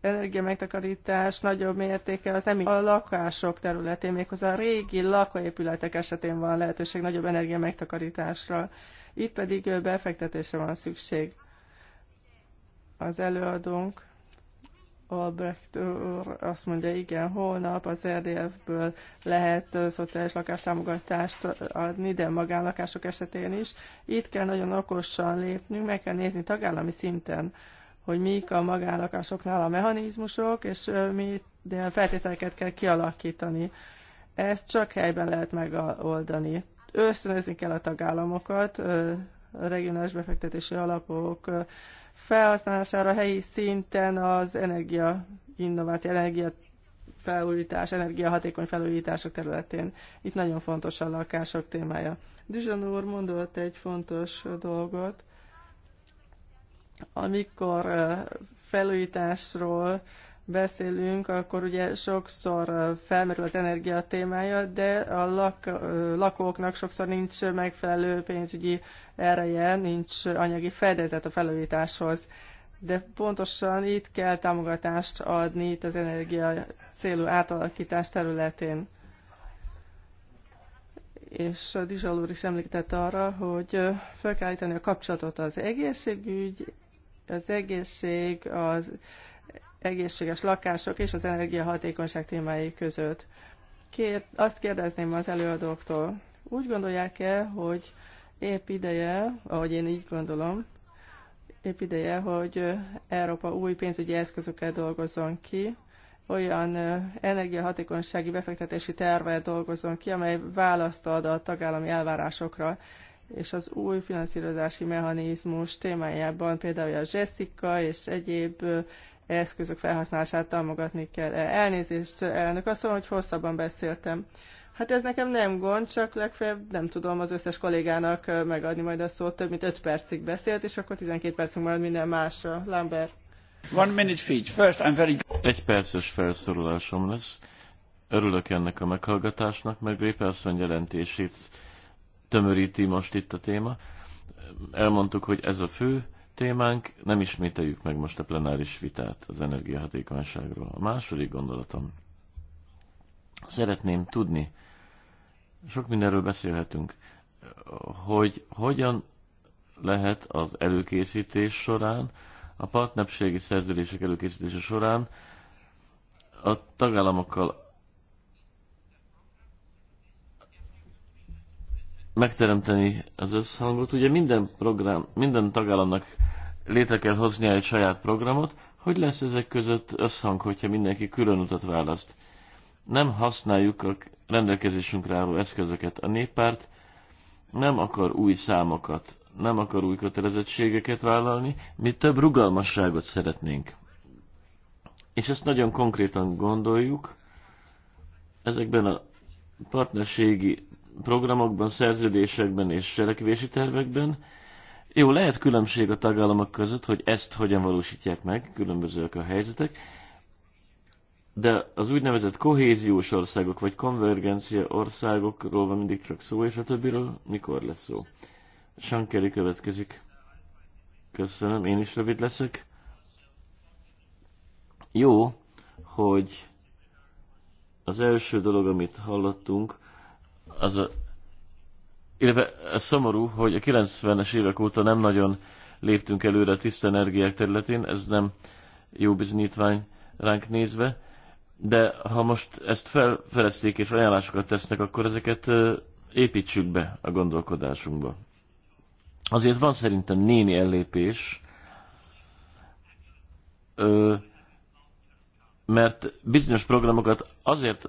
energiamegtakarítás nagyobb mértéke az nem a lakások területén, méghozzá a régi lakóépületek esetén van lehetőség nagyobb energiamegtakarításra. Itt pedig befektetésre van szükség. Az előadónk Albrecht úr azt mondja, igen, holnap az RDF-ből lehet szociális lakástámogatást adni, de magánlakások esetén is. Itt kell nagyon okosan lépnünk, meg kell nézni tagállami szinten, hogy mik a magánlakásoknál a mechanizmusok, és mi de feltételeket kell kialakítani. Ezt csak helyben lehet megoldani. Ösztönözni kell a tagállamokat, regionális befektetési alapok, felhasználására helyi szinten az energia innováció, energia felújítás, energiahatékony felújítások területén. Itt nagyon fontos a lakások témája. Dizsan úr mondott egy fontos dolgot, amikor felújításról beszélünk, akkor ugye sokszor felmerül az energia témája, de a lak, lakóknak sokszor nincs megfelelő pénzügyi ereje, nincs anyagi fedezet a felújításhoz. De pontosan itt kell támogatást adni itt az energia célú átalakítás területén. És a Dizsal úr is említette arra, hogy fel kell állítani a kapcsolatot az egészségügy, az egészség, az egészséges lakások és az energiahatékonyság témái között. Kér, azt kérdezném az előadóktól, úgy gondolják-e, hogy Épp ideje, ahogy én így gondolom, épp ideje, hogy Európa új pénzügyi eszközökkel dolgozzon ki, olyan energiahatékonysági befektetési tervet dolgozzon ki, amely választ ad a tagállami elvárásokra, és az új finanszírozási mechanizmus témájában például a Jessica és egyéb eszközök felhasználását támogatni kell. Elnézést, elnök, azt mondom, hogy hosszabban beszéltem. Hát ez nekem nem gond, csak legfeljebb nem tudom az összes kollégának megadni majd a szót. Több mint 5 percig beszélt, és akkor 12 percünk marad minden másra. Lambert. One minute speech. First, I'm very... Egy perces felszólalásom lesz. Örülök ennek a meghallgatásnak, mert Grépelszön jelentését tömöríti most itt a téma. Elmondtuk, hogy ez a fő témánk, nem ismételjük meg most a plenáris vitát az energiahatékonyságról. A második gondolatom. Szeretném tudni, sok mindenről beszélhetünk, hogy hogyan lehet az előkészítés során, a partnerségi szerződések előkészítése során a tagállamokkal megteremteni az összhangot. Ugye minden program, minden tagállamnak létre kell hoznia egy saját programot, hogy lesz ezek között összhang, hogyha mindenki külön utat választ? nem használjuk a rendelkezésünkre álló eszközöket. A néppárt nem akar új számokat, nem akar új kötelezettségeket vállalni, mi több rugalmasságot szeretnénk. És ezt nagyon konkrétan gondoljuk, ezekben a partnerségi programokban, szerződésekben és cselekvési tervekben. Jó, lehet különbség a tagállamok között, hogy ezt hogyan valósítják meg, különbözőek a helyzetek, de az úgynevezett kohéziós országok, vagy konvergencia országokról van mindig csak szó, és a többiről mikor lesz szó? Sankeri következik. Köszönöm, én is rövid leszek. Jó, hogy az első dolog, amit hallottunk, az a, illetve ez szomorú, hogy a 90-es évek óta nem nagyon léptünk előre a tiszta energiák területén, ez nem jó bizonyítvány ránk nézve de ha most ezt felfelezték és ajánlásokat tesznek, akkor ezeket építsük be a gondolkodásunkba. Azért van szerintem némi ellépés, mert bizonyos programokat azért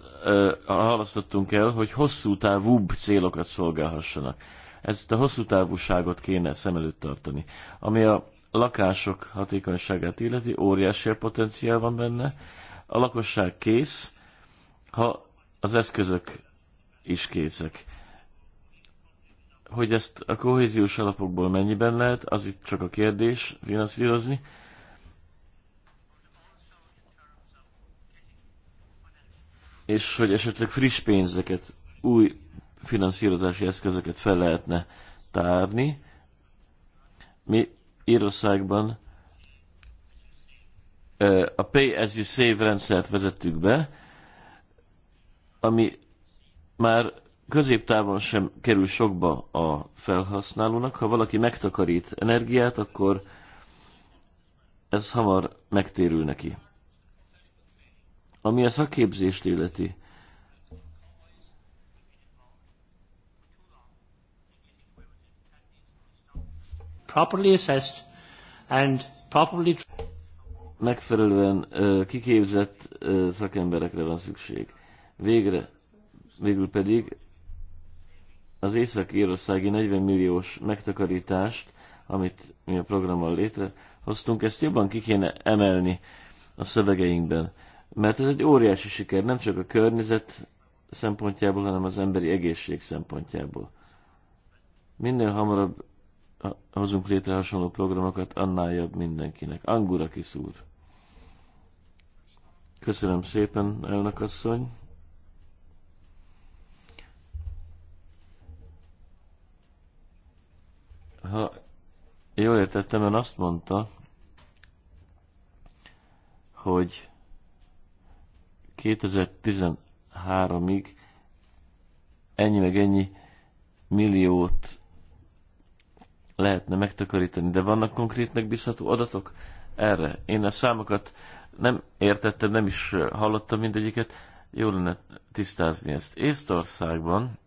halasztottunk el, hogy hosszú távúbb célokat szolgálhassanak. Ezt a hosszú távúságot kéne szem előtt tartani. Ami a lakások hatékonyságát illeti, óriási potenciál van benne, a lakosság kész, ha az eszközök is készek. Hogy ezt a kohéziós alapokból mennyiben lehet, az itt csak a kérdés finanszírozni. És hogy esetleg friss pénzeket, új finanszírozási eszközöket fel lehetne tárni. Mi Írországban a Pay as you save rendszert vezettük be, ami már középtávon sem kerül sokba a felhasználónak. Ha valaki megtakarít energiát, akkor ez hamar megtérül neki. Ami a szakképzést illeti, properly assessed and properly megfelelően kiképzett szakemberekre van szükség. Végre, végül pedig az észak-írországi 40 milliós megtakarítást, amit mi a programmal létrehoztunk, ezt jobban ki kéne emelni a szövegeinkben. Mert ez egy óriási siker, nem csak a környezet szempontjából, hanem az emberi egészség szempontjából. Minél hamarabb hozunk létre hasonló programokat, annál jobb mindenkinek. Angura kiszúr. Köszönöm szépen, elnök asszony. Ha jól értettem, ön azt mondta, hogy 2013-ig ennyi meg ennyi milliót lehetne megtakarítani, de vannak konkrét megbízható adatok erre? Én a számokat nem értettem, nem is hallottam mindegyiket, jó lenne tisztázni ezt. Észtországban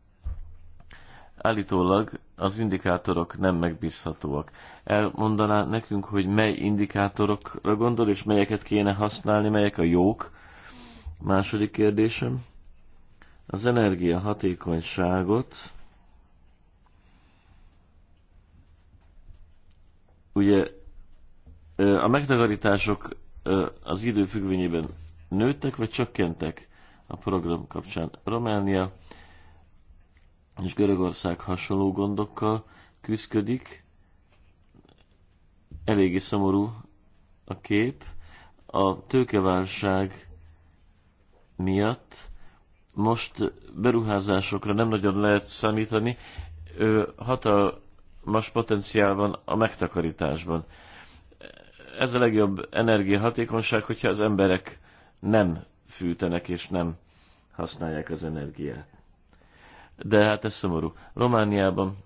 állítólag az indikátorok nem megbízhatóak. Elmondaná nekünk, hogy mely indikátorokra gondol, és melyeket kéne használni, melyek a jók? Második kérdésem. Az energia hatékonyságot Ugye a megtakarítások az idő függvényében nőttek vagy csökkentek a program kapcsán. Románia és Görögország hasonló gondokkal küzdik. Eléggé szomorú a kép. A tőkeválság miatt most beruházásokra nem nagyon lehet számítani. Hatal más potenciál van a megtakarításban. Ez a legjobb energiahatékonyság, hogyha az emberek nem fűtenek és nem használják az energiát. De hát ez szomorú. Romániában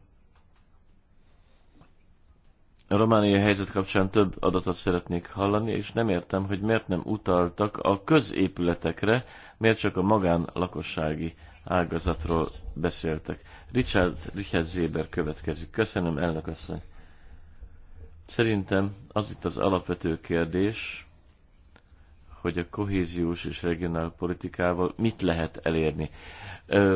a romániai helyzet kapcsán több adatot szeretnék hallani, és nem értem, hogy miért nem utaltak a középületekre, miért csak a magánlakossági ágazatról beszéltek. Richard, Richard Zéber következik. Köszönöm, elnök asszony. Szerintem az itt az alapvető kérdés, hogy a kohéziós és regionál politikával mit lehet elérni.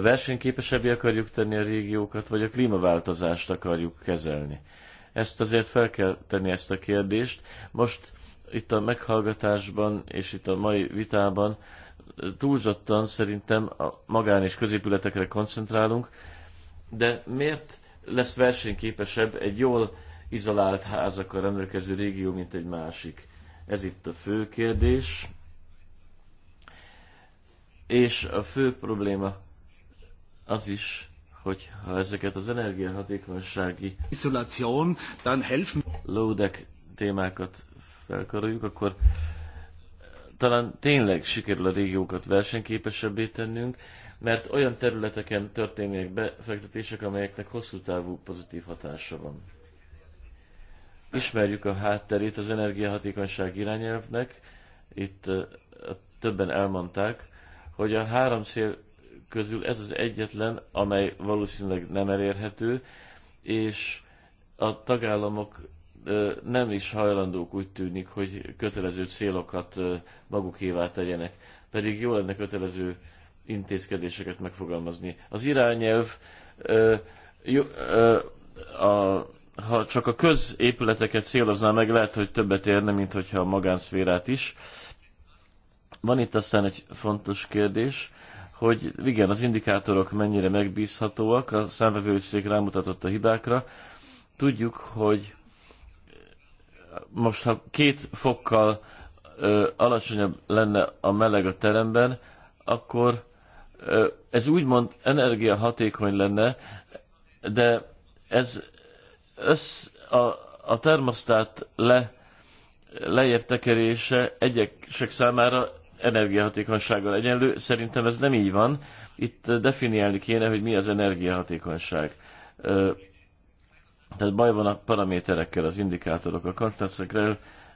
Versenyképesebbé akarjuk tenni a régiókat, vagy a klímaváltozást akarjuk kezelni? Ezt azért fel kell tenni ezt a kérdést. Most itt a meghallgatásban és itt a mai vitában túlzottan szerintem a magán és középületekre koncentrálunk, de miért lesz versenyképesebb egy jól izolált házakkal rendelkező régió, mint egy másik? Ez itt a fő kérdés. És a fő probléma az is, hogy ha ezeket az energiahatékonysági isolation, dann helfen lódek témákat felkaroljuk, akkor talán tényleg sikerül a régiókat versenyképesebbé tennünk, mert olyan területeken történnek befektetések, amelyeknek hosszú távú pozitív hatása van. Ismerjük a hátterét az energiahatékonyság irányelvnek, itt többen elmondták, hogy a három szél közül ez az egyetlen, amely valószínűleg nem elérhető, és a tagállamok nem is hajlandók úgy tűnik, hogy kötelező célokat magukévá tegyenek. Pedig jó lenne kötelező intézkedéseket megfogalmazni. Az irányelv, ha csak a középületeket szélozná meg, lehet, hogy többet érne, mint hogyha a magánszférát is. Van itt aztán egy fontos kérdés, hogy igen, az indikátorok mennyire megbízhatóak, a számvevőszék rámutatott a hibákra. Tudjuk, hogy most ha két fokkal ö, alacsonyabb lenne a meleg a teremben, akkor ez úgymond energiahatékony lenne, de ez össz, a, a termosztát le, lejjebb tekerése egyesek számára energiahatékonysággal egyenlő. Szerintem ez nem így van. Itt definiálni kéne, hogy mi az energiahatékonyság. Tehát baj van a paraméterekkel, az indikátorokkal. Constance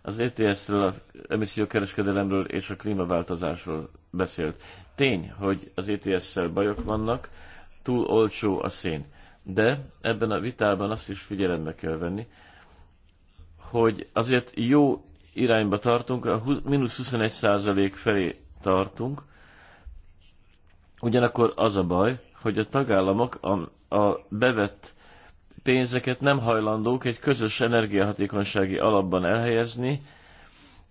az ETS-ről, az emissziókereskedelemről és a klímaváltozásról beszélt. Tény, hogy az ETS-szel bajok vannak, túl olcsó a szén. De ebben a vitában azt is figyelembe kell venni, hogy azért jó irányba tartunk, a mínusz 21% felé tartunk, ugyanakkor az a baj, hogy a tagállamok a, a bevett pénzeket nem hajlandók egy közös energiahatékonysági alapban elhelyezni,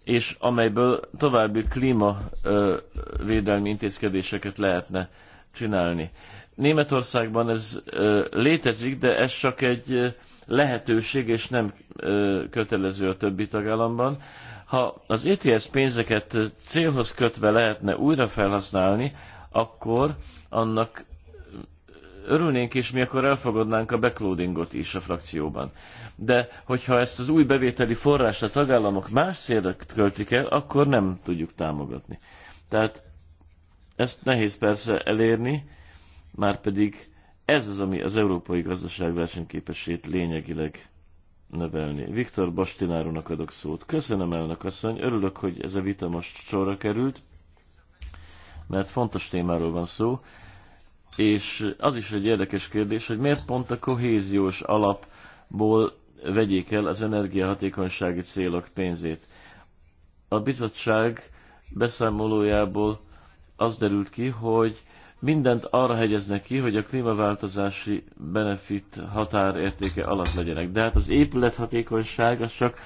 és amelyből további klímavédelmi intézkedéseket lehetne csinálni. Németországban ez létezik, de ez csak egy lehetőség, és nem kötelező a többi tagállamban. Ha az ETS pénzeket célhoz kötve lehetne újra felhasználni, akkor annak örülnénk is mi, akkor elfogadnánk a backloadingot is a frakcióban. De hogyha ezt az új bevételi forrást a tagállamok más célra költik el, akkor nem tudjuk támogatni. Tehát ezt nehéz persze elérni, már pedig ez az, ami az európai gazdaság versenyképesét lényegileg növelni. Viktor Bastinárónak adok szót. Köszönöm, elnök asszony, örülök, hogy ez a vita most sorra került, mert fontos témáról van szó és az is egy érdekes kérdés, hogy miért pont a kohéziós alapból vegyék el az energiahatékonysági célok pénzét. A bizottság beszámolójából az derült ki, hogy mindent arra hegyeznek ki, hogy a klímaváltozási benefit határértéke alatt legyenek. De hát az épülethatékonyság az csak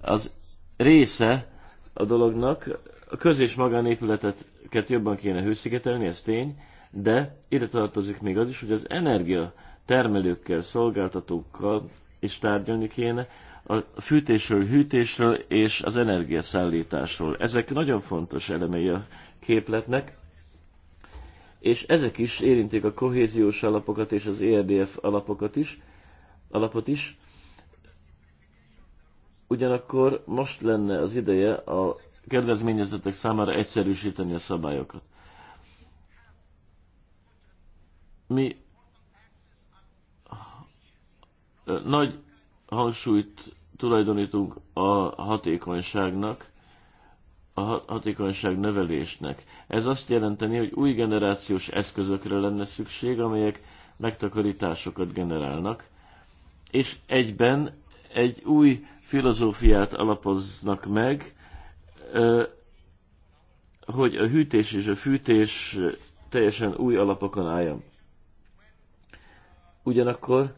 az része a dolognak, a köz- és magánépületeket jobban kéne hőszigetelni, ez tény, de ide tartozik még az is, hogy az energia termelőkkel, szolgáltatókkal is tárgyalni kéne, a fűtésről, hűtésről és az energiaszállításról. Ezek nagyon fontos elemei a képletnek, és ezek is érintik a kohéziós alapokat és az ERDF alapokat is, alapot is. Ugyanakkor most lenne az ideje a kedvezményezetek számára egyszerűsíteni a szabályokat. Mi nagy hangsúlyt tulajdonítunk a hatékonyságnak, a hatékonyság növelésnek. Ez azt jelenteni, hogy új generációs eszközökre lenne szükség, amelyek megtakarításokat generálnak, és egyben egy új filozófiát alapoznak meg, hogy a hűtés és a fűtés teljesen új alapokon álljon. Ugyanakkor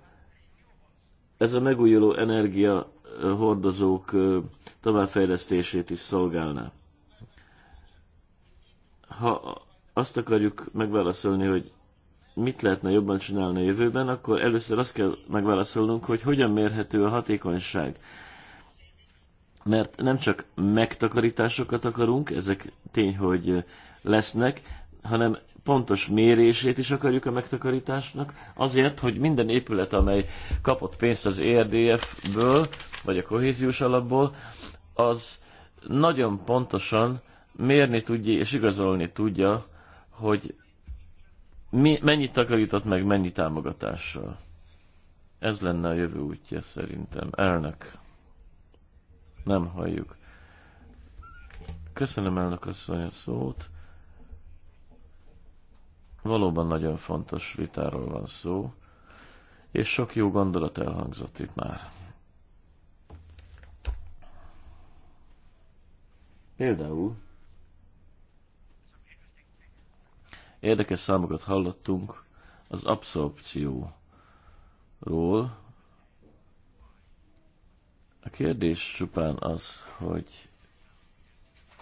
ez a megújuló energia hordozók továbbfejlesztését is szolgálná. Ha azt akarjuk megválaszolni, hogy mit lehetne jobban csinálni a jövőben, akkor először azt kell megválaszolnunk, hogy hogyan mérhető a hatékonyság. Mert nem csak megtakarításokat akarunk, ezek tény, hogy lesznek, hanem pontos mérését is akarjuk a megtakarításnak, azért, hogy minden épület, amely kapott pénzt az ERDF-ből, vagy a kohéziós alapból, az nagyon pontosan mérni tudja és igazolni tudja, hogy mi, mennyit takarított meg, mennyi támogatással. Ez lenne a jövő útja szerintem. Elnök. Nem halljuk. Köszönöm elnök asszony a szót. Valóban nagyon fontos vitáról van szó, és sok jó gondolat elhangzott itt már. Például érdekes számokat hallottunk az abszorpcióról. A kérdés csupán az, hogy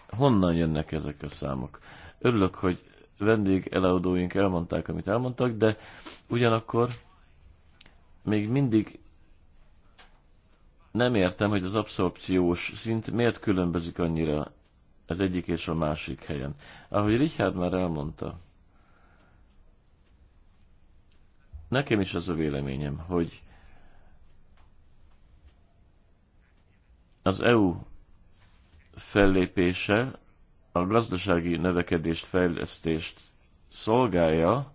honnan jönnek ezek a számok. Örülök, hogy vendég eladóink elmondták, amit elmondtak, de ugyanakkor még mindig nem értem, hogy az abszorpciós szint miért különbözik annyira az egyik és a másik helyen. Ahogy Richard már elmondta, nekem is az a véleményem, hogy az EU fellépése a gazdasági növekedést, fejlesztést szolgálja,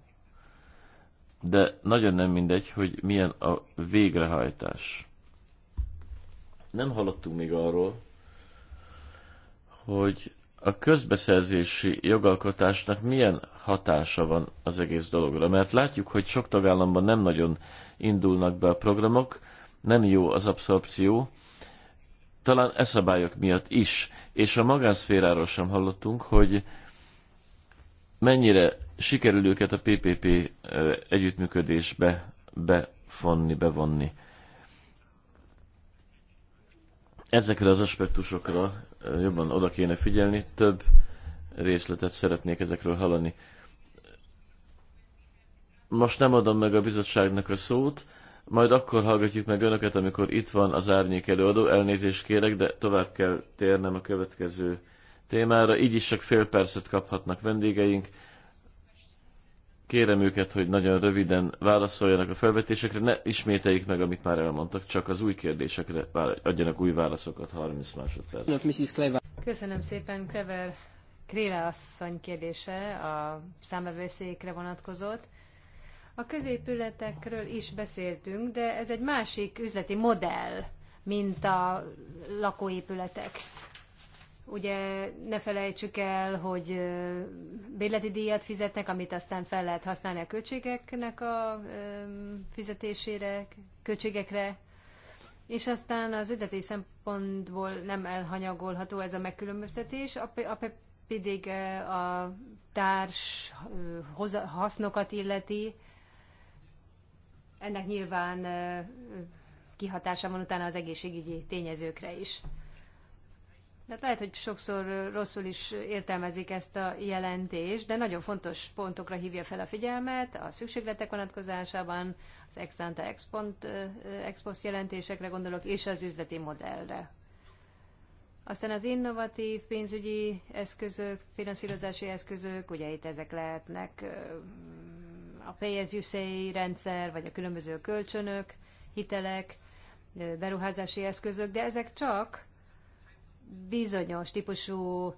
de nagyon nem mindegy, hogy milyen a végrehajtás. Nem hallottunk még arról, hogy a közbeszerzési jogalkotásnak milyen hatása van az egész dologra. Mert látjuk, hogy sok tagállamban nem nagyon indulnak be a programok, nem jó az abszorpció, talán eszabályok miatt is, és a magánszféráról sem hallottunk, hogy mennyire sikerül őket a PPP együttműködésbe befonni, bevonni. Ezekre az aspektusokra jobban oda kéne figyelni, több részletet szeretnék ezekről hallani. Most nem adom meg a bizottságnak a szót, majd akkor hallgatjuk meg Önöket, amikor itt van az árnyék előadó. Elnézést kérek, de tovább kell térnem a következő témára. Így is csak fél percet kaphatnak vendégeink. Kérem őket, hogy nagyon röviden válaszoljanak a felvetésekre, ne ismételjék meg, amit már elmondtak, csak az új kérdésekre adjanak új válaszokat 30 másodperc. Köszönöm szépen, Klever Kréle asszony kérdése a számbevőszékre vonatkozott. A középületekről is beszéltünk, de ez egy másik üzleti modell, mint a lakóépületek. Ugye ne felejtsük el, hogy bérleti díjat fizetnek, amit aztán fel lehet használni a költségeknek a fizetésére, költségekre, és aztán az üzleti szempontból nem elhanyagolható ez a megkülönböztetés, a pedig a társ hasznokat illeti, ennek nyilván kihatása van utána az egészségügyi tényezőkre is. De hát lehet, hogy sokszor rosszul is értelmezik ezt a jelentést, de nagyon fontos pontokra hívja fel a figyelmet, a szükségletek vonatkozásában, az ex ante ex, post jelentésekre gondolok, és az üzleti modellre. Aztán az innovatív pénzügyi eszközök, finanszírozási eszközök, ugye itt ezek lehetnek a pay as you say rendszer, vagy a különböző kölcsönök, hitelek, beruházási eszközök, de ezek csak bizonyos típusú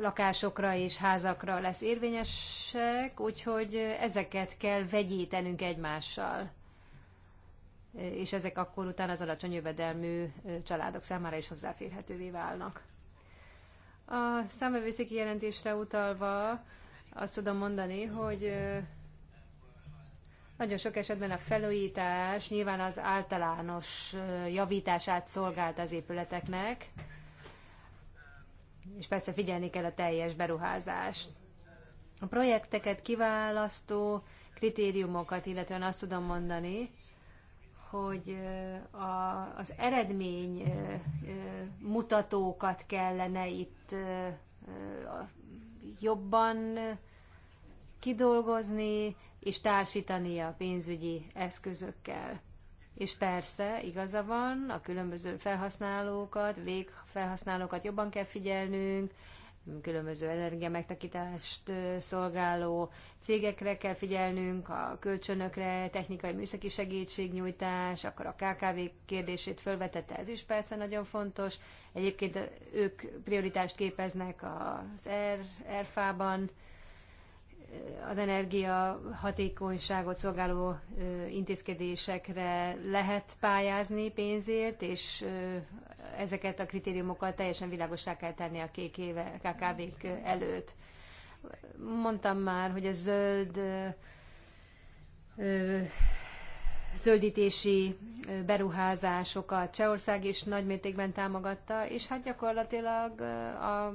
lakásokra és házakra lesz érvényesek, úgyhogy ezeket kell vegyítenünk egymással. És ezek akkor utána az alacsony jövedelmű családok számára is hozzáférhetővé válnak. A számövőszéki jelentésre utalva azt tudom mondani, hogy nagyon sok esetben a felújítás nyilván az általános javítását szolgált az épületeknek, és persze figyelni kell a teljes beruházást. A projekteket kiválasztó kritériumokat, illetően azt tudom mondani, hogy a, az eredmény mutatókat kellene itt jobban kidolgozni és társítani a pénzügyi eszközökkel. És persze, igaza van, a különböző felhasználókat, végfelhasználókat jobban kell figyelnünk, különböző energiamegtakítást szolgáló cégekre kell figyelnünk, a kölcsönökre, technikai műszaki segítségnyújtás, akkor a KKV kérdését felvetette, ez is persze nagyon fontos. Egyébként ők prioritást képeznek az RFA-ban, az energia hatékonyságot szolgáló intézkedésekre lehet pályázni pénzért, és ezeket a kritériumokat teljesen világosá kell tenni a kék éve, kkv előtt. Mondtam már, hogy a zöld zöldítési beruházásokat Csehország is nagymértékben támogatta, és hát gyakorlatilag a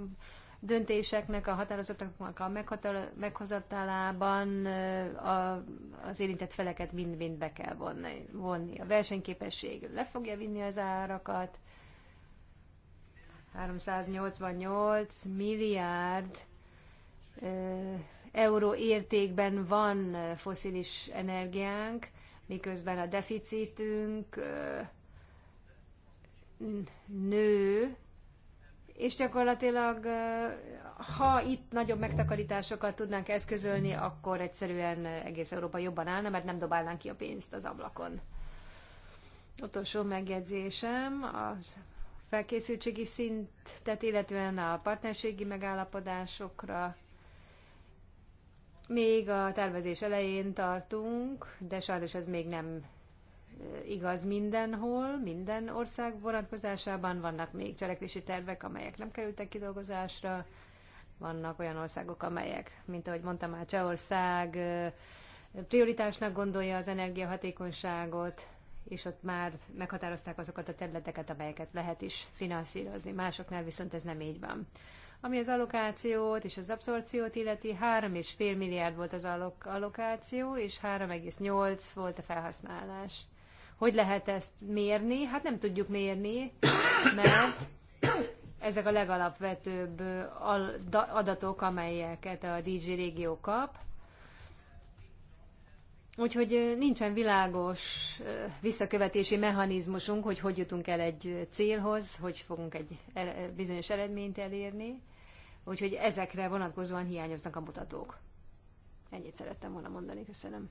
döntéseknek, a határozatoknak a meghozatalában a, az érintett feleket mind-mind be kell vonni. vonni. A versenyképesség le fogja vinni az árakat. 388 milliárd euró értékben van foszilis energiánk, miközben a deficitünk nő, és gyakorlatilag, ha itt nagyobb megtakarításokat tudnánk eszközölni, akkor egyszerűen egész Európa jobban állna, mert nem dobálnánk ki a pénzt az ablakon. Utolsó megjegyzésem az felkészültségi szintet, illetően a partnerségi megállapodásokra. Még a tervezés elején tartunk, de sajnos ez még nem igaz mindenhol, minden ország vonatkozásában. Vannak még cselekvési tervek, amelyek nem kerültek kidolgozásra. Vannak olyan országok, amelyek, mint ahogy mondtam már, Csehország prioritásnak gondolja az energiahatékonyságot, és ott már meghatározták azokat a területeket, amelyeket lehet is finanszírozni. Másoknál viszont ez nem így van. Ami az allokációt és az abszorciót illeti, 3,5 milliárd volt az allokáció, és 3,8 volt a felhasználás. Hogy lehet ezt mérni? Hát nem tudjuk mérni, mert ezek a legalapvetőbb adatok, amelyeket a DJ régió kap. Úgyhogy nincsen világos visszakövetési mechanizmusunk, hogy hogy jutunk el egy célhoz, hogy fogunk egy e, e, bizonyos eredményt elérni. Úgyhogy ezekre vonatkozóan hiányoznak a mutatók. Ennyit szerettem volna mondani, köszönöm.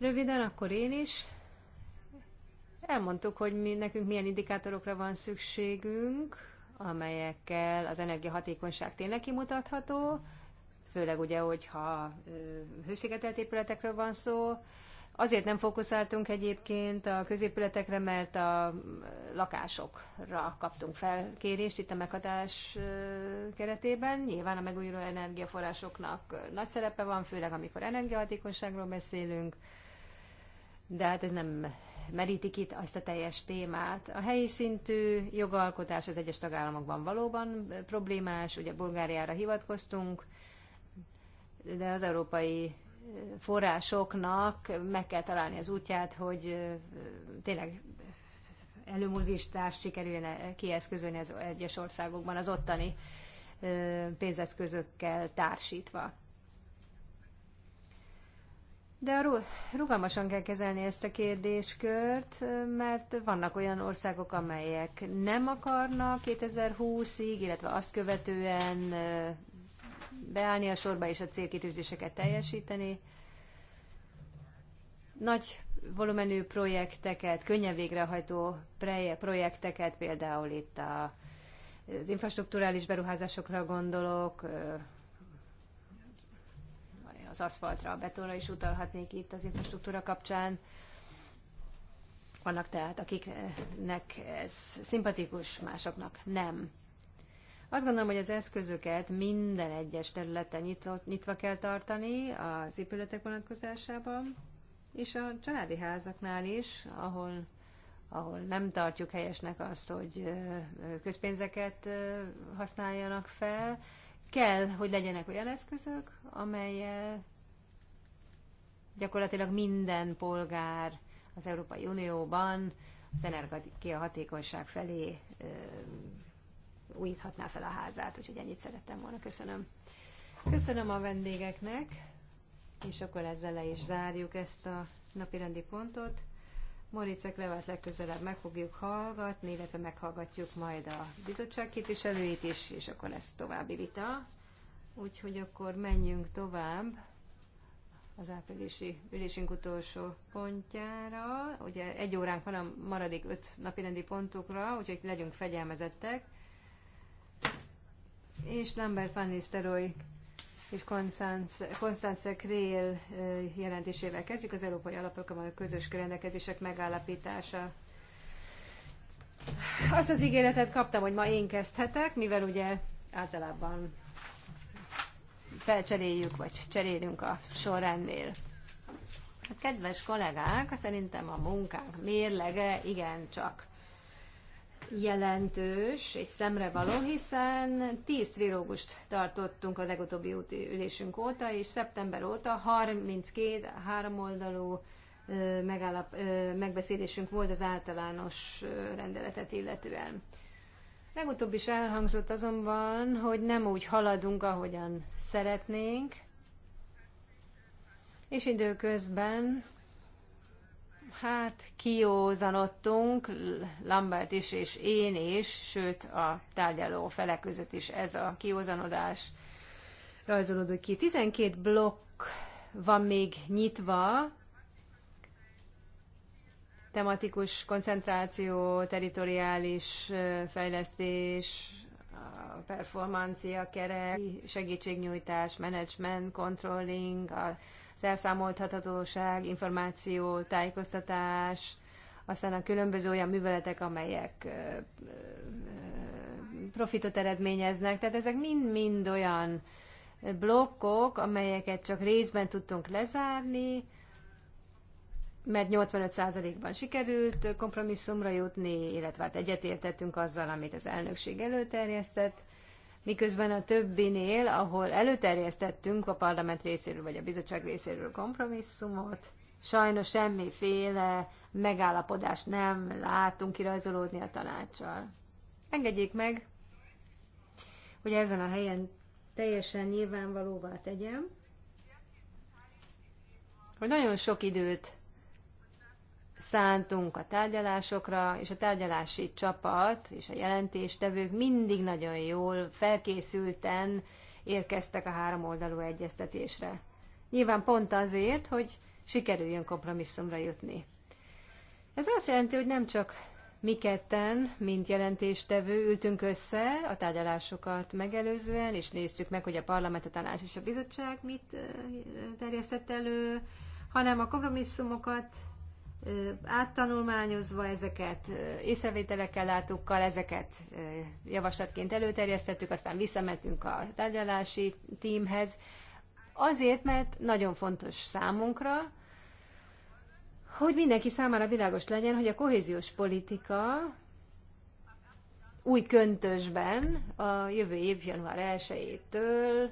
Röviden akkor én is. Elmondtuk, hogy mi, nekünk milyen indikátorokra van szükségünk, amelyekkel az energiahatékonyság tényleg kimutatható, főleg ugye, hogyha hőszigetelt épületekről van szó. Azért nem fókuszáltunk egyébként a középületekre, mert a lakásokra kaptunk felkérést itt a meghatás keretében. Nyilván a megújuló energiaforrásoknak nagy szerepe van, főleg amikor energiahatékonyságról beszélünk de hát ez nem merítik itt azt a teljes témát. A helyi szintű jogalkotás az egyes tagállamokban valóban problémás, ugye Bulgáriára hivatkoztunk, de az európai forrásoknak meg kell találni az útját, hogy tényleg előmozdítást sikerüljön e-, kieszközölni az egyes országokban az ottani pénzeszközökkel társítva. De rugalmasan kell kezelni ezt a kérdéskört, mert vannak olyan országok, amelyek nem akarnak 2020-ig, illetve azt követően beállni a sorba és a célkitűzéseket teljesíteni. Nagy volumenű projekteket, könnyen végrehajtó projekteket, például itt a, az infrastruktúrális beruházásokra gondolok, az aszfaltra, a betonra is utalhatnék itt az infrastruktúra kapcsán. Vannak tehát, akiknek ez szimpatikus, másoknak nem. Azt gondolom, hogy az eszközöket minden egyes területen nyitva, nyitva kell tartani az épületek vonatkozásában, és a családi házaknál is, ahol, ahol nem tartjuk helyesnek azt, hogy közpénzeket használjanak fel, kell, hogy legyenek olyan eszközök, amelyel gyakorlatilag minden polgár az Európai Unióban az hatékonyság felé újíthatná fel a házát, úgyhogy ennyit szerettem volna. Köszönöm. Köszönöm a vendégeknek, és akkor ezzel le is zárjuk ezt a napirendi pontot. Moricek levált, legközelebb meg fogjuk hallgatni, illetve meghallgatjuk majd a bizottság képviselőit is, és akkor lesz további vita. Úgyhogy akkor menjünk tovább az áprilisi ülésünk utolsó pontjára. Ugye egy óránk van a maradék öt napirendi pontokra, úgyhogy legyünk fegyelmezettek. És Lambert van Nistelrooy és Konstance Krél jelentésével kezdjük az Európai Alapokon a közös rendelkezések megállapítása. Azt az ígéretet kaptam, hogy ma én kezdhetek, mivel ugye általában felcseréljük, vagy cserélünk a sorrendnél. A hát, kedves kollégák, szerintem a munkánk mérlege igencsak jelentős és szemrevaló, hiszen 10 trilógust tartottunk a legutóbbi ülésünk óta, és szeptember óta 32 háromoldalú megállap, megbeszélésünk volt az általános rendeletet illetően. Legutóbb is elhangzott azonban, hogy nem úgy haladunk, ahogyan szeretnénk, és időközben Hát kiózanottunk, Lambert is és én is, sőt a tárgyaló felek között is ez a kiózanodás rajzolódott ki. 12 blokk van még nyitva, tematikus koncentráció, teritoriális fejlesztés, a performancia kerek, segítségnyújtás, management, controlling, a az elszámolthatatóság, információ, tájékoztatás, aztán a különböző olyan műveletek, amelyek profitot eredményeznek. Tehát ezek mind-mind olyan blokkok, amelyeket csak részben tudtunk lezárni, mert 85%-ban sikerült kompromisszumra jutni, illetve hát egyetértettünk azzal, amit az elnökség előterjesztett miközben a többinél, ahol előterjesztettünk a parlament részéről vagy a bizottság részéről kompromisszumot, sajnos semmiféle megállapodást nem látunk kirajzolódni a tanácssal. Engedjék meg, hogy ezen a helyen teljesen nyilvánvalóvá tegyem, hogy nagyon sok időt szántunk a tárgyalásokra, és a tárgyalási csapat és a jelentéstevők mindig nagyon jól felkészülten érkeztek a három oldalú egyeztetésre. Nyilván pont azért, hogy sikerüljön kompromisszumra jutni. Ez azt jelenti, hogy nem csak mi ketten, mint jelentéstevő ültünk össze a tárgyalásokat megelőzően, és néztük meg, hogy a parlament, a tanács és a bizottság mit eh, terjesztett elő, hanem a kompromisszumokat áttanulmányozva ezeket, észrevételekkel látókkal, ezeket javaslatként előterjesztettük, aztán visszamentünk a tárgyalási tímhez, azért, mert nagyon fontos számunkra, hogy mindenki számára világos legyen, hogy a kohéziós politika új köntösben a jövő év január 1-től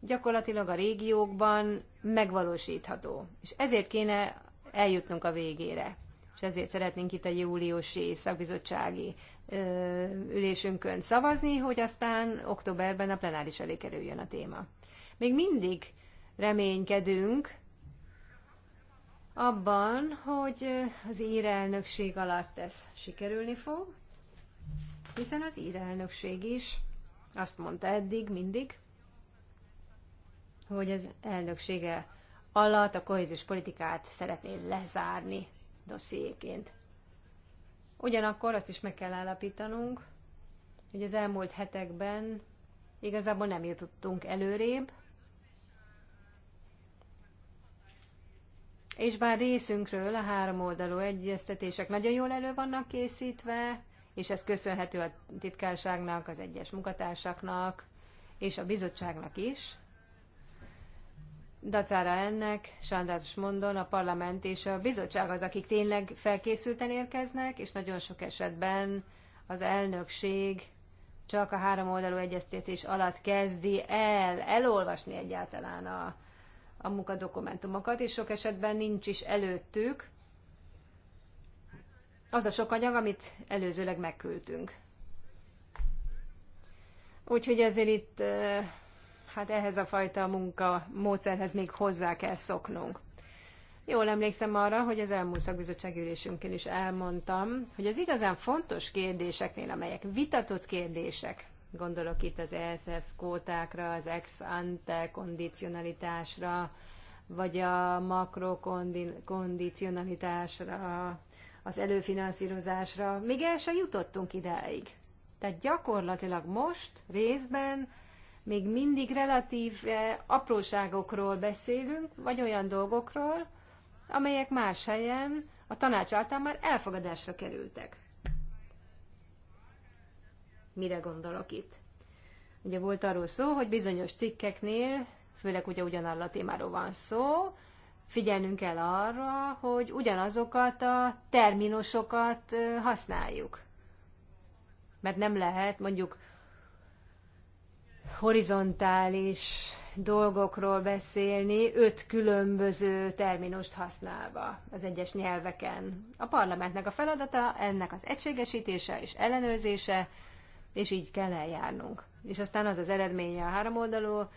gyakorlatilag a régiókban megvalósítható. És ezért kéne eljutnunk a végére. És ezért szeretnénk itt a júliusi szakbizottsági ülésünkön szavazni, hogy aztán októberben a plenáris elé kerüljön a téma. Még mindig reménykedünk abban, hogy az írelnökség alatt ez sikerülni fog, hiszen az írelnökség is azt mondta eddig mindig, hogy az elnöksége alatt a kohéziós politikát szeretné lezárni dossziéként. Ugyanakkor azt is meg kell állapítanunk, hogy az elmúlt hetekben igazából nem jutottunk előrébb, és bár részünkről a három oldalú egyeztetések nagyon jól elő vannak készítve, és ez köszönhető a titkárságnak, az egyes munkatársaknak és a bizottságnak is, Dacára ennek, sándáros mondon, a parlament és a bizottság az, akik tényleg felkészülten érkeznek, és nagyon sok esetben az elnökség csak a három oldalú egyeztetés alatt kezdi el elolvasni egyáltalán a, a munkadokumentumokat, és sok esetben nincs is előttük az a sok anyag, amit előzőleg megküldtünk. Úgyhogy ezért itt hát ehhez a fajta munka módszerhez még hozzá kell szoknunk. Jól emlékszem arra, hogy az elmúlt szakbizottság ülésünkön is elmondtam, hogy az igazán fontos kérdéseknél, amelyek vitatott kérdések, gondolok itt az ESF kótákra, az ex ante kondicionalitásra, vagy a makrokondicionalitásra, az előfinanszírozásra, még el sem jutottunk idáig. Tehát gyakorlatilag most részben még mindig relatív eh, apróságokról beszélünk, vagy olyan dolgokról, amelyek más helyen a tanács által már elfogadásra kerültek. Mire gondolok itt? Ugye volt arról szó, hogy bizonyos cikkeknél, főleg ugye ugyanarra a témáról van szó, figyelnünk kell arra, hogy ugyanazokat a terminusokat eh, használjuk. Mert nem lehet mondjuk horizontális dolgokról beszélni, öt különböző terminust használva az egyes nyelveken. A parlamentnek a feladata ennek az egységesítése és ellenőrzése, és így kell eljárnunk. És aztán az az eredménye a háromoldalú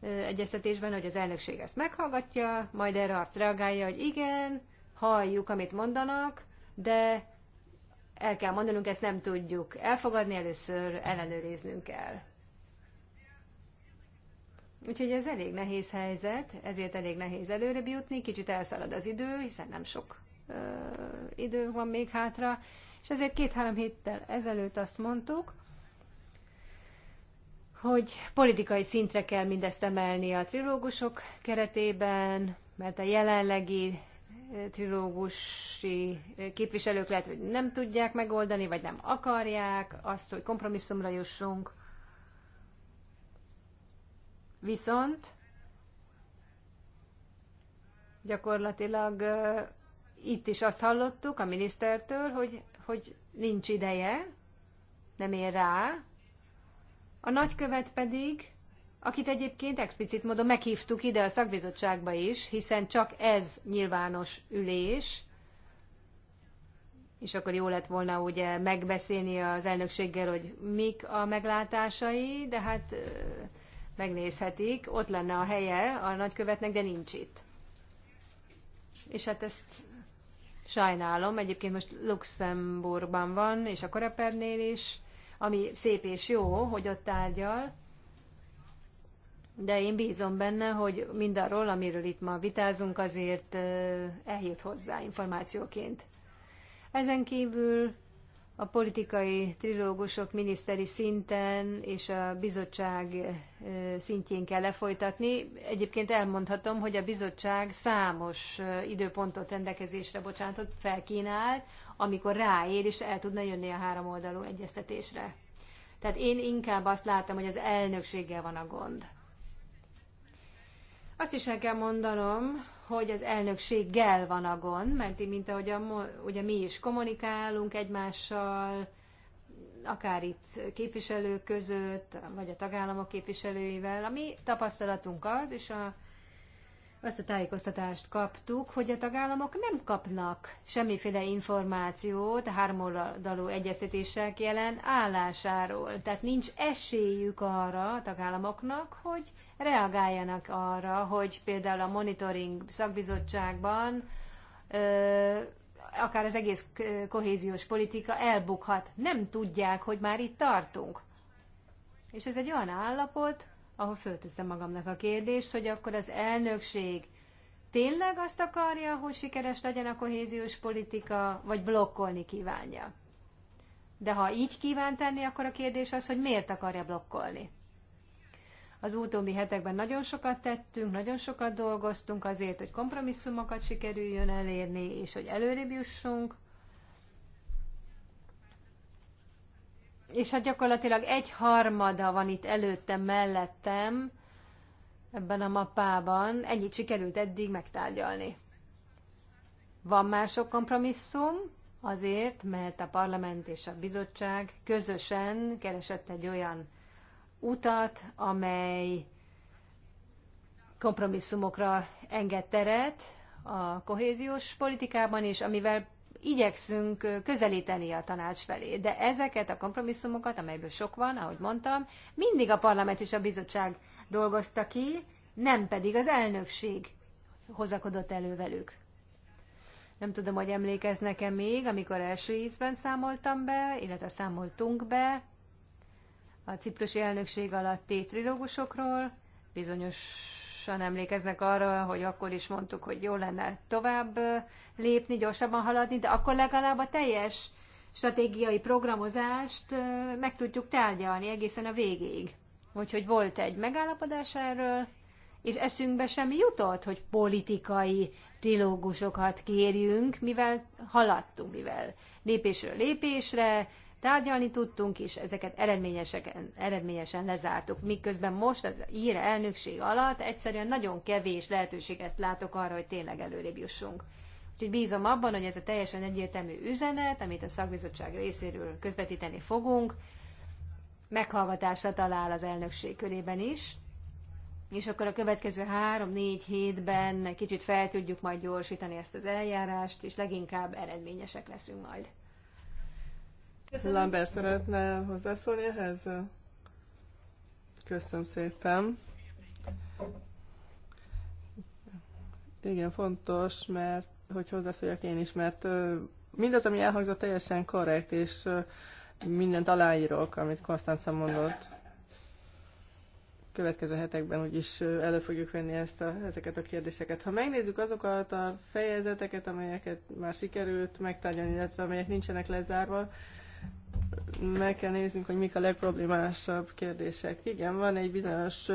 egyeztetésben, hogy az elnökség ezt meghallgatja, majd erre azt reagálja, hogy igen, halljuk, amit mondanak, de el kell mondanunk, ezt nem tudjuk elfogadni, először ellenőriznünk kell. Úgyhogy ez elég nehéz helyzet, ezért elég nehéz előrébb jutni, kicsit elszalad az idő, hiszen nem sok ö, idő van még hátra, és ezért két-három héttel ezelőtt azt mondtuk, hogy politikai szintre kell mindezt emelni a trilógusok keretében, mert a jelenlegi trilógusi képviselők lehet, hogy nem tudják megoldani, vagy nem akarják azt, hogy kompromisszumra jussunk. Viszont gyakorlatilag itt is azt hallottuk a minisztertől, hogy, hogy nincs ideje, nem ér rá. A nagykövet pedig, akit egyébként explicit módon meghívtuk ide a szakbizottságba is, hiszen csak ez nyilvános ülés, és akkor jó lett volna ugye megbeszélni az elnökséggel, hogy mik a meglátásai, de hát megnézhetik, ott lenne a helye a nagykövetnek, de nincs itt. És hát ezt sajnálom, egyébként most Luxemburgban van, és a Korepernél is, ami szép és jó, hogy ott tárgyal, de én bízom benne, hogy mindarról, amiről itt ma vitázunk, azért eljut hozzá információként. Ezen kívül a politikai trilógusok miniszteri szinten és a bizottság szintjén kell lefolytatni. Egyébként elmondhatom, hogy a bizottság számos időpontot rendelkezésre bocsánatot felkínált, amikor ráér és el tudna jönni a három oldalú egyeztetésre. Tehát én inkább azt láttam, hogy az elnökséggel van a gond. Azt is el kell mondanom, hogy az elnökséggel van a gond, mert mint ahogy a, ugye mi is kommunikálunk egymással, akár itt képviselők között, vagy a tagállamok képviselőivel, a mi tapasztalatunk az, és a azt a tájékoztatást kaptuk, hogy a tagállamok nem kapnak semmiféle információt a háromoldalú egyeztetések jelen állásáról. Tehát nincs esélyük arra a tagállamoknak, hogy reagáljanak arra, hogy például a monitoring szakbizottságban ö, akár az egész kohéziós politika elbukhat. Nem tudják, hogy már itt tartunk. És ez egy olyan állapot, ahol fölteszem magamnak a kérdést, hogy akkor az elnökség tényleg azt akarja, hogy sikeres legyen a kohéziós politika, vagy blokkolni kívánja. De ha így kíván tenni, akkor a kérdés az, hogy miért akarja blokkolni. Az utóbbi hetekben nagyon sokat tettünk, nagyon sokat dolgoztunk azért, hogy kompromisszumokat sikerüljön elérni, és hogy előrébb jussunk. és hát gyakorlatilag egy harmada van itt előttem, mellettem, ebben a mapában, Ennyit sikerült eddig megtárgyalni. Van mások kompromisszum, azért, mert a parlament és a bizottság közösen keresett egy olyan utat, amely kompromisszumokra enged teret a kohéziós politikában, és amivel igyekszünk közelíteni a tanács felé. De ezeket a kompromisszumokat, amelyből sok van, ahogy mondtam, mindig a parlament és a bizottság dolgozta ki, nem pedig az elnökség hozakodott elő velük. Nem tudom, hogy emlékeznek-e még, amikor első ízben számoltam be, illetve számoltunk be a ciprusi elnökség alatti trilógusokról, bizonyos biztosan emlékeznek arra, hogy akkor is mondtuk, hogy jó lenne tovább lépni, gyorsabban haladni, de akkor legalább a teljes stratégiai programozást meg tudjuk tárgyalni egészen a végéig. Úgyhogy volt egy megállapodás erről, és eszünkbe sem jutott, hogy politikai trilógusokat kérjünk, mivel haladtunk, mivel lépésről lépésre tárgyalni tudtunk, és ezeket eredményesen, eredményesen lezártuk. Miközben most az ír elnökség alatt egyszerűen nagyon kevés lehetőséget látok arra, hogy tényleg előrébb jussunk. Úgyhogy bízom abban, hogy ez a teljesen egyértelmű üzenet, amit a szakbizottság részéről közvetíteni fogunk, meghallgatásra talál az elnökség körében is, és akkor a következő három-négy hétben kicsit fel tudjuk majd gyorsítani ezt az eljárást, és leginkább eredményesek leszünk majd. Köszönöm. Lambert szeretne hozzászólni ehhez? Köszönöm szépen. Igen, fontos, mert hogy hozzászóljak én is, mert mindaz, ami elhangzott, teljesen korrekt, és mindent aláírok, amit Konstanca mondott. Következő hetekben úgyis elő fogjuk venni ezt a, ezeket a kérdéseket. Ha megnézzük azokat a fejezeteket, amelyeket már sikerült megtárgyalni, illetve amelyek nincsenek lezárva, meg kell néznünk, hogy mik a legproblémásabb kérdések. Igen, van egy bizonyos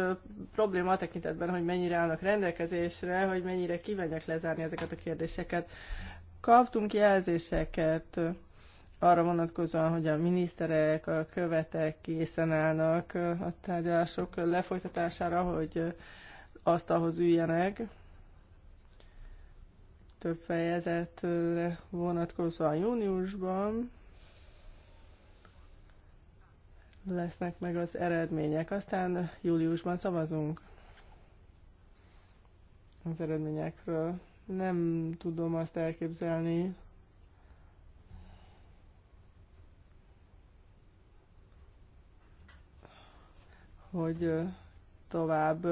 probléma tekintetben, hogy mennyire állnak rendelkezésre, hogy mennyire kívánják lezárni ezeket a kérdéseket. Kaptunk jelzéseket arra vonatkozóan, hogy a miniszterek, a követek készen állnak a tárgyalások lefolytatására, hogy azt ahhoz üljenek, több fejezetre vonatkozóan júniusban, lesznek meg az eredmények. Aztán júliusban szavazunk az eredményekről. Nem tudom azt elképzelni, hogy tovább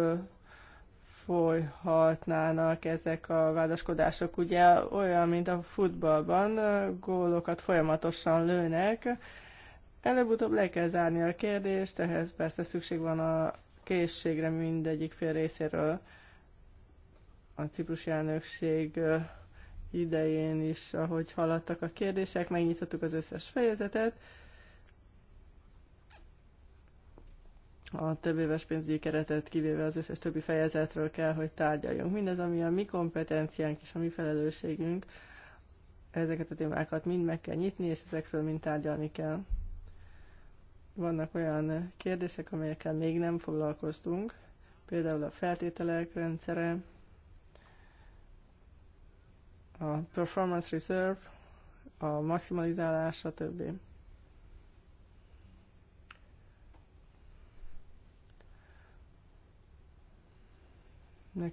folyhatnának ezek a vádaskodások. Ugye olyan, mint a futballban, gólokat folyamatosan lőnek, Előbb-utóbb le kell zárni a kérdést, ehhez persze szükség van a készségre mindegyik fél részéről. A ciprusi elnökség idején is, ahogy haladtak a kérdések, megnyitottuk az összes fejezetet. A több éves pénzügyi keretet kivéve az összes többi fejezetről kell, hogy tárgyaljunk. Mindez, ami a mi kompetenciánk és a mi felelősségünk, ezeket a témákat mind meg kell nyitni, és ezekről mind tárgyalni kell. Vannak olyan kérdések, amelyekkel még nem foglalkoztunk, például a feltételek rendszere, a performance reserve, a maximalizálás, stb. többi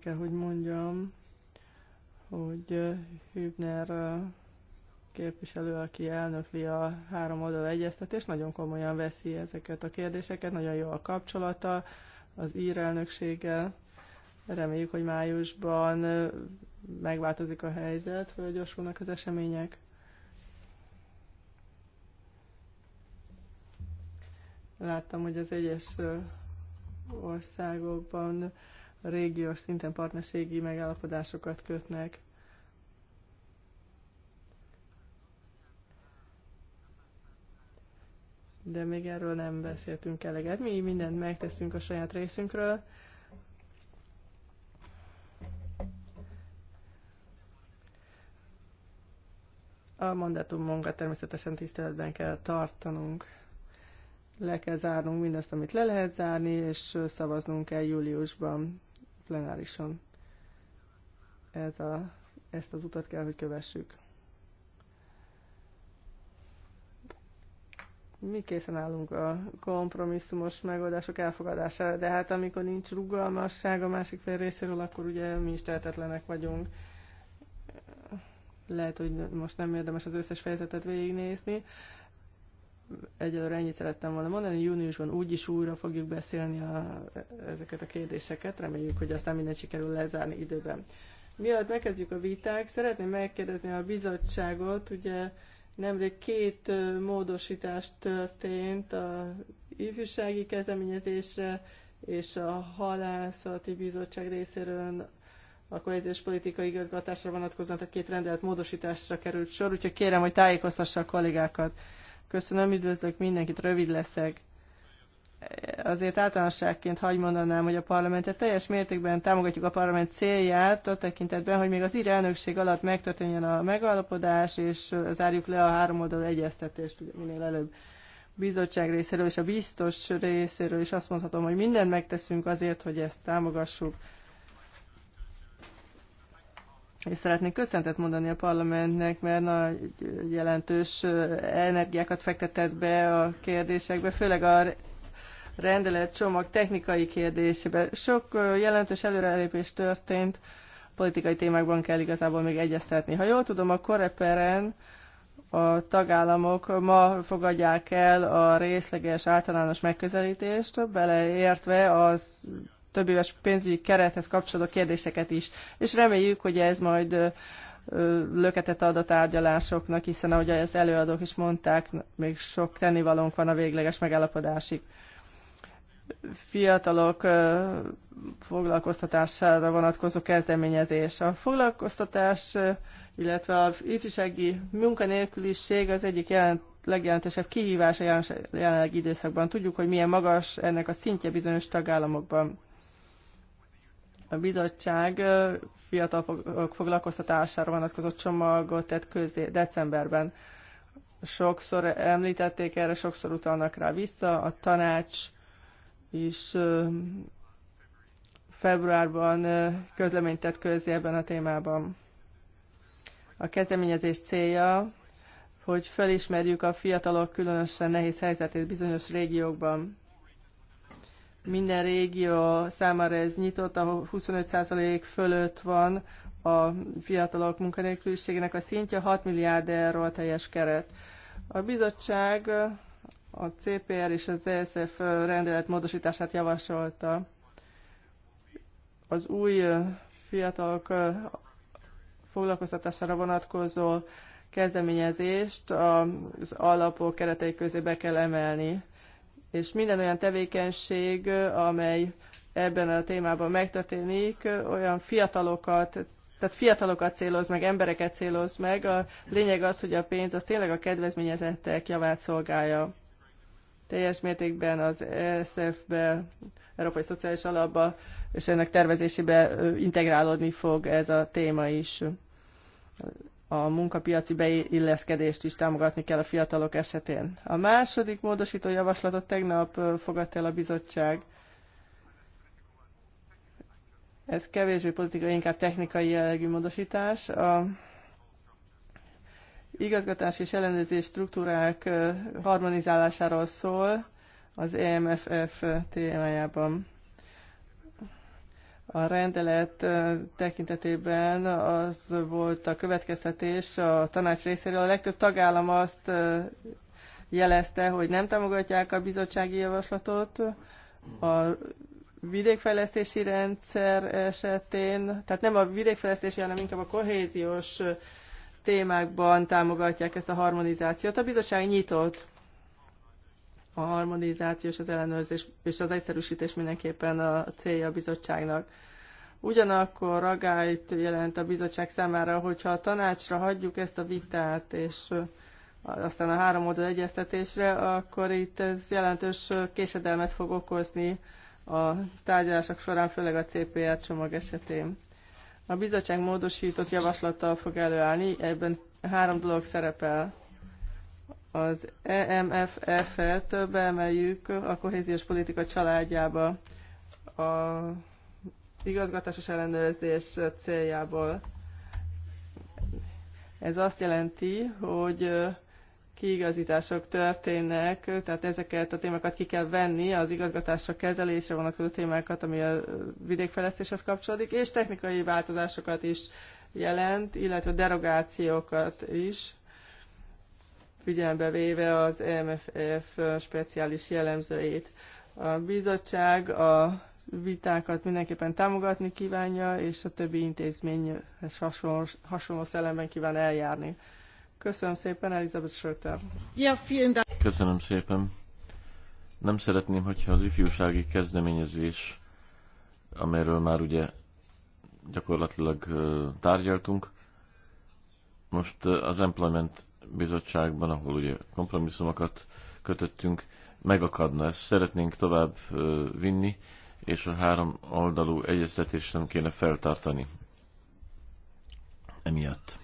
kell, hogy mondjam, hogy Hübner képviselő, aki elnökli a három oldal egyeztetést, nagyon komolyan veszi ezeket a kérdéseket, nagyon jó a kapcsolata az ír elnökséggel. Reméljük, hogy májusban megváltozik a helyzet, gyorsulnak az események. Láttam, hogy az egyes országokban régiós szinten partnerségi megállapodásokat kötnek de még erről nem beszéltünk eleget. Mi mindent megteszünk a saját részünkről. A mandátumumunkat természetesen tiszteletben kell tartanunk. Le kell zárnunk mindazt, amit le lehet zárni, és szavaznunk kell júliusban plenárison. Ez a, ezt az utat kell, hogy kövessük. mi készen állunk a kompromisszumos megoldások elfogadására, de hát amikor nincs rugalmasság a másik fél részéről, akkor ugye mi is tehetetlenek vagyunk. Lehet, hogy most nem érdemes az összes fejezetet végignézni. Egyelőre ennyit szerettem volna mondani, júniusban úgyis újra fogjuk beszélni a, ezeket a kérdéseket, reméljük, hogy aztán mindent sikerül lezárni időben. Mielőtt megkezdjük a viták, szeretném megkérdezni a bizottságot, ugye Nemrég két módosítás történt a ifjúsági kezdeményezésre és a halászati bizottság részéről a kohéziós politikai igazgatásra vonatkozóan, tehát két rendelet módosításra került sor, úgyhogy kérem, hogy tájékoztassa a kollégákat. Köszönöm, üdvözlök mindenkit, rövid leszek azért általánosságként hagy mondanám, hogy a parlamentet teljes mértékben támogatjuk a parlament célját ott tekintetben, hogy még az ír elnökség alatt megtörténjen a megállapodás, és zárjuk le a háromoldalú egyeztetést minél előbb bizottság részéről és a biztos részéről is azt mondhatom, hogy mindent megteszünk azért, hogy ezt támogassuk. És szeretnék köszöntet mondani a parlamentnek, mert nagy jelentős energiákat fektetett be a kérdésekbe, főleg a rendeletcsomag technikai kérdésébe. Sok jelentős előrelépés történt, politikai témákban kell igazából még egyeztetni. Ha jól tudom, a koreperen a tagállamok ma fogadják el a részleges általános megközelítést, beleértve az több éves pénzügyi kerethez kapcsolódó kérdéseket is. És reméljük, hogy ez majd löketet ad a tárgyalásoknak, hiszen ahogy az előadók is mondták, még sok tennivalónk van a végleges megállapodásig fiatalok foglalkoztatására vonatkozó kezdeményezés. A foglalkoztatás, illetve a ifjúsági munkanélküliség az egyik jelent, legjelentősebb kihívása jelenlegi időszakban. Tudjuk, hogy milyen magas ennek a szintje bizonyos tagállamokban. A bizottság fiatalok foglalkoztatására vonatkozó csomagot tett közé decemberben. Sokszor említették erre, sokszor utalnak rá vissza. A tanács is februárban közleményt tett közé ebben a témában. A kezdeményezés célja, hogy felismerjük a fiatalok különösen nehéz helyzetét bizonyos régiókban. Minden régió számára ez nyitott, ahol 25% fölött van a fiatalok munkanélküliségének a szintje, 6 milliárd euró a teljes keret. A bizottság a CPR és az ESF rendelet módosítását javasolta. Az új fiatalok foglalkoztatására vonatkozó kezdeményezést az alapok keretei közé be kell emelni. És minden olyan tevékenység, amely ebben a témában megtörténik, olyan fiatalokat, tehát fiatalokat céloz meg, embereket céloz meg. A lényeg az, hogy a pénz az tényleg a kedvezményezettek javát szolgálja teljes mértékben az ESF-be, Európai Szociális Alapba, és ennek tervezésébe integrálódni fog ez a téma is. A munkapiaci beilleszkedést is támogatni kell a fiatalok esetén. A második módosító javaslatot tegnap fogadta el a bizottság. Ez kevésbé politikai, inkább technikai jellegű módosítás. A igazgatás és ellenőrzés struktúrák harmonizálásáról szól az EMFF témájában. A rendelet tekintetében az volt a következtetés a tanács részéről. A legtöbb tagállam azt jelezte, hogy nem támogatják a bizottsági javaslatot. A vidékfejlesztési rendszer esetén, tehát nem a vidékfejlesztési, hanem inkább a kohéziós témákban támogatják ezt a harmonizációt. A bizottság nyitott a harmonizáció és az ellenőrzés és az egyszerűsítés mindenképpen a célja a bizottságnak. Ugyanakkor ragályt jelent a bizottság számára, hogyha a tanácsra hagyjuk ezt a vitát, és aztán a három oldal egyeztetésre, akkor itt ez jelentős késedelmet fog okozni a tárgyalások során, főleg a CPR csomag esetén. A bizottság módosított javaslattal fog előállni, ebben három dolog szerepel. Az EMFF-et beemeljük a kohéziós politika családjába a igazgatásos ellenőrzés céljából. Ez azt jelenti, hogy kiigazítások történnek, tehát ezeket a témákat ki kell venni, az igazgatásra, kezelésre vonatkozó témákat, ami a vidékfejlesztéshez kapcsolódik, és technikai változásokat is jelent, illetve derogációkat is, figyelembe véve az e MFF speciális jellemzőjét. A bizottság a vitákat mindenképpen támogatni kívánja, és a többi intézményhez hasonló, hasonló szellemben kíván eljárni. Köszönöm szépen, Elizabeth Schröter. Ja, vielen Dank. Köszönöm szépen. Nem szeretném, hogyha az ifjúsági kezdeményezés, amelyről már ugye gyakorlatilag tárgyaltunk, most az Employment Bizottságban, ahol ugye kompromisszumokat kötöttünk, megakadna. Ezt szeretnénk tovább vinni, és a három oldalú egyeztetést nem kéne feltartani emiatt.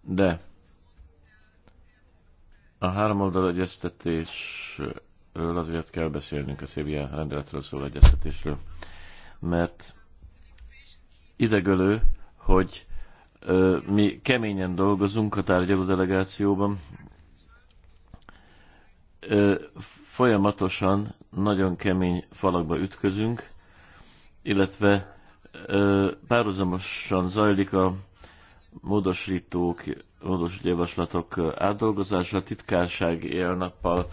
De a háromoldal egyeztetésről azért kell beszélnünk a Szívia rendeletről szóló egyeztetésről, mert idegölő, hogy ö, mi keményen dolgozunk a tárgyaló delegációban, ö, folyamatosan nagyon kemény falakba ütközünk, illetve ö, párhuzamosan zajlik a módosítók módosító javaslatok átdolgozása, titkárság élnappal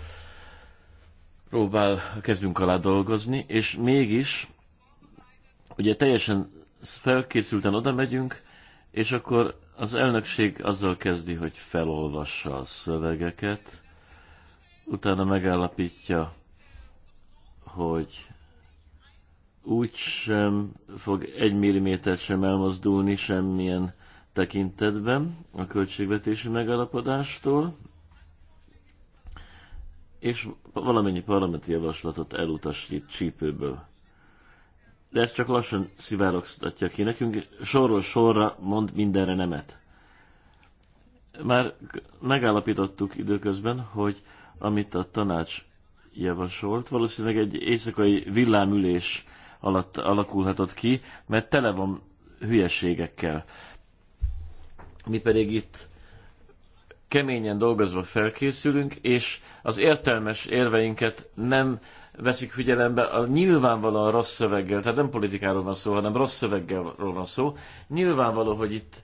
próbál a kezdünk alá dolgozni, és mégis ugye teljesen felkészülten oda megyünk, és akkor az elnökség azzal kezdi, hogy felolvassa a szövegeket, utána megállapítja, hogy úgy sem fog egy milliméter sem elmozdulni semmilyen tekintetben a költségvetési megállapodástól, és valamennyi parlamenti javaslatot elutasít csípőből. De ezt csak lassan szivárogtatja ki nekünk, sorról sorra mond mindenre nemet. Már megállapítottuk időközben, hogy amit a tanács javasolt, valószínűleg egy éjszakai villámülés alatt alakulhatott ki, mert tele van hülyeségekkel mi pedig itt keményen dolgozva felkészülünk, és az értelmes érveinket nem veszik figyelembe a nyilvánvalóan rossz szöveggel, tehát nem politikáról van szó, hanem rossz szöveggel van szó. Nyilvánvaló, hogy itt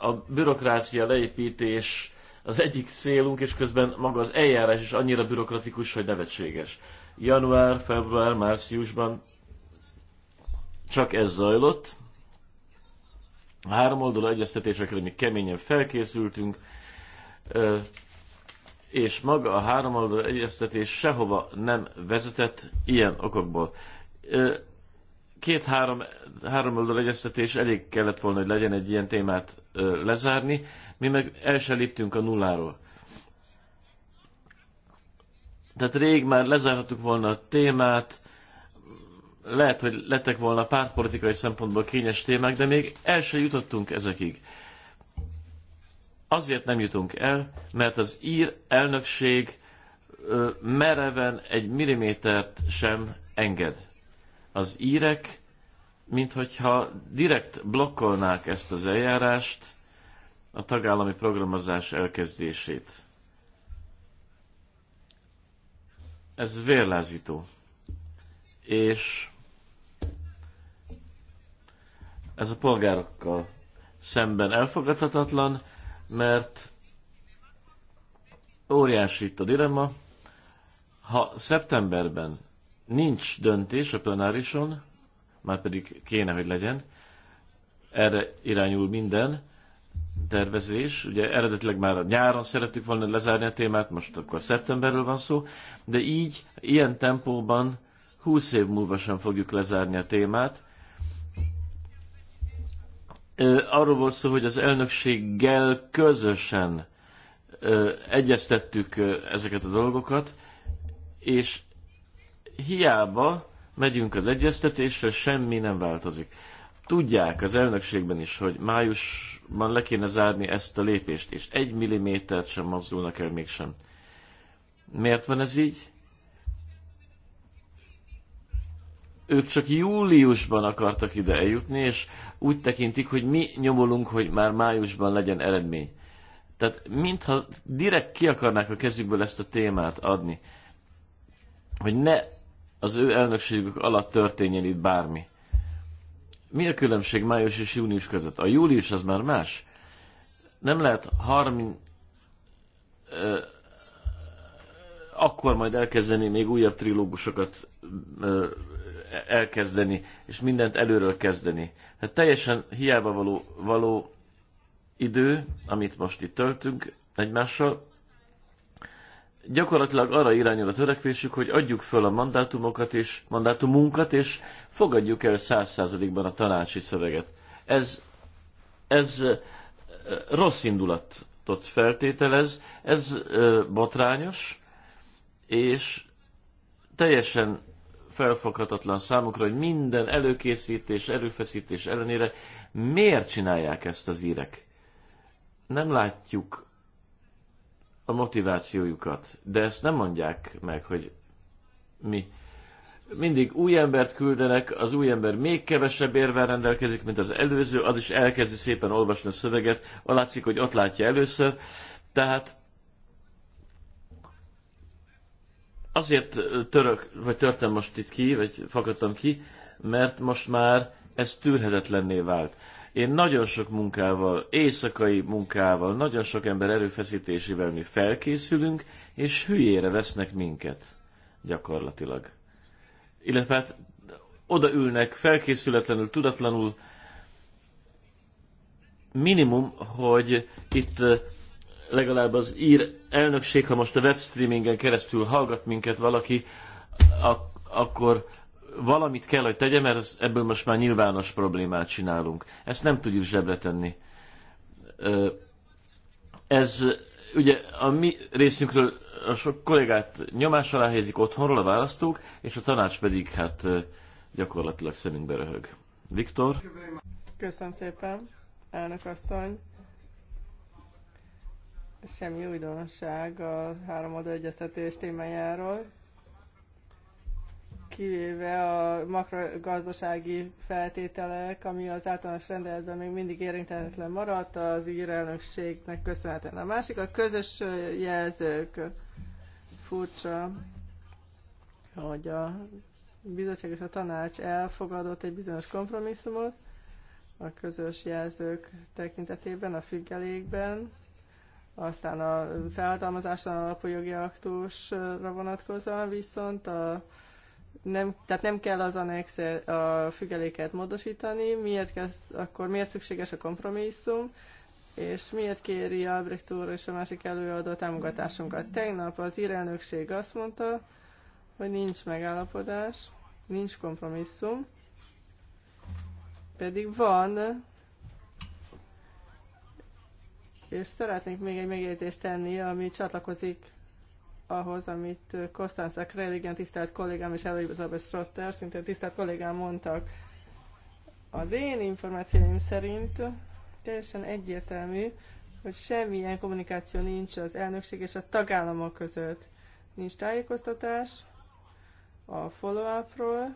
a bürokrácia leépítés az egyik célunk, és közben maga az eljárás is annyira bürokratikus, hogy nevetséges. Január, február, márciusban csak ez zajlott, három oldalú hogy mi keményen felkészültünk, és maga a három oldalú egyeztetés sehova nem vezetett ilyen okokból. Két-három három oldalú egyeztetés elég kellett volna, hogy legyen egy ilyen témát lezárni, mi meg el se léptünk a nulláról. Tehát rég már lezárhattuk volna a témát, lehet, hogy lettek volna pártpolitikai szempontból kényes témák, de még el sem jutottunk ezekig. Azért nem jutunk el, mert az ír elnökség mereven egy millimétert sem enged. Az írek, minthogyha direkt blokkolnák ezt az eljárást, a tagállami programozás elkezdését. Ez vérlázító. És ez a polgárokkal szemben elfogadhatatlan, mert óriási itt a dilemma. Ha szeptemberben nincs döntés a plenárison, már pedig kéne, hogy legyen, erre irányul minden tervezés. Ugye eredetileg már a nyáron szerettük volna lezárni a témát, most akkor szeptemberről van szó, de így, ilyen tempóban 20 év múlva sem fogjuk lezárni a témát, Arról volt szó, hogy az elnökséggel közösen egyeztettük ezeket a dolgokat, és hiába megyünk az egyeztetésre, semmi nem változik. Tudják az elnökségben is, hogy májusban le kéne zárni ezt a lépést, és egy millimétert sem mozdulnak el mégsem. Miért van ez így? ők csak júliusban akartak ide eljutni, és úgy tekintik, hogy mi nyomolunk, hogy már májusban legyen eredmény. Tehát mintha direkt ki akarnák a kezükből ezt a témát adni, hogy ne az ő elnökségük alatt történjen itt bármi. Mi a különbség május és június között? A július az már más. Nem lehet 30... Ö, akkor majd elkezdeni még újabb trilógusokat ö, elkezdeni, és mindent előről kezdeni. Hát teljesen hiába való, való idő, amit most itt töltünk egymással, gyakorlatilag arra irányul a törekvésük, hogy adjuk föl a mandátumokat és mandátumunkat, és fogadjuk el száz százalékban a tanácsi szöveget. Ez, ez rossz indulatot feltételez, ez botrányos, és teljesen felfoghatatlan számukra, hogy minden előkészítés, erőfeszítés ellenére miért csinálják ezt az írek. Nem látjuk a motivációjukat, de ezt nem mondják meg, hogy mi. Mindig új embert küldenek, az új ember még kevesebb érvel rendelkezik, mint az előző, az is elkezdi szépen olvasni a szöveget, látszik, hogy ott látja először, tehát Azért török, vagy törtem most itt ki, vagy fakadtam ki, mert most már ez tűrhetetlenné vált. Én nagyon sok munkával, éjszakai munkával, nagyon sok ember erőfeszítésével mi felkészülünk, és hülyére vesznek minket gyakorlatilag. Illetve hát odaülnek felkészületlenül, tudatlanul, minimum, hogy itt legalább az ír elnökség, ha most a webstreamingen keresztül hallgat minket valaki, ak- akkor valamit kell, hogy tegye, mert ebből most már nyilvános problémát csinálunk. Ezt nem tudjuk zsebre tenni. Ez ugye a mi részünkről a sok kollégát nyomás alá helyezik otthonról a választók, és a tanács pedig hát gyakorlatilag szemünkbe röhög. Viktor? Köszönöm szépen, elnök asszony semmi újdonság a háromadó egyeztetés témájáról, kivéve a makrogazdasági feltételek, ami az általános rendeletben még mindig érintetlen maradt, az írelnökségnek köszönhetően. A másik a közös jelzők. Furcsa, hogy a bizottság és a tanács elfogadott egy bizonyos kompromisszumot a közös jelzők tekintetében, a függelékben, aztán a felhatalmazáson alapú jogi aktusra vonatkozóan viszont a nem, tehát nem kell az annex a függeléket módosítani, miért kezd, akkor miért szükséges a kompromisszum, és miért kéri a úr és a másik előadó támogatásunkat. Tegnap az írelnökség azt mondta, hogy nincs megállapodás, nincs kompromisszum, pedig van és szeretnék még egy megjegyzést tenni, ami csatlakozik ahhoz, amit Kostanza Krell, igen tisztelt kollégám és Elizabeth Strotter, szintén tisztelt kollégám mondtak. Az én információim szerint teljesen egyértelmű, hogy semmilyen kommunikáció nincs az elnökség és a tagállamok között. Nincs tájékoztatás a follow-upról,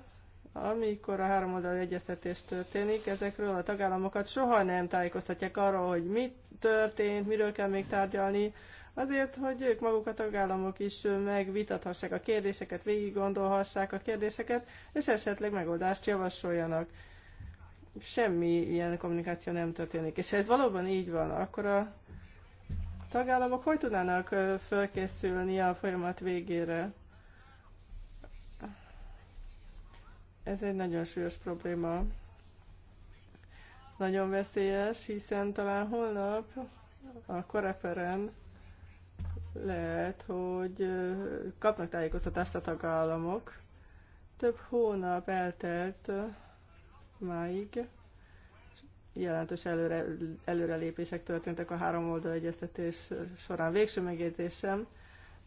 amikor a három egyeztetés történik, ezekről a tagállamokat soha nem tájékoztatják arról, hogy mi történt, miről kell még tárgyalni, azért, hogy ők maguk a tagállamok is megvitathassák a kérdéseket, végig gondolhassák a kérdéseket, és esetleg megoldást javasoljanak. Semmi ilyen kommunikáció nem történik. És ha ez valóban így van, akkor a tagállamok hogy tudnának fölkészülni a folyamat végére? Ez egy nagyon súlyos probléma. Nagyon veszélyes, hiszen talán holnap a koreperen lehet, hogy kapnak tájékoztatást a tagállamok. Több hónap eltelt máig. Jelentős előre, előrelépések történtek a három oldal egyeztetés során. Végső megjegyzésem,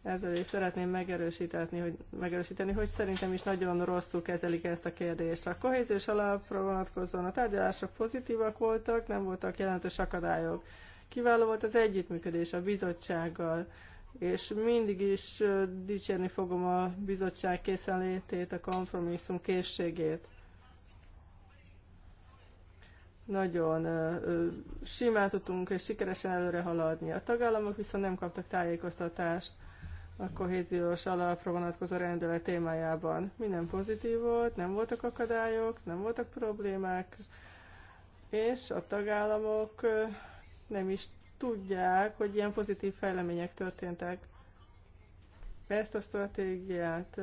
ezzel is szeretném megerősíteni, hogy, megerősíteni, hogy szerintem is nagyon rosszul kezelik ezt a kérdést. A kohéziós alapra vonatkozóan a tárgyalások pozitívak voltak, nem voltak jelentős akadályok. Kiváló volt az együttműködés a bizottsággal, és mindig is dicsérni fogom a bizottság készenlétét, a kompromisszum készségét nagyon simán tudtunk és sikeresen előre haladni. A tagállamok viszont nem kaptak tájékoztatást a kohéziós alapra vonatkozó rendelet témájában. Minden pozitív volt, nem voltak akadályok, nem voltak problémák, és a tagállamok nem is tudják, hogy ilyen pozitív fejlemények történtek. Ezt a stratégiát,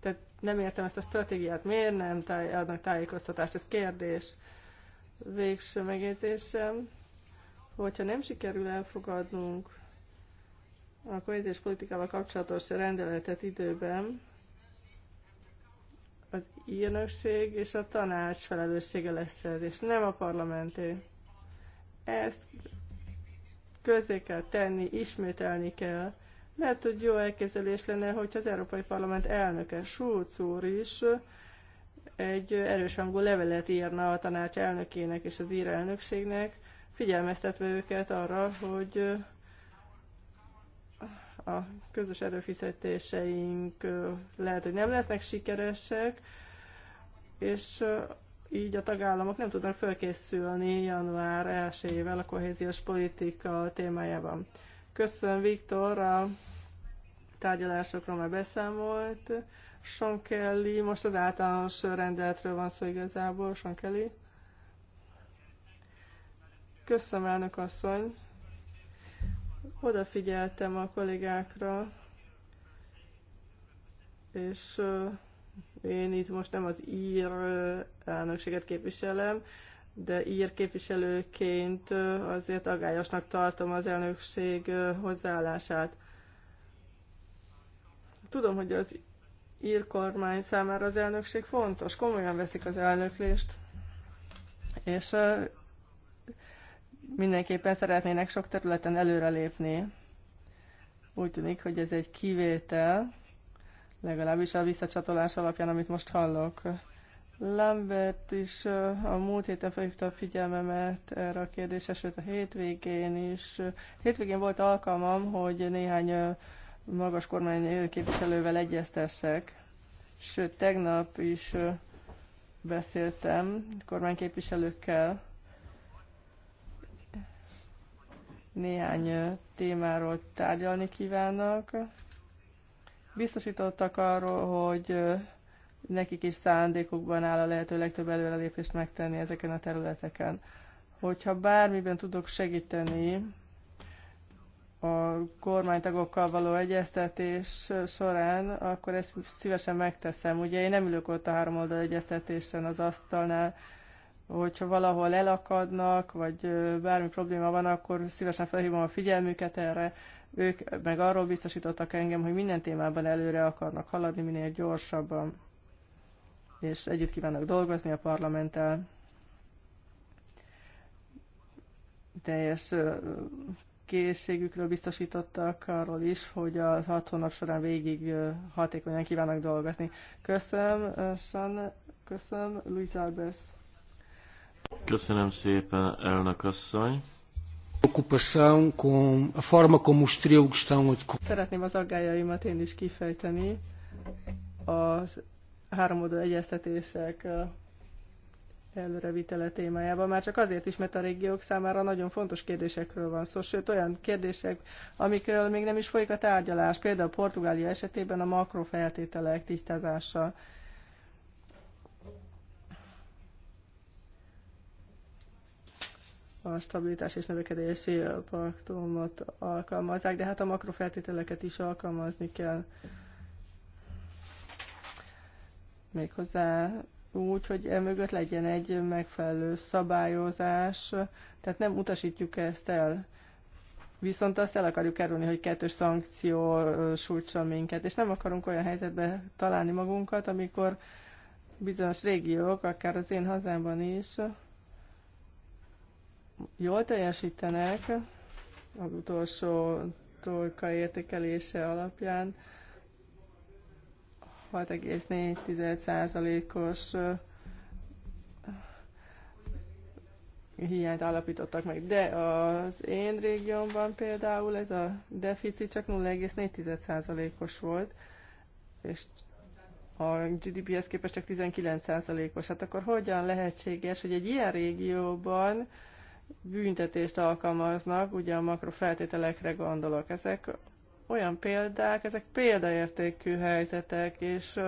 tehát nem értem ezt a stratégiát, miért nem táj, adnak tájékoztatást, ez kérdés. Végső megjegyzésem, hogyha nem sikerül elfogadnunk a kohéziós politikával kapcsolatos rendeletet időben az írnökség és a tanács felelőssége lesz ez, és nem a parlamenté. Ezt közé kell tenni, ismételni kell. Lehet, hogy jó elképzelés lenne, hogy az Európai Parlament elnöke, Schulz úr is egy erős hangú levelet írna a tanács elnökének és az ír elnökségnek, figyelmeztetve őket arra, hogy a közös erőfizetéseink lehet, hogy nem lesznek sikeresek, és így a tagállamok nem tudnak felkészülni január 1-ével a kohéziós politika témájában. Köszönöm Viktor, a tárgyalásokról már beszámolt. Sean Kelly, most az általános rendeletről van szó igazából, Sean Kelly. Köszönöm, elnök asszony. Odafigyeltem a kollégákra, és én itt most nem az ír elnökséget képviselem, de ír képviselőként azért agályosnak tartom az elnökség hozzáállását. Tudom, hogy az ír kormány számára az elnökség fontos, komolyan veszik az elnöklést, és mindenképpen szeretnének sok területen előrelépni. Úgy tűnik, hogy ez egy kivétel, legalábbis a visszacsatolás alapján, amit most hallok. Lambert is a múlt héten felhívta a figyelmemet erre a kérdésre, sőt a hétvégén is. Hétvégén volt alkalmam, hogy néhány magas kormány képviselővel egyeztessek, sőt tegnap is beszéltem kormányképviselőkkel, néhány témáról tárgyalni kívánnak. Biztosítottak arról, hogy nekik is szándékukban áll a lehető legtöbb előrelépést megtenni ezeken a területeken. Hogyha bármiben tudok segíteni a kormánytagokkal való egyeztetés során, akkor ezt szívesen megteszem. Ugye én nem ülök ott a három oldal egyeztetésen az asztalnál, hogyha valahol elakadnak, vagy bármi probléma van, akkor szívesen felhívom a figyelmüket erre. Ők meg arról biztosítottak engem, hogy minden témában előre akarnak haladni, minél gyorsabban, és együtt kívánok dolgozni a parlamenttel. Teljes készségükről biztosítottak arról is, hogy a hat hónap során végig hatékonyan kívánnak dolgozni. Köszönöm, San, köszönöm, Luis Albers. Köszönöm szépen, elnök asszony. Szeretném az aggájaimat én is kifejteni. Az háromoldó egyeztetések előrevitele témájában. Már csak azért is, mert a régiók számára nagyon fontos kérdésekről van szó, sőt olyan kérdések, amikről még nem is folyik a tárgyalás, például a Portugália esetében a makrofeltételek tisztázása. a stabilitás és növekedési paktumot alkalmazzák, de hát a makrofeltételeket is alkalmazni kell. Méghozzá úgy, hogy emögött legyen egy megfelelő szabályozás, tehát nem utasítjuk ezt el. Viszont azt el akarjuk kerülni, hogy kettős szankció sújtsa minket, és nem akarunk olyan helyzetbe találni magunkat, amikor bizonyos régiók, akár az én hazámban is, jól teljesítenek az utolsó trojka értékelése alapján 6,4%-os eh, hiányt állapítottak meg. De az én régiómban például ez a deficit csak 0,4%-os volt, és a GDP-hez képest csak 19%-os. Hát akkor hogyan lehetséges, hogy egy ilyen régióban büntetést alkalmaznak, ugye a makrofeltételekre gondolok. Ezek olyan példák, ezek példaértékű helyzetek, és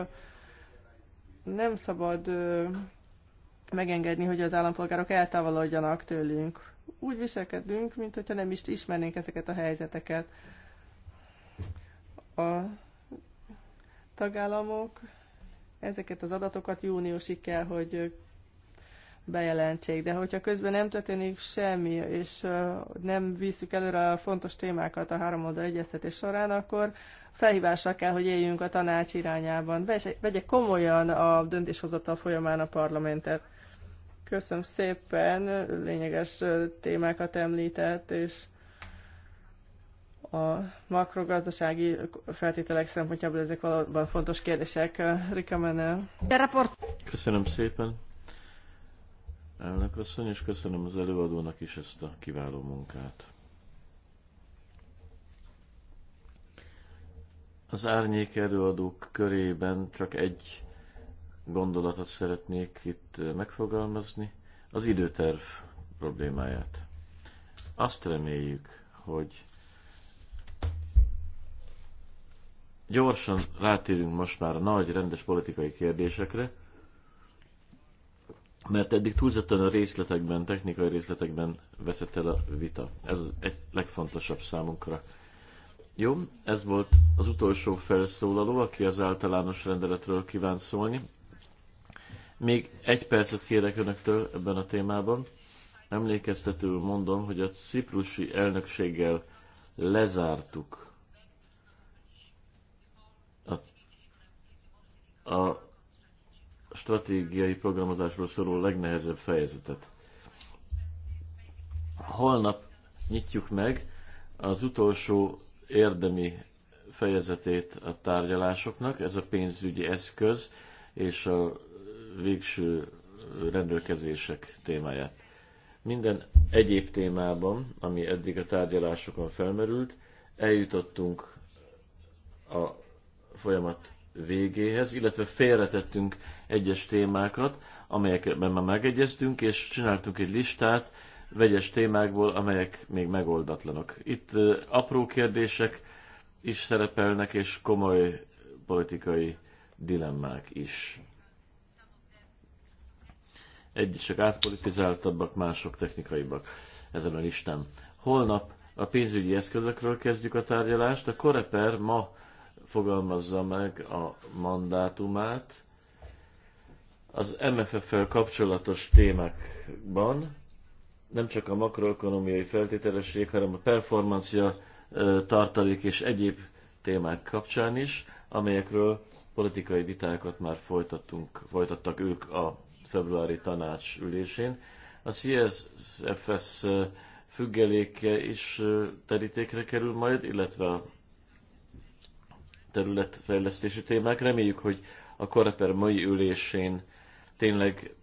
nem szabad megengedni, hogy az állampolgárok eltávolodjanak tőlünk. Úgy viselkedünk, mintha nem is ismernénk ezeket a helyzeteket. A tagállamok ezeket az adatokat júniusig kell, hogy bejelentsék. De hogyha közben nem történik semmi, és nem visszük előre a fontos témákat a oldal egyeztetés során, akkor felhívásra kell, hogy éljünk a tanács irányában. Vegye komolyan a döntéshozatal folyamán a parlamentet. Köszönöm szépen, lényeges témákat említett, és a makrogazdasági feltételek szempontjából ezek valóban fontos kérdések. Rika Köszönöm szépen elnök asszony, és köszönöm az előadónak is ezt a kiváló munkát. Az árnyék előadók körében csak egy gondolatot szeretnék itt megfogalmazni, az időterv problémáját. Azt reméljük, hogy gyorsan rátérünk most már a nagy, rendes politikai kérdésekre, mert eddig túlzottan a részletekben, technikai részletekben veszett el a vita. Ez az egy legfontosabb számunkra. Jó, ez volt az utolsó felszólaló, aki az általános rendeletről kíván szólni. Még egy percet kérek Önöktől ebben a témában. Emlékeztetőül mondom, hogy a ciprusi elnökséggel lezártuk a, a stratégiai programozásról szóló legnehezebb fejezetet. Holnap nyitjuk meg az utolsó érdemi fejezetét a tárgyalásoknak, ez a pénzügyi eszköz és a végső rendelkezések témáját. Minden egyéb témában, ami eddig a tárgyalásokon felmerült, eljutottunk a folyamat végéhez, illetve félretettünk egyes témákat, amelyekben már megegyeztünk, és csináltunk egy listát vegyes témákból, amelyek még megoldatlanok. Itt apró kérdések is szerepelnek, és komoly politikai dilemmák is. Egyesek átpolitizáltabbak, mások technikaibbak ezen a listán. Holnap a pénzügyi eszközökről kezdjük a tárgyalást. A Koreper ma fogalmazza meg a mandátumát az MFF-fel kapcsolatos témákban nem csak a makroekonomiai feltételesség, hanem a performancia tartalék és egyéb témák kapcsán is, amelyekről politikai vitákat már folytattunk, folytattak ők a februári tanács ülésén. A CSFS függeléke is terítékre kerül majd, illetve a területfejlesztési témák. Reméljük, hogy a Koreper mai ülésén tényleg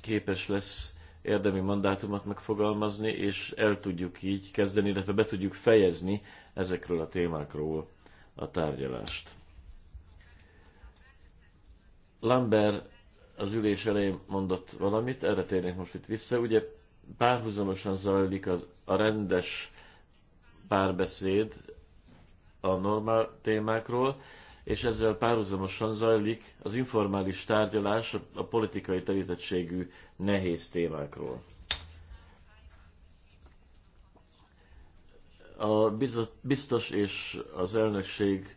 képes lesz érdemi mandátumot megfogalmazni, és el tudjuk így kezdeni, illetve be tudjuk fejezni ezekről a témákról a tárgyalást. Lambert az ülés elején mondott valamit, erre térnék most itt vissza. Ugye párhuzamosan zajlik az, a rendes párbeszéd a normál témákról, és ezzel párhuzamosan zajlik az informális tárgyalás a politikai terítettségű nehéz témákról. A biztos és az elnökség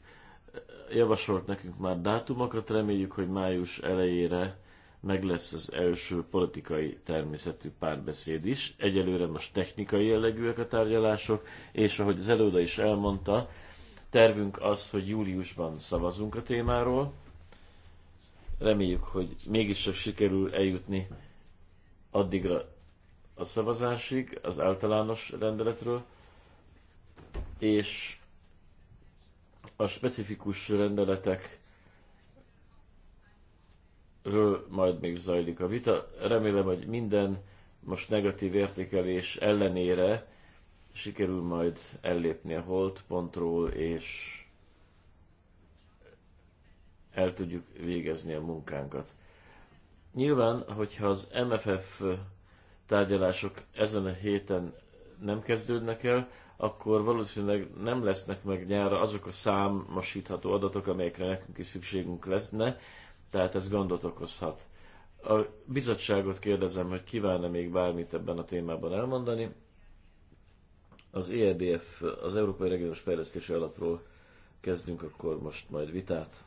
javasolt nekünk már dátumokat, reméljük, hogy május elejére meg lesz az első politikai természetű párbeszéd is. Egyelőre most technikai jellegűek a tárgyalások, és ahogy az előda is elmondta, Tervünk az, hogy júliusban szavazunk a témáról. Reméljük, hogy mégis csak sikerül eljutni addigra a szavazásig az általános rendeletről, és a specifikus rendeletek ről majd még zajlik a vita. Remélem, hogy minden most negatív értékelés ellenére sikerül majd ellépni a holdpontról, és el tudjuk végezni a munkánkat. Nyilván, hogyha az MFF tárgyalások ezen a héten nem kezdődnek el, akkor valószínűleg nem lesznek meg nyára azok a számosítható adatok, amelyekre nekünk is szükségünk leszne, tehát ez gondot okozhat. A bizottságot kérdezem, hogy kívánna -e még bármit ebben a témában elmondani, az ERDF, az Európai Regionális Fejlesztési Alapról kezdünk, akkor most majd vitát.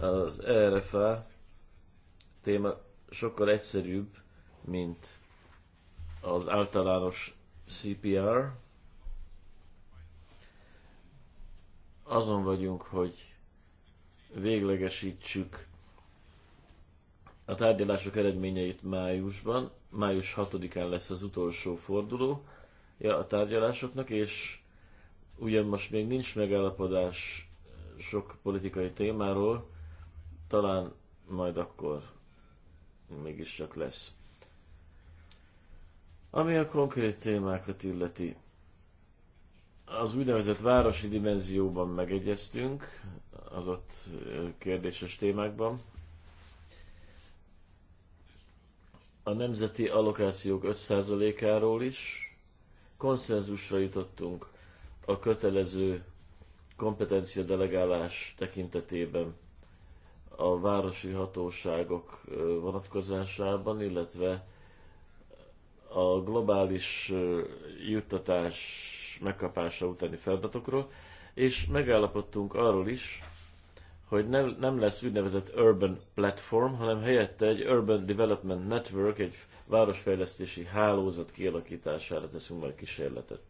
Az ERFA téma sokkal egyszerűbb, mint az általános CPR. Azon vagyunk, hogy véglegesítsük a tárgyalások eredményeit májusban, május 6-án lesz az utolsó forduló ja, a tárgyalásoknak, és ugyan most még nincs megállapodás sok politikai témáról, talán majd akkor mégiscsak lesz. Ami a konkrét témákat illeti, az úgynevezett városi dimenzióban megegyeztünk, az ott kérdéses témákban, a nemzeti allokációk 5%-áról is konszenzusra jutottunk a kötelező kompetencia delegálás tekintetében a városi hatóságok vonatkozásában, illetve a globális juttatás megkapása utáni feladatokról, és megállapodtunk arról is, hogy nem, nem lesz úgynevezett Urban Platform, hanem helyette egy Urban Development Network, egy városfejlesztési hálózat kialakítására teszünk majd kísérletet,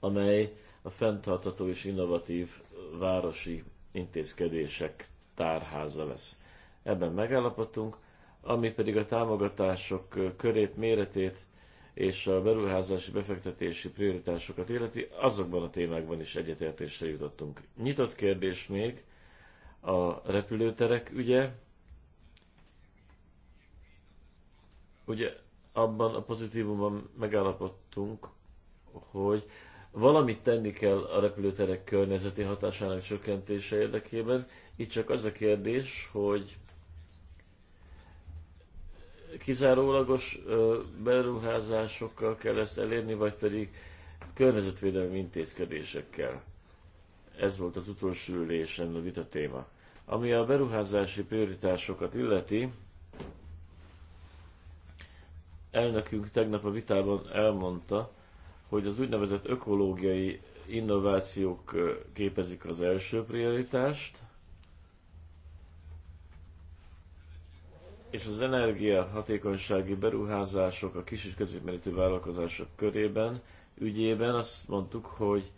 amely a fenntartható és innovatív városi intézkedések tárháza lesz. Ebben megállapodtunk, ami pedig a támogatások körét, méretét és a beruházási befektetési prioritásokat illeti, azokban a témákban is egyetértésre jutottunk. Nyitott kérdés még a repülőterek ügye. Ugye abban a pozitívumban megállapodtunk, hogy valamit tenni kell a repülőterek környezeti hatásának csökkentése érdekében. Itt csak az a kérdés, hogy Kizárólagos beruházásokkal kell ezt elérni, vagy pedig környezetvédelmi intézkedésekkel. Ez volt az utolsó ülésen a vita téma. Ami a beruházási prioritásokat illeti, elnökünk tegnap a vitában elmondta, hogy az úgynevezett ökológiai innovációk képezik az első prioritást, és az energia hatékonysági beruházások a kis és középméretű vállalkozások körében ügyében azt mondtuk, hogy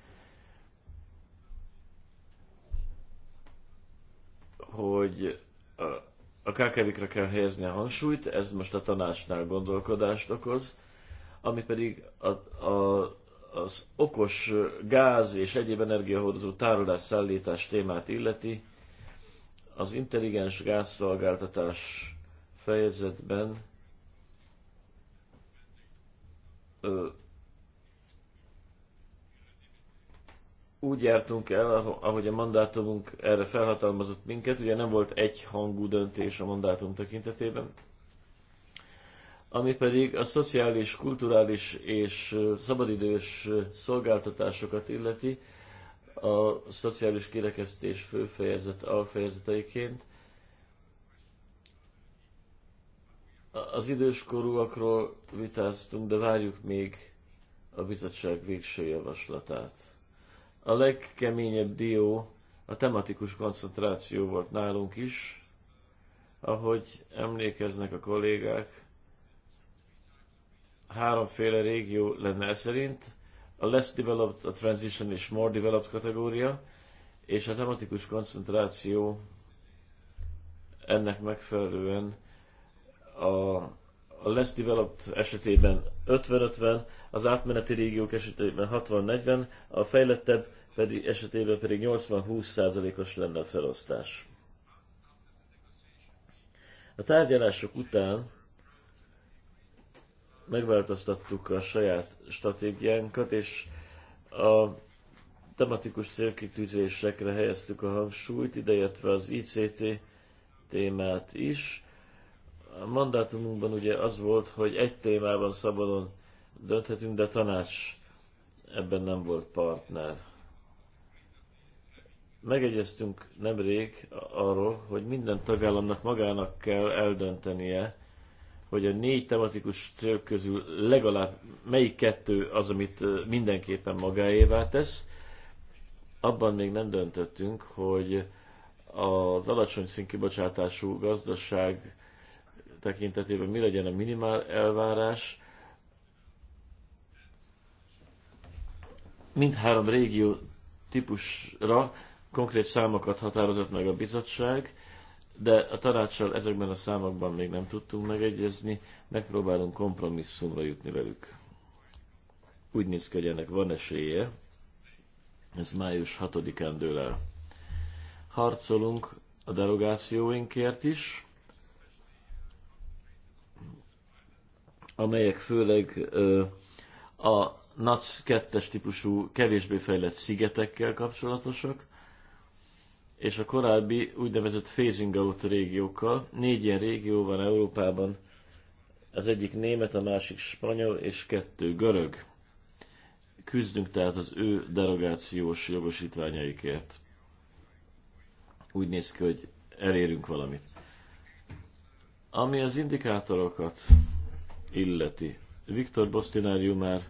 hogy a, a kkv kell helyezni a hangsúlyt, ez most a tanácsnál gondolkodást okoz, ami pedig a, a, az okos gáz és egyéb energiahordozó tárolás szállítás témát illeti, az intelligens gázszolgáltatás fejezetben ö, úgy jártunk el, ahogy a mandátumunk erre felhatalmazott minket, ugye nem volt egy hangú döntés a mandátum tekintetében, ami pedig a szociális, kulturális és szabadidős szolgáltatásokat illeti, a szociális kirekesztés főfejezet alfejezeteiként Az időskorúakról vitáztunk, de várjuk még a bizottság végső javaslatát. A legkeményebb dió a tematikus koncentráció volt nálunk is, ahogy emlékeznek a kollégák, háromféle régió lenne ez szerint, a less developed, a transition és more developed kategória, és a tematikus koncentráció ennek megfelelően a, a less developed esetében 50-50, az átmeneti régiók esetében 60-40, a fejlettebb pedig, esetében pedig 80-20 százalékos lenne a felosztás. A tárgyalások után megváltoztattuk a saját stratégiánkat, és a tematikus célkitűzésekre helyeztük a hangsúlyt, ideértve az ICT témát is, a mandátumunkban ugye az volt, hogy egy témában szabadon dönthetünk, de tanács ebben nem volt partner. Megegyeztünk nemrég arról, hogy minden tagállamnak magának kell eldöntenie, hogy a négy tematikus cél közül legalább melyik kettő az, amit mindenképpen magáévá tesz. Abban még nem döntöttünk, hogy az alacsony színkibocsátású gazdaság tekintetében mi legyen a minimál elvárás. Mindhárom régió típusra konkrét számokat határozott meg a bizottság, de a tanácssal ezekben a számokban még nem tudtunk megegyezni, megpróbálunk kompromisszumra jutni velük. Úgy néz ki, hogy ennek van esélye, ez május 6-án dől el. Harcolunk a derogációinkért is, amelyek főleg a NAC 2-es típusú kevésbé fejlett szigetekkel kapcsolatosak, és a korábbi úgynevezett phasing out régiókkal. Négy ilyen régió van Európában, az egyik német, a másik spanyol, és kettő görög. Küzdünk tehát az ő derogációs jogosítványaikért. Úgy néz ki, hogy elérünk valamit. Ami az indikátorokat illeti. Viktor Bosztinárió már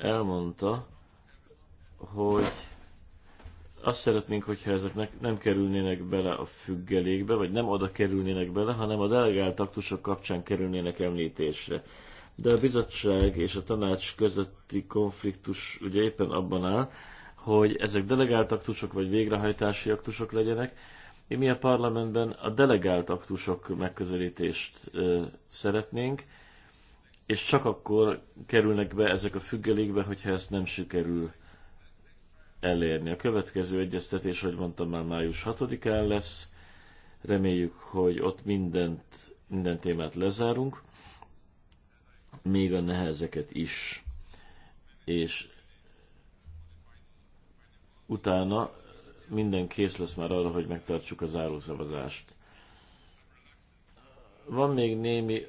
elmondta, hogy azt szeretnénk, hogyha ezek nem kerülnének bele a függelékbe, vagy nem oda kerülnének bele, hanem a delegált aktusok kapcsán kerülnének említésre. De a bizottság és a tanács közötti konfliktus ugye éppen abban áll, hogy ezek delegált aktusok vagy végrehajtási aktusok legyenek. Mi a parlamentben a delegált aktusok megközelítést ö, szeretnénk, és csak akkor kerülnek be ezek a függelékbe, hogyha ezt nem sikerül elérni. A következő egyeztetés, hogy mondtam, már május 6-án lesz. Reméljük, hogy ott mindent, minden témát lezárunk, még a nehezeket is. És utána minden kész lesz már arra, hogy megtartsuk az zárószavazást. Van még némi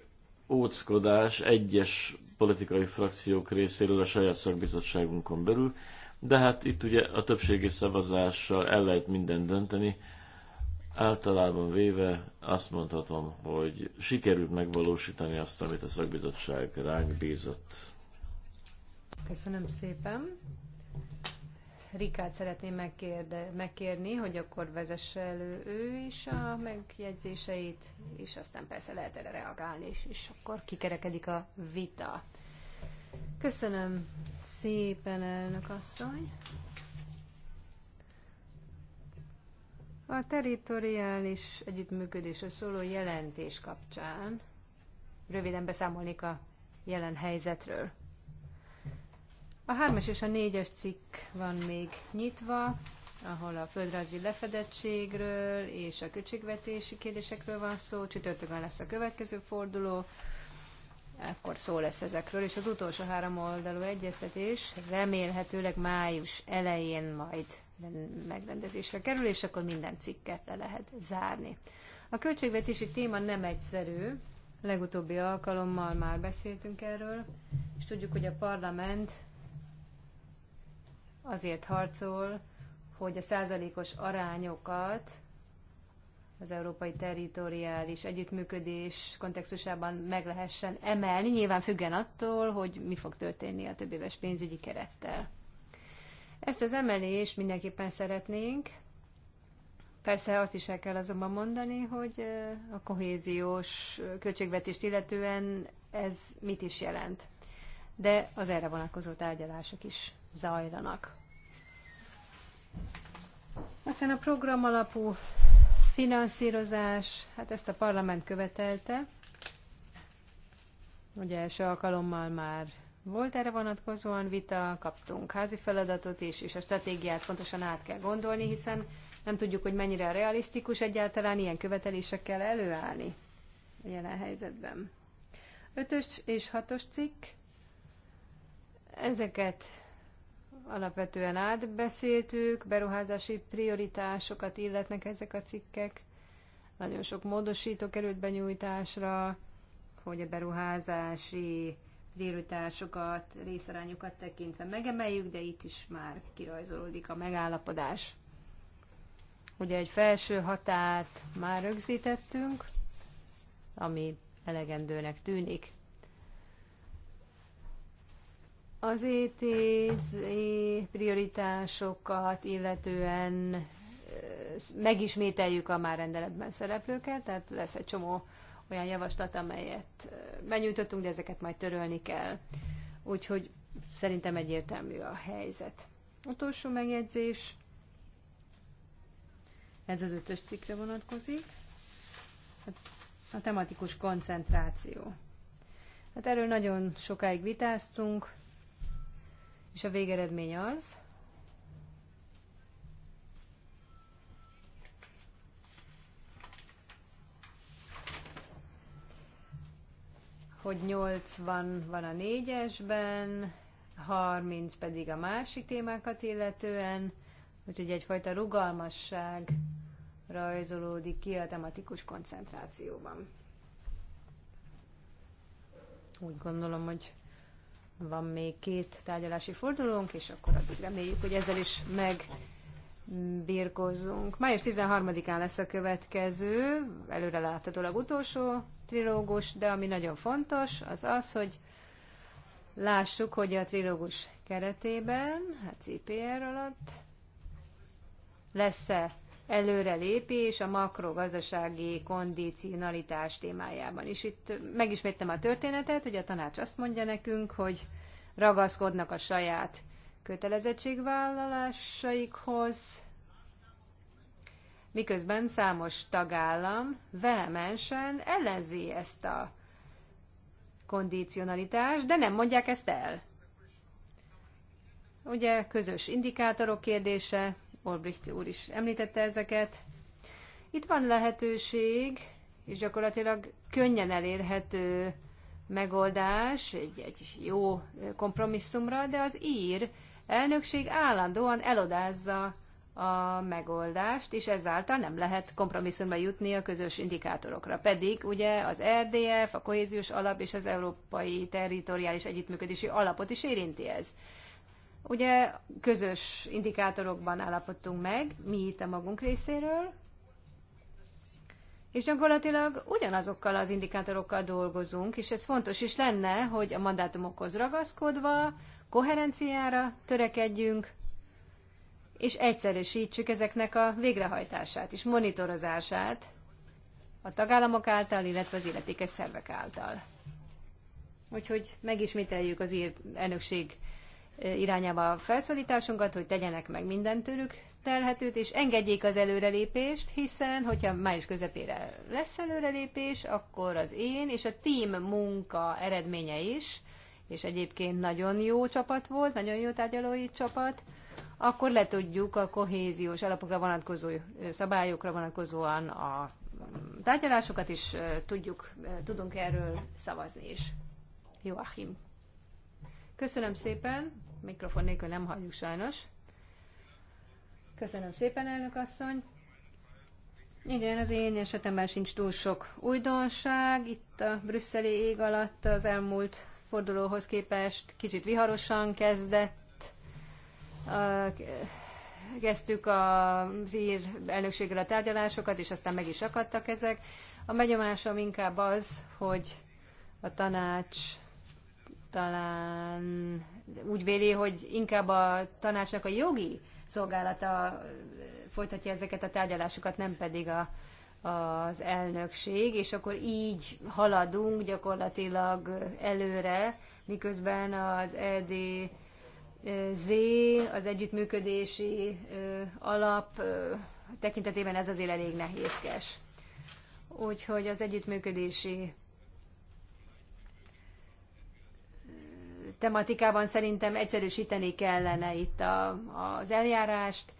óckodás egyes politikai frakciók részéről a saját szakbizottságunkon belül, de hát itt ugye a többségi szavazással el lehet mindent dönteni. Általában véve azt mondhatom, hogy sikerült megvalósítani azt, amit a szakbizottság ránk bízott. Köszönöm szépen. Rikát szeretném megkérde, megkérni, hogy akkor vezesse elő ő is a megjegyzéseit, és aztán persze lehet erre reagálni, és, és akkor kikerekedik a vita. Köszönöm szépen, elnök asszony! A territoriális együttműködésről szóló jelentés kapcsán röviden beszámolnék a jelen helyzetről. A hármas és a négyes cikk van még nyitva, ahol a földrajzi lefedettségről és a költségvetési kérdésekről van szó. Csütörtökön lesz a következő forduló, akkor szó lesz ezekről, és az utolsó három oldalú egyeztetés remélhetőleg május elején majd megrendezésre kerül, és akkor minden cikket le lehet zárni. A költségvetési téma nem egyszerű, legutóbbi alkalommal már beszéltünk erről, és tudjuk, hogy a parlament azért harcol, hogy a százalékos arányokat az európai territoriális együttműködés kontextusában meg lehessen emelni, nyilván függen attól, hogy mi fog történni a több éves pénzügyi kerettel. Ezt az emelést mindenképpen szeretnénk. Persze azt is el kell azonban mondani, hogy a kohéziós költségvetést illetően ez mit is jelent. De az erre vonatkozó tárgyalások is zajlanak. Aztán a program alapú finanszírozás, hát ezt a parlament követelte. Ugye első alkalommal már volt erre vonatkozóan vita, kaptunk házi feladatot is, és a stratégiát pontosan át kell gondolni, hiszen nem tudjuk, hogy mennyire realisztikus egyáltalán ilyen követelésekkel előállni a jelen helyzetben. Ötös és hatos cikk. Ezeket alapvetően átbeszéltük, beruházási prioritásokat illetnek ezek a cikkek. Nagyon sok módosító került benyújtásra, hogy a beruházási prioritásokat, részarányokat tekintve megemeljük, de itt is már kirajzolódik a megállapodás. Ugye egy felső határt már rögzítettünk, ami elegendőnek tűnik. Az étész e e prioritásokat illetően megismételjük a már rendeletben szereplőket, tehát lesz egy csomó olyan javaslat, amelyet benyújtottunk, de ezeket majd törölni kell. Úgyhogy szerintem egyértelmű a helyzet. Utolsó megjegyzés. Ez az ötös cikkre vonatkozik. A tematikus koncentráció. Hát erről nagyon sokáig vitáztunk, és a végeredmény az, hogy 80 van a négyesben, 30 pedig a másik témákat illetően, úgyhogy egyfajta rugalmasság rajzolódik ki a tematikus koncentrációban. Úgy gondolom, hogy van még két tárgyalási fordulónk, és akkor addig reméljük, hogy ezzel is meg birkozzunk. Május 13-án lesz a következő, előre láthatólag utolsó trilógus, de ami nagyon fontos, az az, hogy lássuk, hogy a trilógus keretében, a hát CPR alatt lesz-e előrelépés a makrogazdasági kondicionalitás témájában. És itt megismétlem a történetet, hogy a tanács azt mondja nekünk, hogy ragaszkodnak a saját kötelezettségvállalásaikhoz, miközben számos tagállam vehemensen ellenzi ezt a kondicionalitást, de nem mondják ezt el. Ugye közös indikátorok kérdése, Olbricht úr is említette ezeket. Itt van lehetőség, és gyakorlatilag könnyen elérhető megoldás, egy, egy jó kompromisszumra, de az ír elnökség állandóan elodázza a megoldást, és ezáltal nem lehet kompromisszumra jutni a közös indikátorokra. Pedig ugye az RDF, a kohéziós alap és az európai territoriális együttműködési alapot is érinti ez. Ugye közös indikátorokban állapodtunk meg, mi itt a magunk részéről, és gyakorlatilag ugyanazokkal az indikátorokkal dolgozunk, és ez fontos is lenne, hogy a mandátumokhoz ragaszkodva koherenciára törekedjünk, és egyszerűsítsük ezeknek a végrehajtását és monitorozását a tagállamok által, illetve az illetékes szervek által. Úgyhogy megismételjük az ír elnökség irányába a felszólításunkat, hogy tegyenek meg mindent tőlük telhetőt, és engedjék az előrelépést, hiszen, hogyha május közepére lesz előrelépés, akkor az én és a team munka eredménye is, és egyébként nagyon jó csapat volt, nagyon jó tárgyalói csapat, akkor le tudjuk a kohéziós alapokra vonatkozó szabályokra vonatkozóan a tárgyalásokat, is tudjuk, tudunk erről szavazni is. Joachim. Köszönöm szépen. Mikrofon nélkül nem halljuk sajnos. Köszönöm szépen, elnök asszony. Igen, az én esetemben sincs túl sok újdonság. Itt a brüsszeli ég alatt az elmúlt fordulóhoz képest kicsit viharosan kezdett. Kezdtük az ír elnökséggel a tárgyalásokat, és aztán meg is akadtak ezek. A megyomásom inkább az, hogy a tanács talán úgy véli, hogy inkább a tanácsnak a jogi szolgálata folytatja ezeket a tárgyalásokat, nem pedig a, az elnökség, és akkor így haladunk gyakorlatilag előre, miközben az ED Z, az együttműködési alap tekintetében ez azért elég nehézkes. Úgyhogy az együttműködési tematikában szerintem egyszerűsíteni kellene itt a, az eljárást.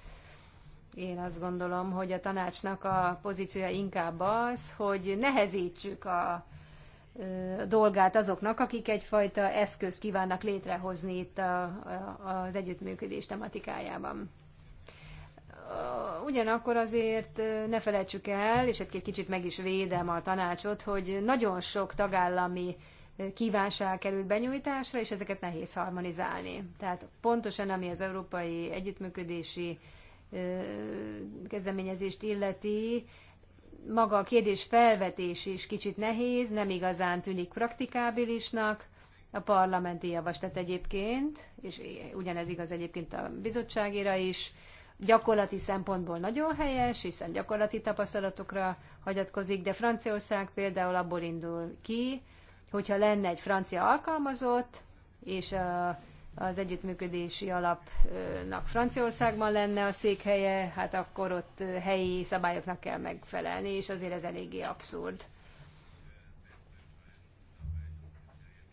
Én azt gondolom, hogy a tanácsnak a pozíciója inkább az, hogy nehezítsük a dolgát azoknak, akik egyfajta eszközt kívánnak létrehozni itt a, a, az együttműködés tematikájában. Ugyanakkor azért ne felejtsük el, és egy kicsit meg is védem a tanácsot, hogy nagyon sok tagállami kívánság került benyújtásra, és ezeket nehéz harmonizálni. Tehát pontosan, ami az európai együttműködési kezdeményezést illeti, maga a kérdés felvetés is kicsit nehéz, nem igazán tűnik praktikábilisnak. A parlamenti javaslat egyébként, és ugyanez igaz egyébként a bizottságéra is, gyakorlati szempontból nagyon helyes, hiszen gyakorlati tapasztalatokra hagyatkozik, de Franciaország például abból indul ki, hogyha lenne egy francia alkalmazott, és a, az együttműködési alapnak Franciaországban lenne a székhelye, hát akkor ott helyi szabályoknak kell megfelelni, és azért ez eléggé abszurd.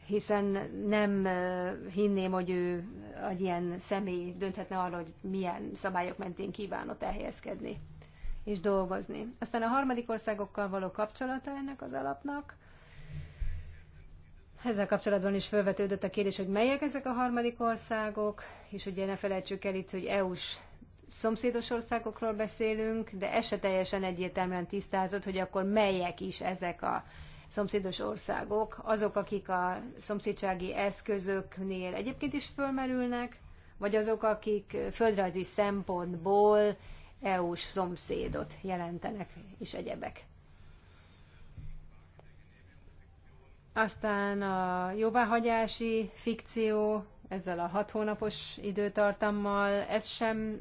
Hiszen nem hinném, hogy ő egy ilyen személy dönthetne arról, hogy milyen szabályok mentén kíván ott elhelyezkedni és dolgozni. Aztán a harmadik országokkal való kapcsolata ennek az alapnak, ezzel kapcsolatban is felvetődött a kérdés, hogy melyek ezek a harmadik országok, és ugye ne felejtsük el itt, hogy EU-s szomszédos országokról beszélünk, de ez se teljesen egyértelműen tisztázott, hogy akkor melyek is ezek a szomszédos országok, azok, akik a szomszédsági eszközöknél egyébként is fölmerülnek, vagy azok, akik földrajzi szempontból EU-s szomszédot jelentenek, és egyebek. Aztán a jóváhagyási fikció, ezzel a hat hónapos időtartammal, ez sem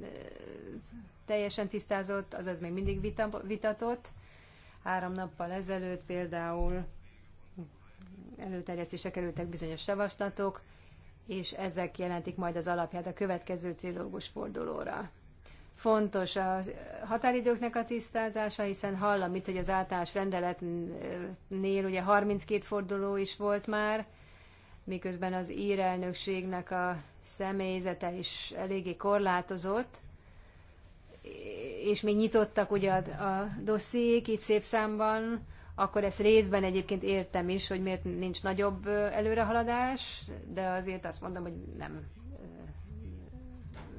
teljesen tisztázott, azaz még mindig vitatott. Három nappal ezelőtt például előterjesztése kerültek bizonyos javaslatok, és ezek jelentik majd az alapját a következő trilógus fordulóra. Fontos a határidőknek a tisztázása, hiszen hallom itt, hogy az általános rendeletnél ugye 32 forduló is volt már, miközben az írelnökségnek a személyzete is eléggé korlátozott, és még nyitottak ugye a, a dossziék itt szép számban, akkor ezt részben egyébként értem is, hogy miért nincs nagyobb előrehaladás, de azért azt mondom, hogy nem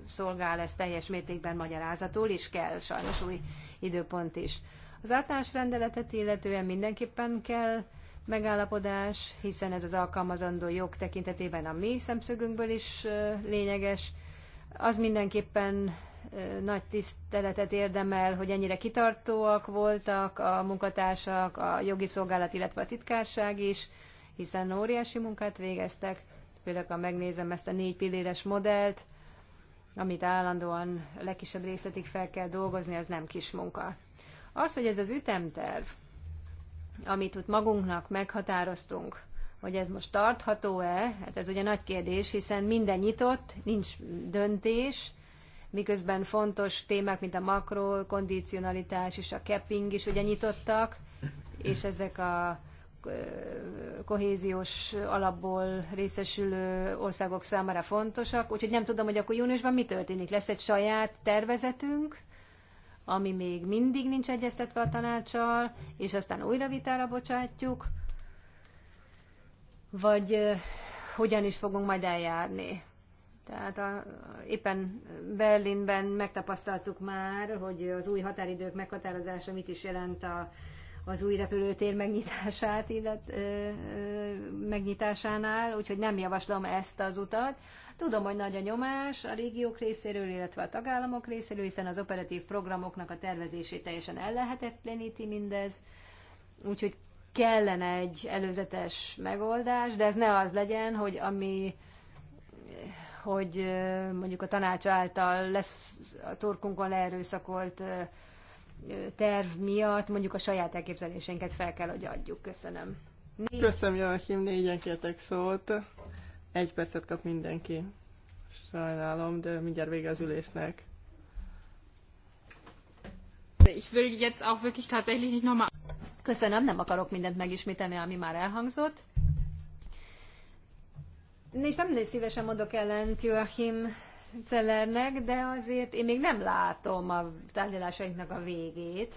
szolgál ez teljes mértékben magyarázatul, és kell sajnos új időpont is. Az általános rendeletet illetően mindenképpen kell megállapodás, hiszen ez az alkalmazandó jog tekintetében a mi szemszögünkből is lényeges. Az mindenképpen nagy tiszteletet érdemel, hogy ennyire kitartóak voltak a munkatársak, a jogi szolgálat, illetve a titkárság is, hiszen óriási munkát végeztek. Főleg, ha megnézem ezt a négy pilléres modellt, amit állandóan legkisebb részletig fel kell dolgozni, az nem kis munka. Az, hogy ez az ütemterv, amit ott magunknak meghatároztunk, hogy ez most tartható-e, hát ez ugye nagy kérdés, hiszen minden nyitott, nincs döntés, miközben fontos témák, mint a makro, kondicionalitás és a capping is ugye nyitottak, és ezek a kohéziós alapból részesülő országok számára fontosak, úgyhogy nem tudom, hogy akkor júniusban mi történik. Lesz egy saját tervezetünk, ami még mindig nincs egyeztetve a tanácsal, és aztán újra vitára bocsátjuk, vagy hogyan is fogunk majd eljárni. Tehát a, éppen Berlinben megtapasztaltuk már, hogy az új határidők meghatározása mit is jelent a az új repülőtér megnyitását, illet, ö, ö, megnyitásánál, úgyhogy nem javaslom ezt az utat. Tudom, hogy nagy a nyomás a régiók részéről, illetve a tagállamok részéről, hiszen az operatív programoknak a tervezését teljesen ellehetetleníti mindez, úgyhogy kellene egy előzetes megoldás, de ez ne az legyen, hogy ami hogy mondjuk a tanács által lesz a torkunkon leerőszakolt terv miatt mondjuk a saját elképzelésénket fel kell, hogy adjuk. Köszönöm. Négy... Köszönöm, Joachim, négyen kértek szót. Egy percet kap mindenki. Sajnálom, de mindjárt vége az ülésnek. Ich will jetzt auch wirklich tatsächlich nicht nochmal... Köszönöm, nem akarok mindent megismételni, ami már elhangzott. És nem szívesen mondok ellent Joachim Cellernek, de azért én még nem látom a tárgyalásainknak a végét,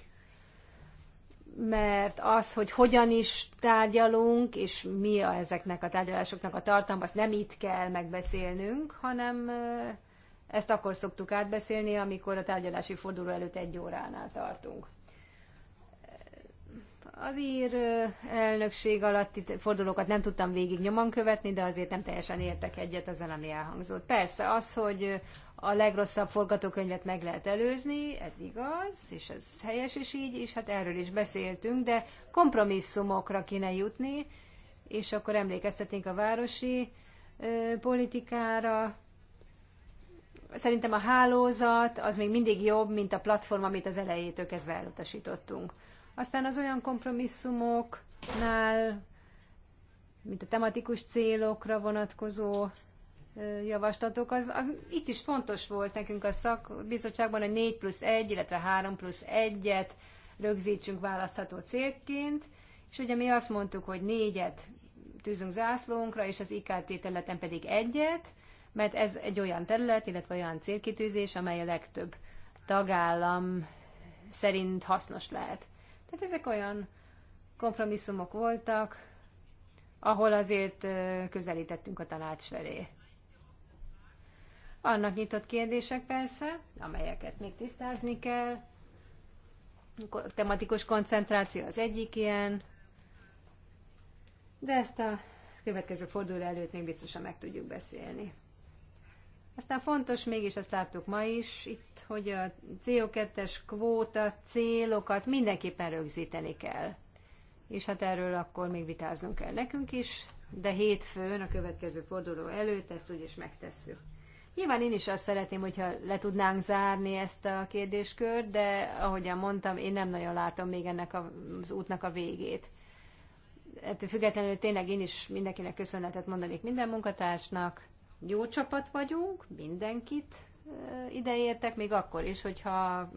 mert az, hogy hogyan is tárgyalunk, és mi a ezeknek a tárgyalásoknak a tartalma, azt nem itt kell megbeszélnünk, hanem ezt akkor szoktuk átbeszélni, amikor a tárgyalási forduló előtt egy óránál tartunk. Az ír elnökség alatti fordulókat nem tudtam végig nyomon követni, de azért nem teljesen értek egyet azzal, ami elhangzott. Persze, az, hogy a legrosszabb forgatókönyvet meg lehet előzni, ez igaz, és ez helyes is így, és hát erről is beszéltünk, de kompromisszumokra kéne jutni, és akkor emlékeztetnénk a városi ö, politikára. Szerintem a hálózat az még mindig jobb, mint a platform, amit az elejétől kezdve elutasítottunk. Aztán az olyan kompromisszumoknál, mint a tematikus célokra vonatkozó javaslatok, az, az itt is fontos volt nekünk a szakbizottságban, hogy 4 plusz 1, illetve 3 plusz 1-et rögzítsünk választható célként, és ugye mi azt mondtuk, hogy négyet tűzünk zászlónkra, és az IKT területen pedig egyet, mert ez egy olyan terület, illetve olyan célkitűzés, amely a legtöbb tagállam szerint hasznos lehet. Tehát ezek olyan kompromisszumok voltak, ahol azért közelítettünk a tanács felé. Annak nyitott kérdések persze, amelyeket még tisztázni kell. Tematikus koncentráció az egyik ilyen, de ezt a következő forduló előtt még biztosan meg tudjuk beszélni. Aztán fontos, mégis azt láttuk ma is itt, hogy a CO2-es kvóta célokat mindenképpen rögzíteni kell. És hát erről akkor még vitáznunk kell nekünk is, de hétfőn, a következő forduló előtt ezt úgyis megtesszük. Nyilván én is azt szeretném, hogyha le tudnánk zárni ezt a kérdéskört, de ahogyan mondtam, én nem nagyon látom még ennek az útnak a végét. Ettől függetlenül tényleg én is mindenkinek köszönetet mondanék minden munkatársnak, jó csapat vagyunk, mindenkit ideértek, még akkor is, hogyha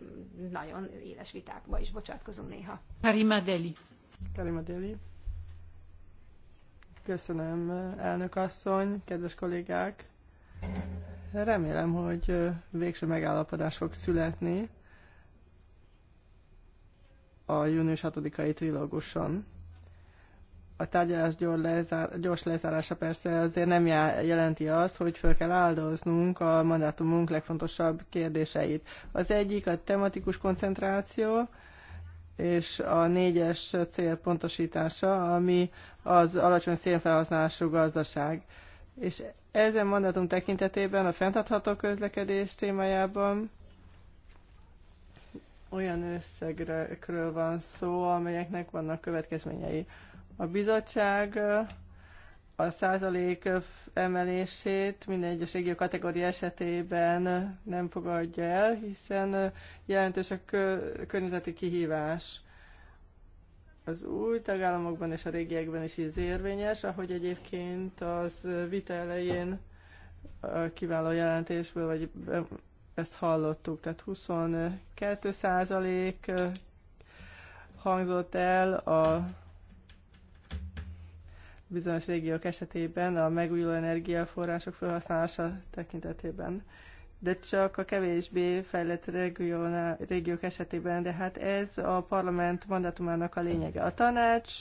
nagyon éles vitákba is bocsátkozunk néha. Karima Deli. Karima Deli. Köszönöm, elnök asszony, kedves kollégák. Remélem, hogy végső megállapodás fog születni a június 6-ai trilóguson a tárgyalás gyors lezárása persze azért nem jelenti azt, hogy föl kell áldoznunk a mandátumunk legfontosabb kérdéseit. Az egyik a tematikus koncentráció, és a négyes cél pontosítása, ami az alacsony szénfelhasználású gazdaság. És ezen mandátum tekintetében a fenntartható közlekedés témájában olyan összegről van szó, amelyeknek vannak következményei. A bizottság a százalék emelését minden egyes régió kategória esetében nem fogadja el, hiszen jelentős a környezeti kihívás az új tagállamokban és a régiekben is így érvényes, ahogy egyébként az vita elején kiváló jelentésből, vagy ezt hallottuk, tehát 22 százalék hangzott el a bizonyos régiók esetében a megújuló energiaforrások felhasználása tekintetében de csak a kevésbé fejlett régiók esetében, de hát ez a parlament mandátumának a lényege. A tanács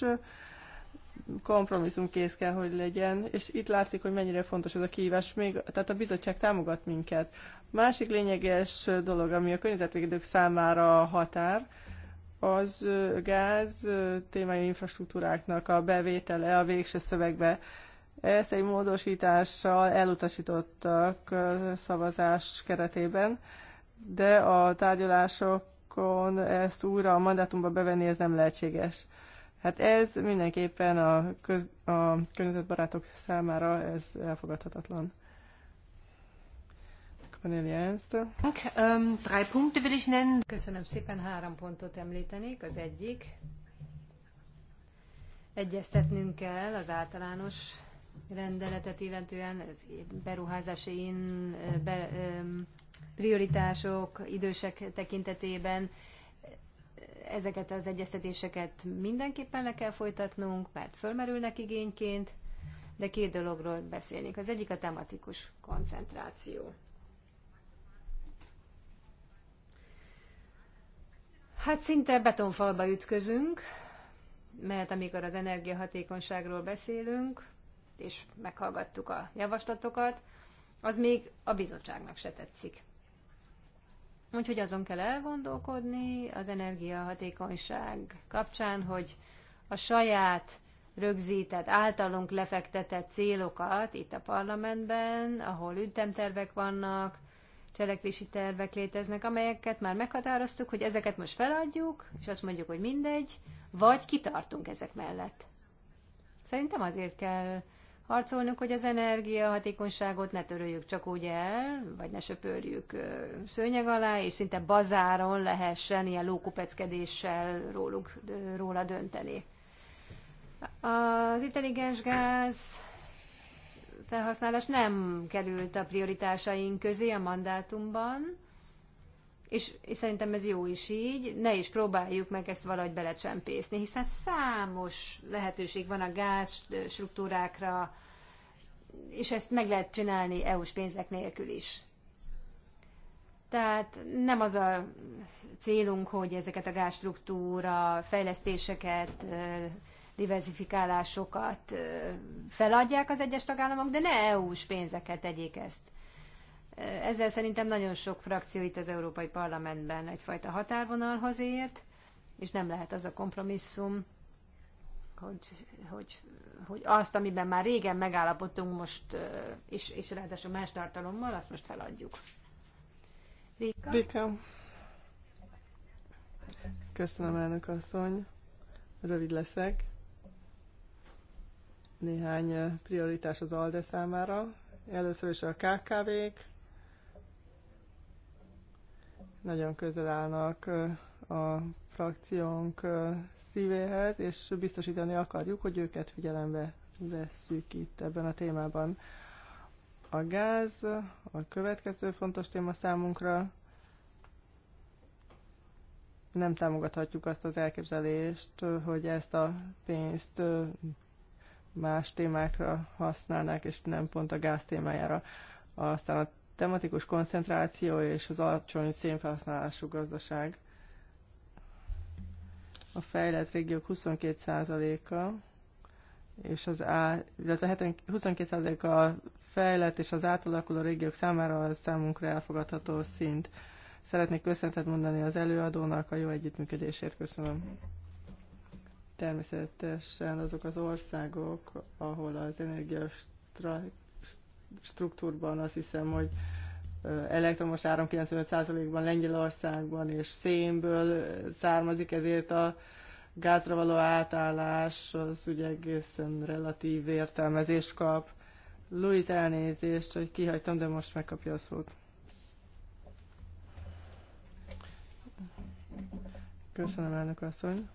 kompromisszum kész kell, hogy legyen, és itt látszik, hogy mennyire fontos ez a kihívás, még, tehát a bizottság támogat minket. Másik lényeges dolog, ami a környezetvédők számára a határ, az gáz témai infrastruktúráknak a bevétele a végső szövegbe. Ezt egy módosítással elutasítottak szavazás keretében, de a tárgyalásokon ezt újra a mandátumba bevenni ez nem lehetséges. Hát ez mindenképpen a, köz, a környezetbarátok számára ez elfogadhatatlan. Cornelia Ernst. Ähm, Köszönöm szépen, három pontot említenék. Az egyik, egyeztetnünk kell az általános rendeletet illetően, ez beruházási in, be, prioritások idősek tekintetében, ezeket az egyeztetéseket mindenképpen le kell folytatnunk, mert fölmerülnek igényként, de két dologról beszélnék. Az egyik a tematikus koncentráció. Hát szinte betonfalba ütközünk, mert amikor az energiahatékonyságról beszélünk, és meghallgattuk a javaslatokat, az még a bizottságnak se tetszik. Úgyhogy azon kell elgondolkodni az energiahatékonyság kapcsán, hogy a saját rögzített, általunk lefektetett célokat itt a parlamentben, ahol ütemtervek vannak, cselekvési tervek léteznek, amelyeket már meghatároztuk, hogy ezeket most feladjuk, és azt mondjuk, hogy mindegy, vagy kitartunk ezek mellett. Szerintem azért kell harcolnunk, hogy az energiahatékonyságot ne töröljük csak úgy el, vagy ne söpörjük szőnyeg alá, és szinte bazáron lehessen ilyen lókupeckedéssel róluk, róla dönteni. Az intelligens gáz felhasználás nem került a prioritásaink közé a mandátumban, és, és szerintem ez jó is így, ne is próbáljuk meg ezt valahogy belecsempészni, hiszen számos lehetőség van a gáz struktúrákra, és ezt meg lehet csinálni EU-s pénzek nélkül is. Tehát nem az a célunk, hogy ezeket a gázstruktúra fejlesztéseket diversifikálásokat feladják az egyes tagállamok, de ne EU-s pénzeket tegyék ezt. Ezzel szerintem nagyon sok frakció itt az Európai Parlamentben egyfajta határvonalhoz ért, és nem lehet az a kompromisszum, hogy, hogy, hogy azt, amiben már régen megállapodtunk most, és, és ráadásul más tartalommal, azt most feladjuk. Rika? Rika. Köszönöm, elnök asszony. Rövid leszek. Néhány prioritás az ALDE számára. Először is a KKV-k. Nagyon közel állnak a frakciónk szívéhez, és biztosítani akarjuk, hogy őket figyelembe vesszük itt ebben a témában. A gáz a következő fontos téma számunkra. Nem támogathatjuk azt az elképzelést, hogy ezt a pénzt más témákra használnák, és nem pont a gáz témájára. Aztán a tematikus koncentráció és az alacsony szénfelhasználású gazdaság. A fejlett régiók 22%-a, és az á, illetve 22% a a fejlett és az átalakuló régiók számára a számunkra elfogadható szint. Szeretnék köszönetet mondani az előadónak a jó együttműködésért. Köszönöm. Természetesen azok az országok, ahol az energiastruktúrban azt hiszem, hogy elektromos áram 95%-ban Lengyelországban és szénből származik, ezért a gázra való átállás az ugye egészen relatív értelmezést kap. Louis elnézést, hogy kihagytam, de most megkapja a szót. Köszönöm, elnök asszony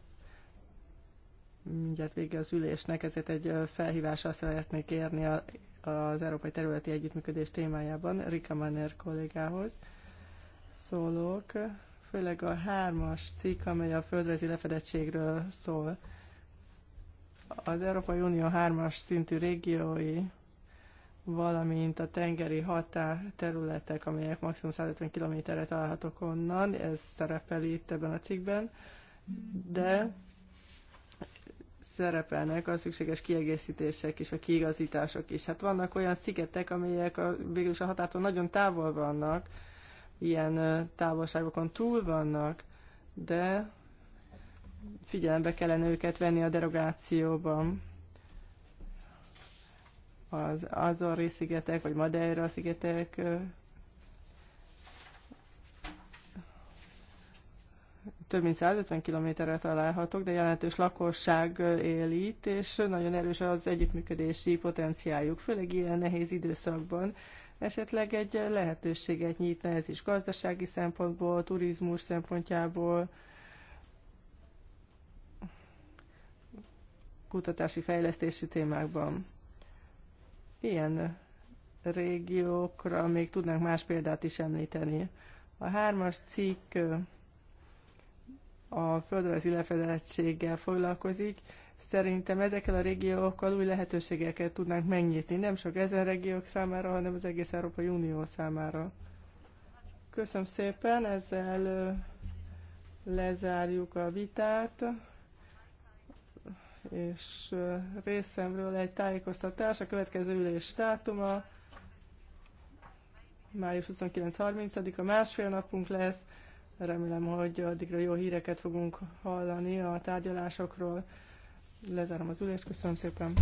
mindjárt vége az ülésnek, ezért egy felhívással szeretnék érni a, az Európai Területi Együttműködés témájában Rika Manner kollégához szólok, főleg a hármas cikk, amely a földrajzi lefedettségről szól. Az Európai Unió hármas szintű régiói, valamint a tengeri határterületek, amelyek maximum 150 kilométerre találhatók onnan, ez szerepel itt ebben a cikkben, de szerepelnek a szükséges kiegészítések és a kiigazítások is. Hát vannak olyan szigetek, amelyek a, végülis a határtól nagyon távol vannak, ilyen távolságokon túl vannak, de figyelembe kellene őket venni a derogációban. Az Azori-szigetek, vagy Madeira-szigetek több mint 150 kilométerre találhatok, de jelentős lakosság él itt, és nagyon erős az együttműködési potenciáljuk, főleg ilyen nehéz időszakban. Esetleg egy lehetőséget nyitna ez is gazdasági szempontból, turizmus szempontjából, kutatási fejlesztési témákban. Ilyen régiókra még tudnánk más példát is említeni. A hármas cikk a földrajzi lefedettséggel foglalkozik. Szerintem ezekkel a régiókkal új lehetőségeket tudnánk megnyitni, nem csak ezen régiók számára, hanem az egész Európai Unió számára. Köszönöm szépen, ezzel lezárjuk a vitát, és részemről egy tájékoztatás, a következő ülés dátuma, május 29-30-a, másfél napunk lesz, Remélem, hogy addigra jó híreket fogunk hallani a tárgyalásokról. Lezárom az ülést, köszönöm szépen!